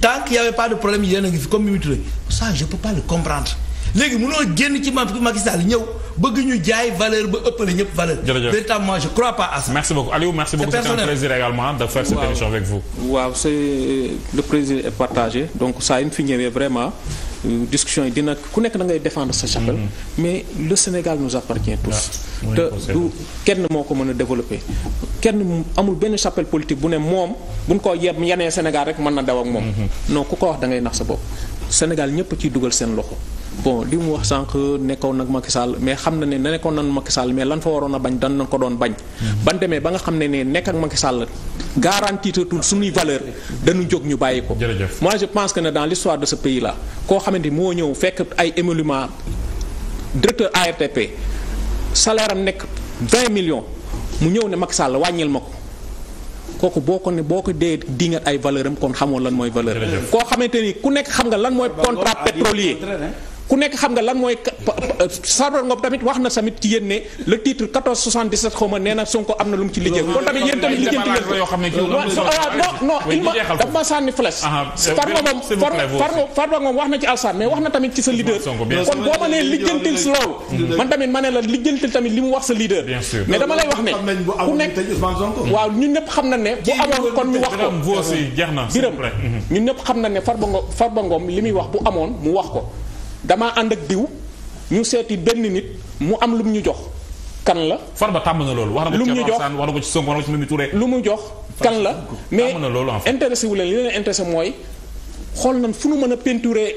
tant qu'il y avait pas de problème yéen a ngi fi comme Mimi Touré ça je peux pas le comprendre léegi mënoo génn ci Macky Sall ñëw bëgg ñu jaay valeur ba ëppale ñëpp valeur. jërëjëf véritablement je crois pas à ça. merci beaucoup Aliou merci beaucoup c'est un plaisir faire cette émission avec vous. waaw c'est euh, le plaisir est partagé donc saa yu ñu fi ñëwee vraiment. Euh, discussion yi dina ku nekk dangay ngay sa chapelle. Mm-hmm. mais le Sénégal nous appartient tous. Ah, te du kenn moo ko mën a développer kenn amul benn chapelle politique bu ne moom buñ ko yeb yenee Sénégal rek mën na daw ak moom. Mm-hmm. non ku ko wax da ngay nax sa bopp Sénégal ñëpp ciy dugal seen loxo. bon li mu wax sànq nekkoon nag Macky Sall mais xam na ne nekkoon nañu Macky Sall mais lan fa waroon a bañ dan nañ ko doon bañ. Hmm. ban ba nga xam ne ne nekk ak Macky Sall garantie tout suñuy valeur dañu jóg ñu bàyyi ko. moi je pense que ne dans l'histoire de ce pays là koo xamante ni moo ñëw fekk ay émoluments directeur ARTP salaire am nekk 20 millions mu ñëw ne Macky Sall wàññil ma ko. kooku boo ko ne boo ko dee dingat ay valeur am kon xamoon lan mooy valeur koo xamante ku nekk xam nga lan mooy Farba euh, Ngom tamit wax na tamit ci yéen ne le titre 1477 xaw ma nee na Sonko am na lu mu ci liggéey kon tamit yéen tamit lijjanti ngeen ah, non non il ma daf ma sànni flèche Farba ah, wax na ci Alsaan mais wax na tamit ci sa leader kon boo ma nee lijjantil loolu mm-hmm. man tamit ma ne la lijjantil tamit li mu wax sa leader mais dama lay wax ne ku nekk waaw ñun ñëpp xam na ne bu amoon kon ñu wax ko biram ñun ñëpp xam na ne Farba Ngom Farba Ngom li muy wax bu amoon mu wax ko damaa ànd ak diw ñu seeti benn nit mu am lu mu ñu jox kan la. Farba tàmm na loolu. lu mu ñu jox war na ko ci Sonko war na ko ci Mimi Touré lu mu jox kan la mais intéressé wu leen li leen intéressé mooy xool nañ fu nu mën a peinturer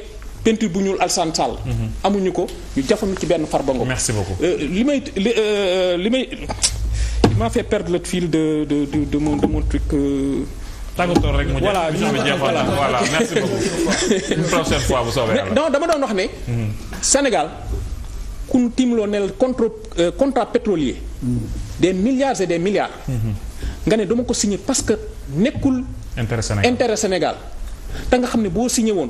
peinture bu ñuul Alassane Sall. Mhm. amuñu ko ñu jafandu ci benn Farba Ngom. merci beaucoup euh, li may euh, li may il m'a fait perdre le fil de de de de mon truc. Euh, tàggatoo rek mu voilà voilà merci beaucoup. une prochaine fois bu soobee yàlla. non dama doon wax ne. Mhm. Sénégal kun timloo ne contre euh, pétrolier. Mhm. des milliards et milliards. Mhm. nga ne dama ko signé parce que nekkul. intérêt Sénégal intérêt te nga xam ne boo signé woon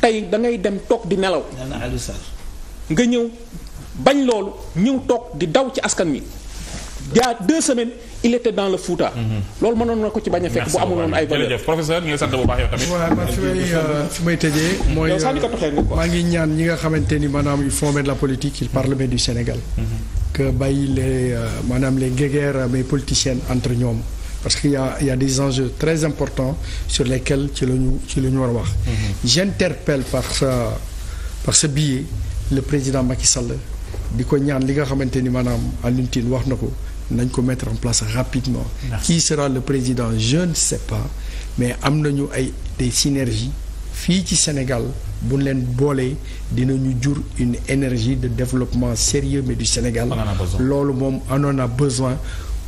tey da ngay dem toog di nelaw. nga ñëw bañ loolu ñëw toog di daw ci askan wi. yaa deux semaines il était dans le Fouta. Mm-hmm. loolu mënoon na ko ci bañ a fekk bu amuloon ay valeur jërëjëf professeur ñu ngi sant bu baax yow tamit. voilà man euh, fi may tëjee. mooy euh, maa ngi ñaan ñi nga xamante ni maanaam ils font de la politique ils parlent du Sénégal. Mm-hmm. que bàyyi les euh, maanaam les guéguerres mais politiciennes entre ñoom. parce que y' a y' a des enjeux très importants sur lesquels ci la ñu ci la ñu war a wax. Mm-hmm. j'interpelle par sa par ce biais le président Macky Sall di ko ñaan li nga xamante ni maanaam Alioune wax na ko. nañ ko mettre en place rapidement Merci. qui sera le président je ne sais pas mais am nañu ay des synergies fii ci Sénégal bu leen boolee dinañu jur une énergie de développement sérieux mais du Sénégal loolu moom on en a besoin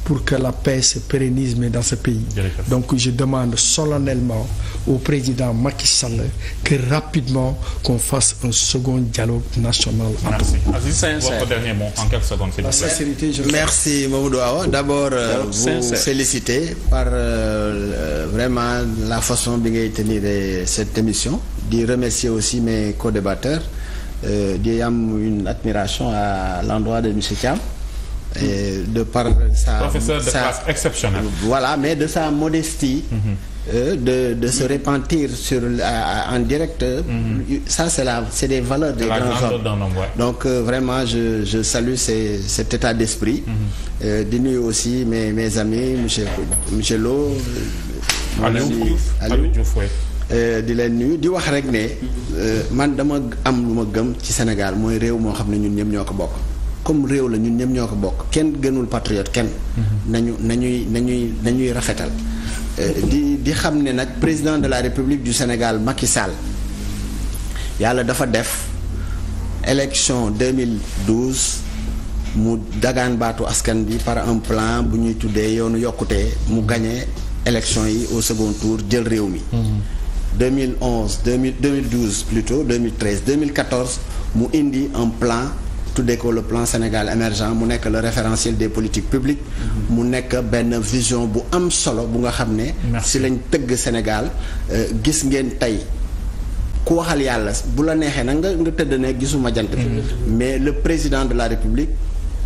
pour que la paix se pérennise dans ce pays. Donc je demande solennellement au président Macky Sall que rapidement qu'on fasse un second dialogue national. Merci. Aziz, votre dernier mot en quelques secondes. La sincérité, je Merci Mamoudou Awa. D'abord, euh, vous sincère. féliciter par euh, vraiment la façon dont vous tenir euh, cette émission. Je remercier aussi mes co-débatteurs. Euh, d'y am une admiration la l'endroit de M. Thiam. de par sa professeur de sa, exceptionnel. Voilà, mais de sa modestie. Mm de de se repentir sur à, en direct. Mm -hmm. c'est la c'est des valeurs des la grands hommes. Donc euh, vraiment je je salue ces, cet état d'esprit. Mm-hmm. di nuyu aussi mes mes amis monsieur monsieur Lo. di leen nuyu di wax rek ne. man dama am lu ma gëm ci Sénégal mooy réew moo xam ne ñun ñëpp ñoo ko bokk. comme réew la ñun ñëpp ñoo ko bokk kenn gënul patriote kenn mm-hmm. nañu nañuy nañuy nañuy rafetal euh, di di xam ne nag président de la république du Sénégal Macky Sall yàlla dafa def élection 2012 mu dagaan baatu askan bi par un plan bu ñuy tuddee yoonu yokkutee mu mm-hmm. gagné élection yi au second tour jël réew mi. 2011 mm-hmm. 2000 mu indi un plan. tuddee ko le plan Sénégal émergent mu nekk la référentiel des politiques publiques mhm. mu nekk benn vision bu am solo bu nga xam ne si lañ tëgg Sénégal euh, gis ngeen tey ku waxal yàlla bu la neexee nag nga nga tëdd ne gisuma jant bi mm-hmm. mais le président de la République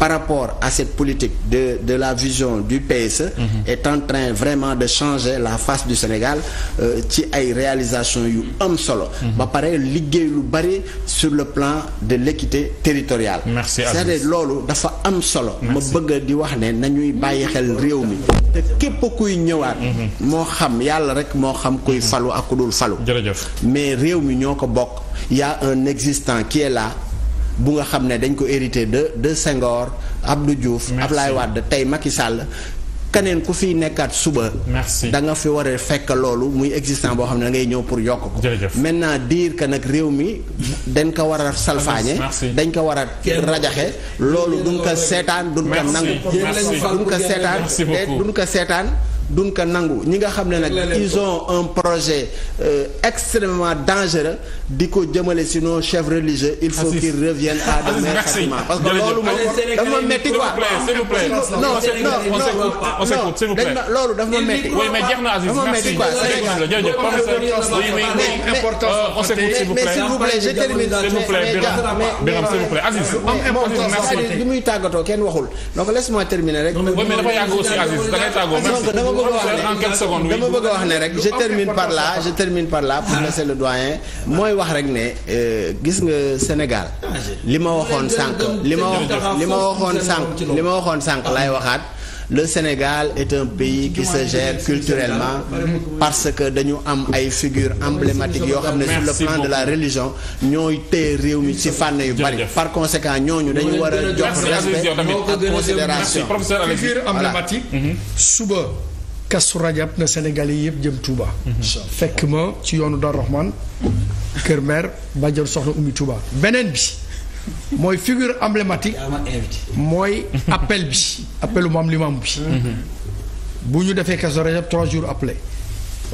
par rapport à cette politique de de la vision du PSE mm est en train vraiment de changer la face du Sénégal euh, ci ay réalisation yu am solo mhm. ba pare liggéey lu bari sur le plan de l'équité territoriale cest loolu dafa am solo ma bëgg di wax ne nañuy bàyyi xel réew mi te képp kuy ñëwaat mhm. moo xam yàlla rek moo xam kuy mhm. falu ak ku dul falu mais réew mi ñoo ko bokk yaa un existant qui est là bu nga xam ne dañ ko hérité de de Senghor Abdou Diouf Ablaye Wade tey Macky Sall keneen ku fi nekkaat suba da nga fi war a fekk loolu muy existant boo xam ne da ngay ñëw pour yokk ko maintenant dire que nag réew mi dañ ko war a salfaañe dañ ko war a rajaxe loolu duñ ko seetaan duñ ko nangu duñ ko seetaan te duñ ko seetaan duñ ko nangu ñi nga xam ne nag ils ont un projet euh, extrêmement dangereux di ko jëmale si nos chefs religieux il faut qu'ils reviennent à de meilleurs sentiments parce que loolu moom dafa ma metti quoi non non loolu dafa ma metti dafa ma metti quoi mais s'il vous plaît je termine mais li muy tàggatoo kenn waxul donc laisse-moi terminer rek donc dama bëgg a wax ne dama bëgg wax ne rek je termine par là je termine par la pour laisser le doyen mooy wax rek ne euh, gis nga Sénégal li ma waxoon sànq li ma wax li ma waxoon sànq li ma waxoon sànq laay waxaat le Sénégal est un pays qui se culturellement parce que dañu am ay figures emblématiques yoo xam ne sur le plan de la religion ñooy téye réew mi ci fànn yu bari par conséquent ñooñu dañu war a jox respect ak considération figure kasu rajab na Sénégalais yi yëpp jëm Touba. fekk ma ci yoonu Dar Rahman Kër Mère Badiane soxna Oumy Touba beneen bi mooy figure emblématique mooy appel bi appelu maam limaam bi. Mhm. bu ñu defee kasu rajab trois jours appelé.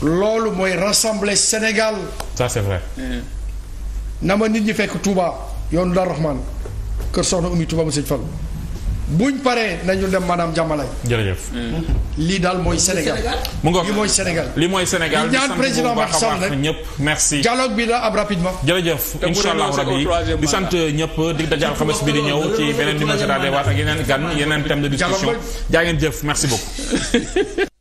loolu mooy rassembler Sénégal. ça na ma nit ñi fekk Touba yoonu Dar Rahman kër soxna Oumy Touba mu sëñ Fall. buñ paree nañu dem madame Diamalay. jërëjëf. lii daal mooy Sénégal. mu ngoog lii mooy Sénégal. lii mooy Sénégal di sant bu baax a baax ñëpp merci. dialogue bi la am rapidement. jërëjëf incha allah rabi di sant ñëpp di dajal xames bi di ñëw ci beneen numéro de waat ak yeneen gan yeneen thème de discussion jaa ngeen jëf merci beaucoup.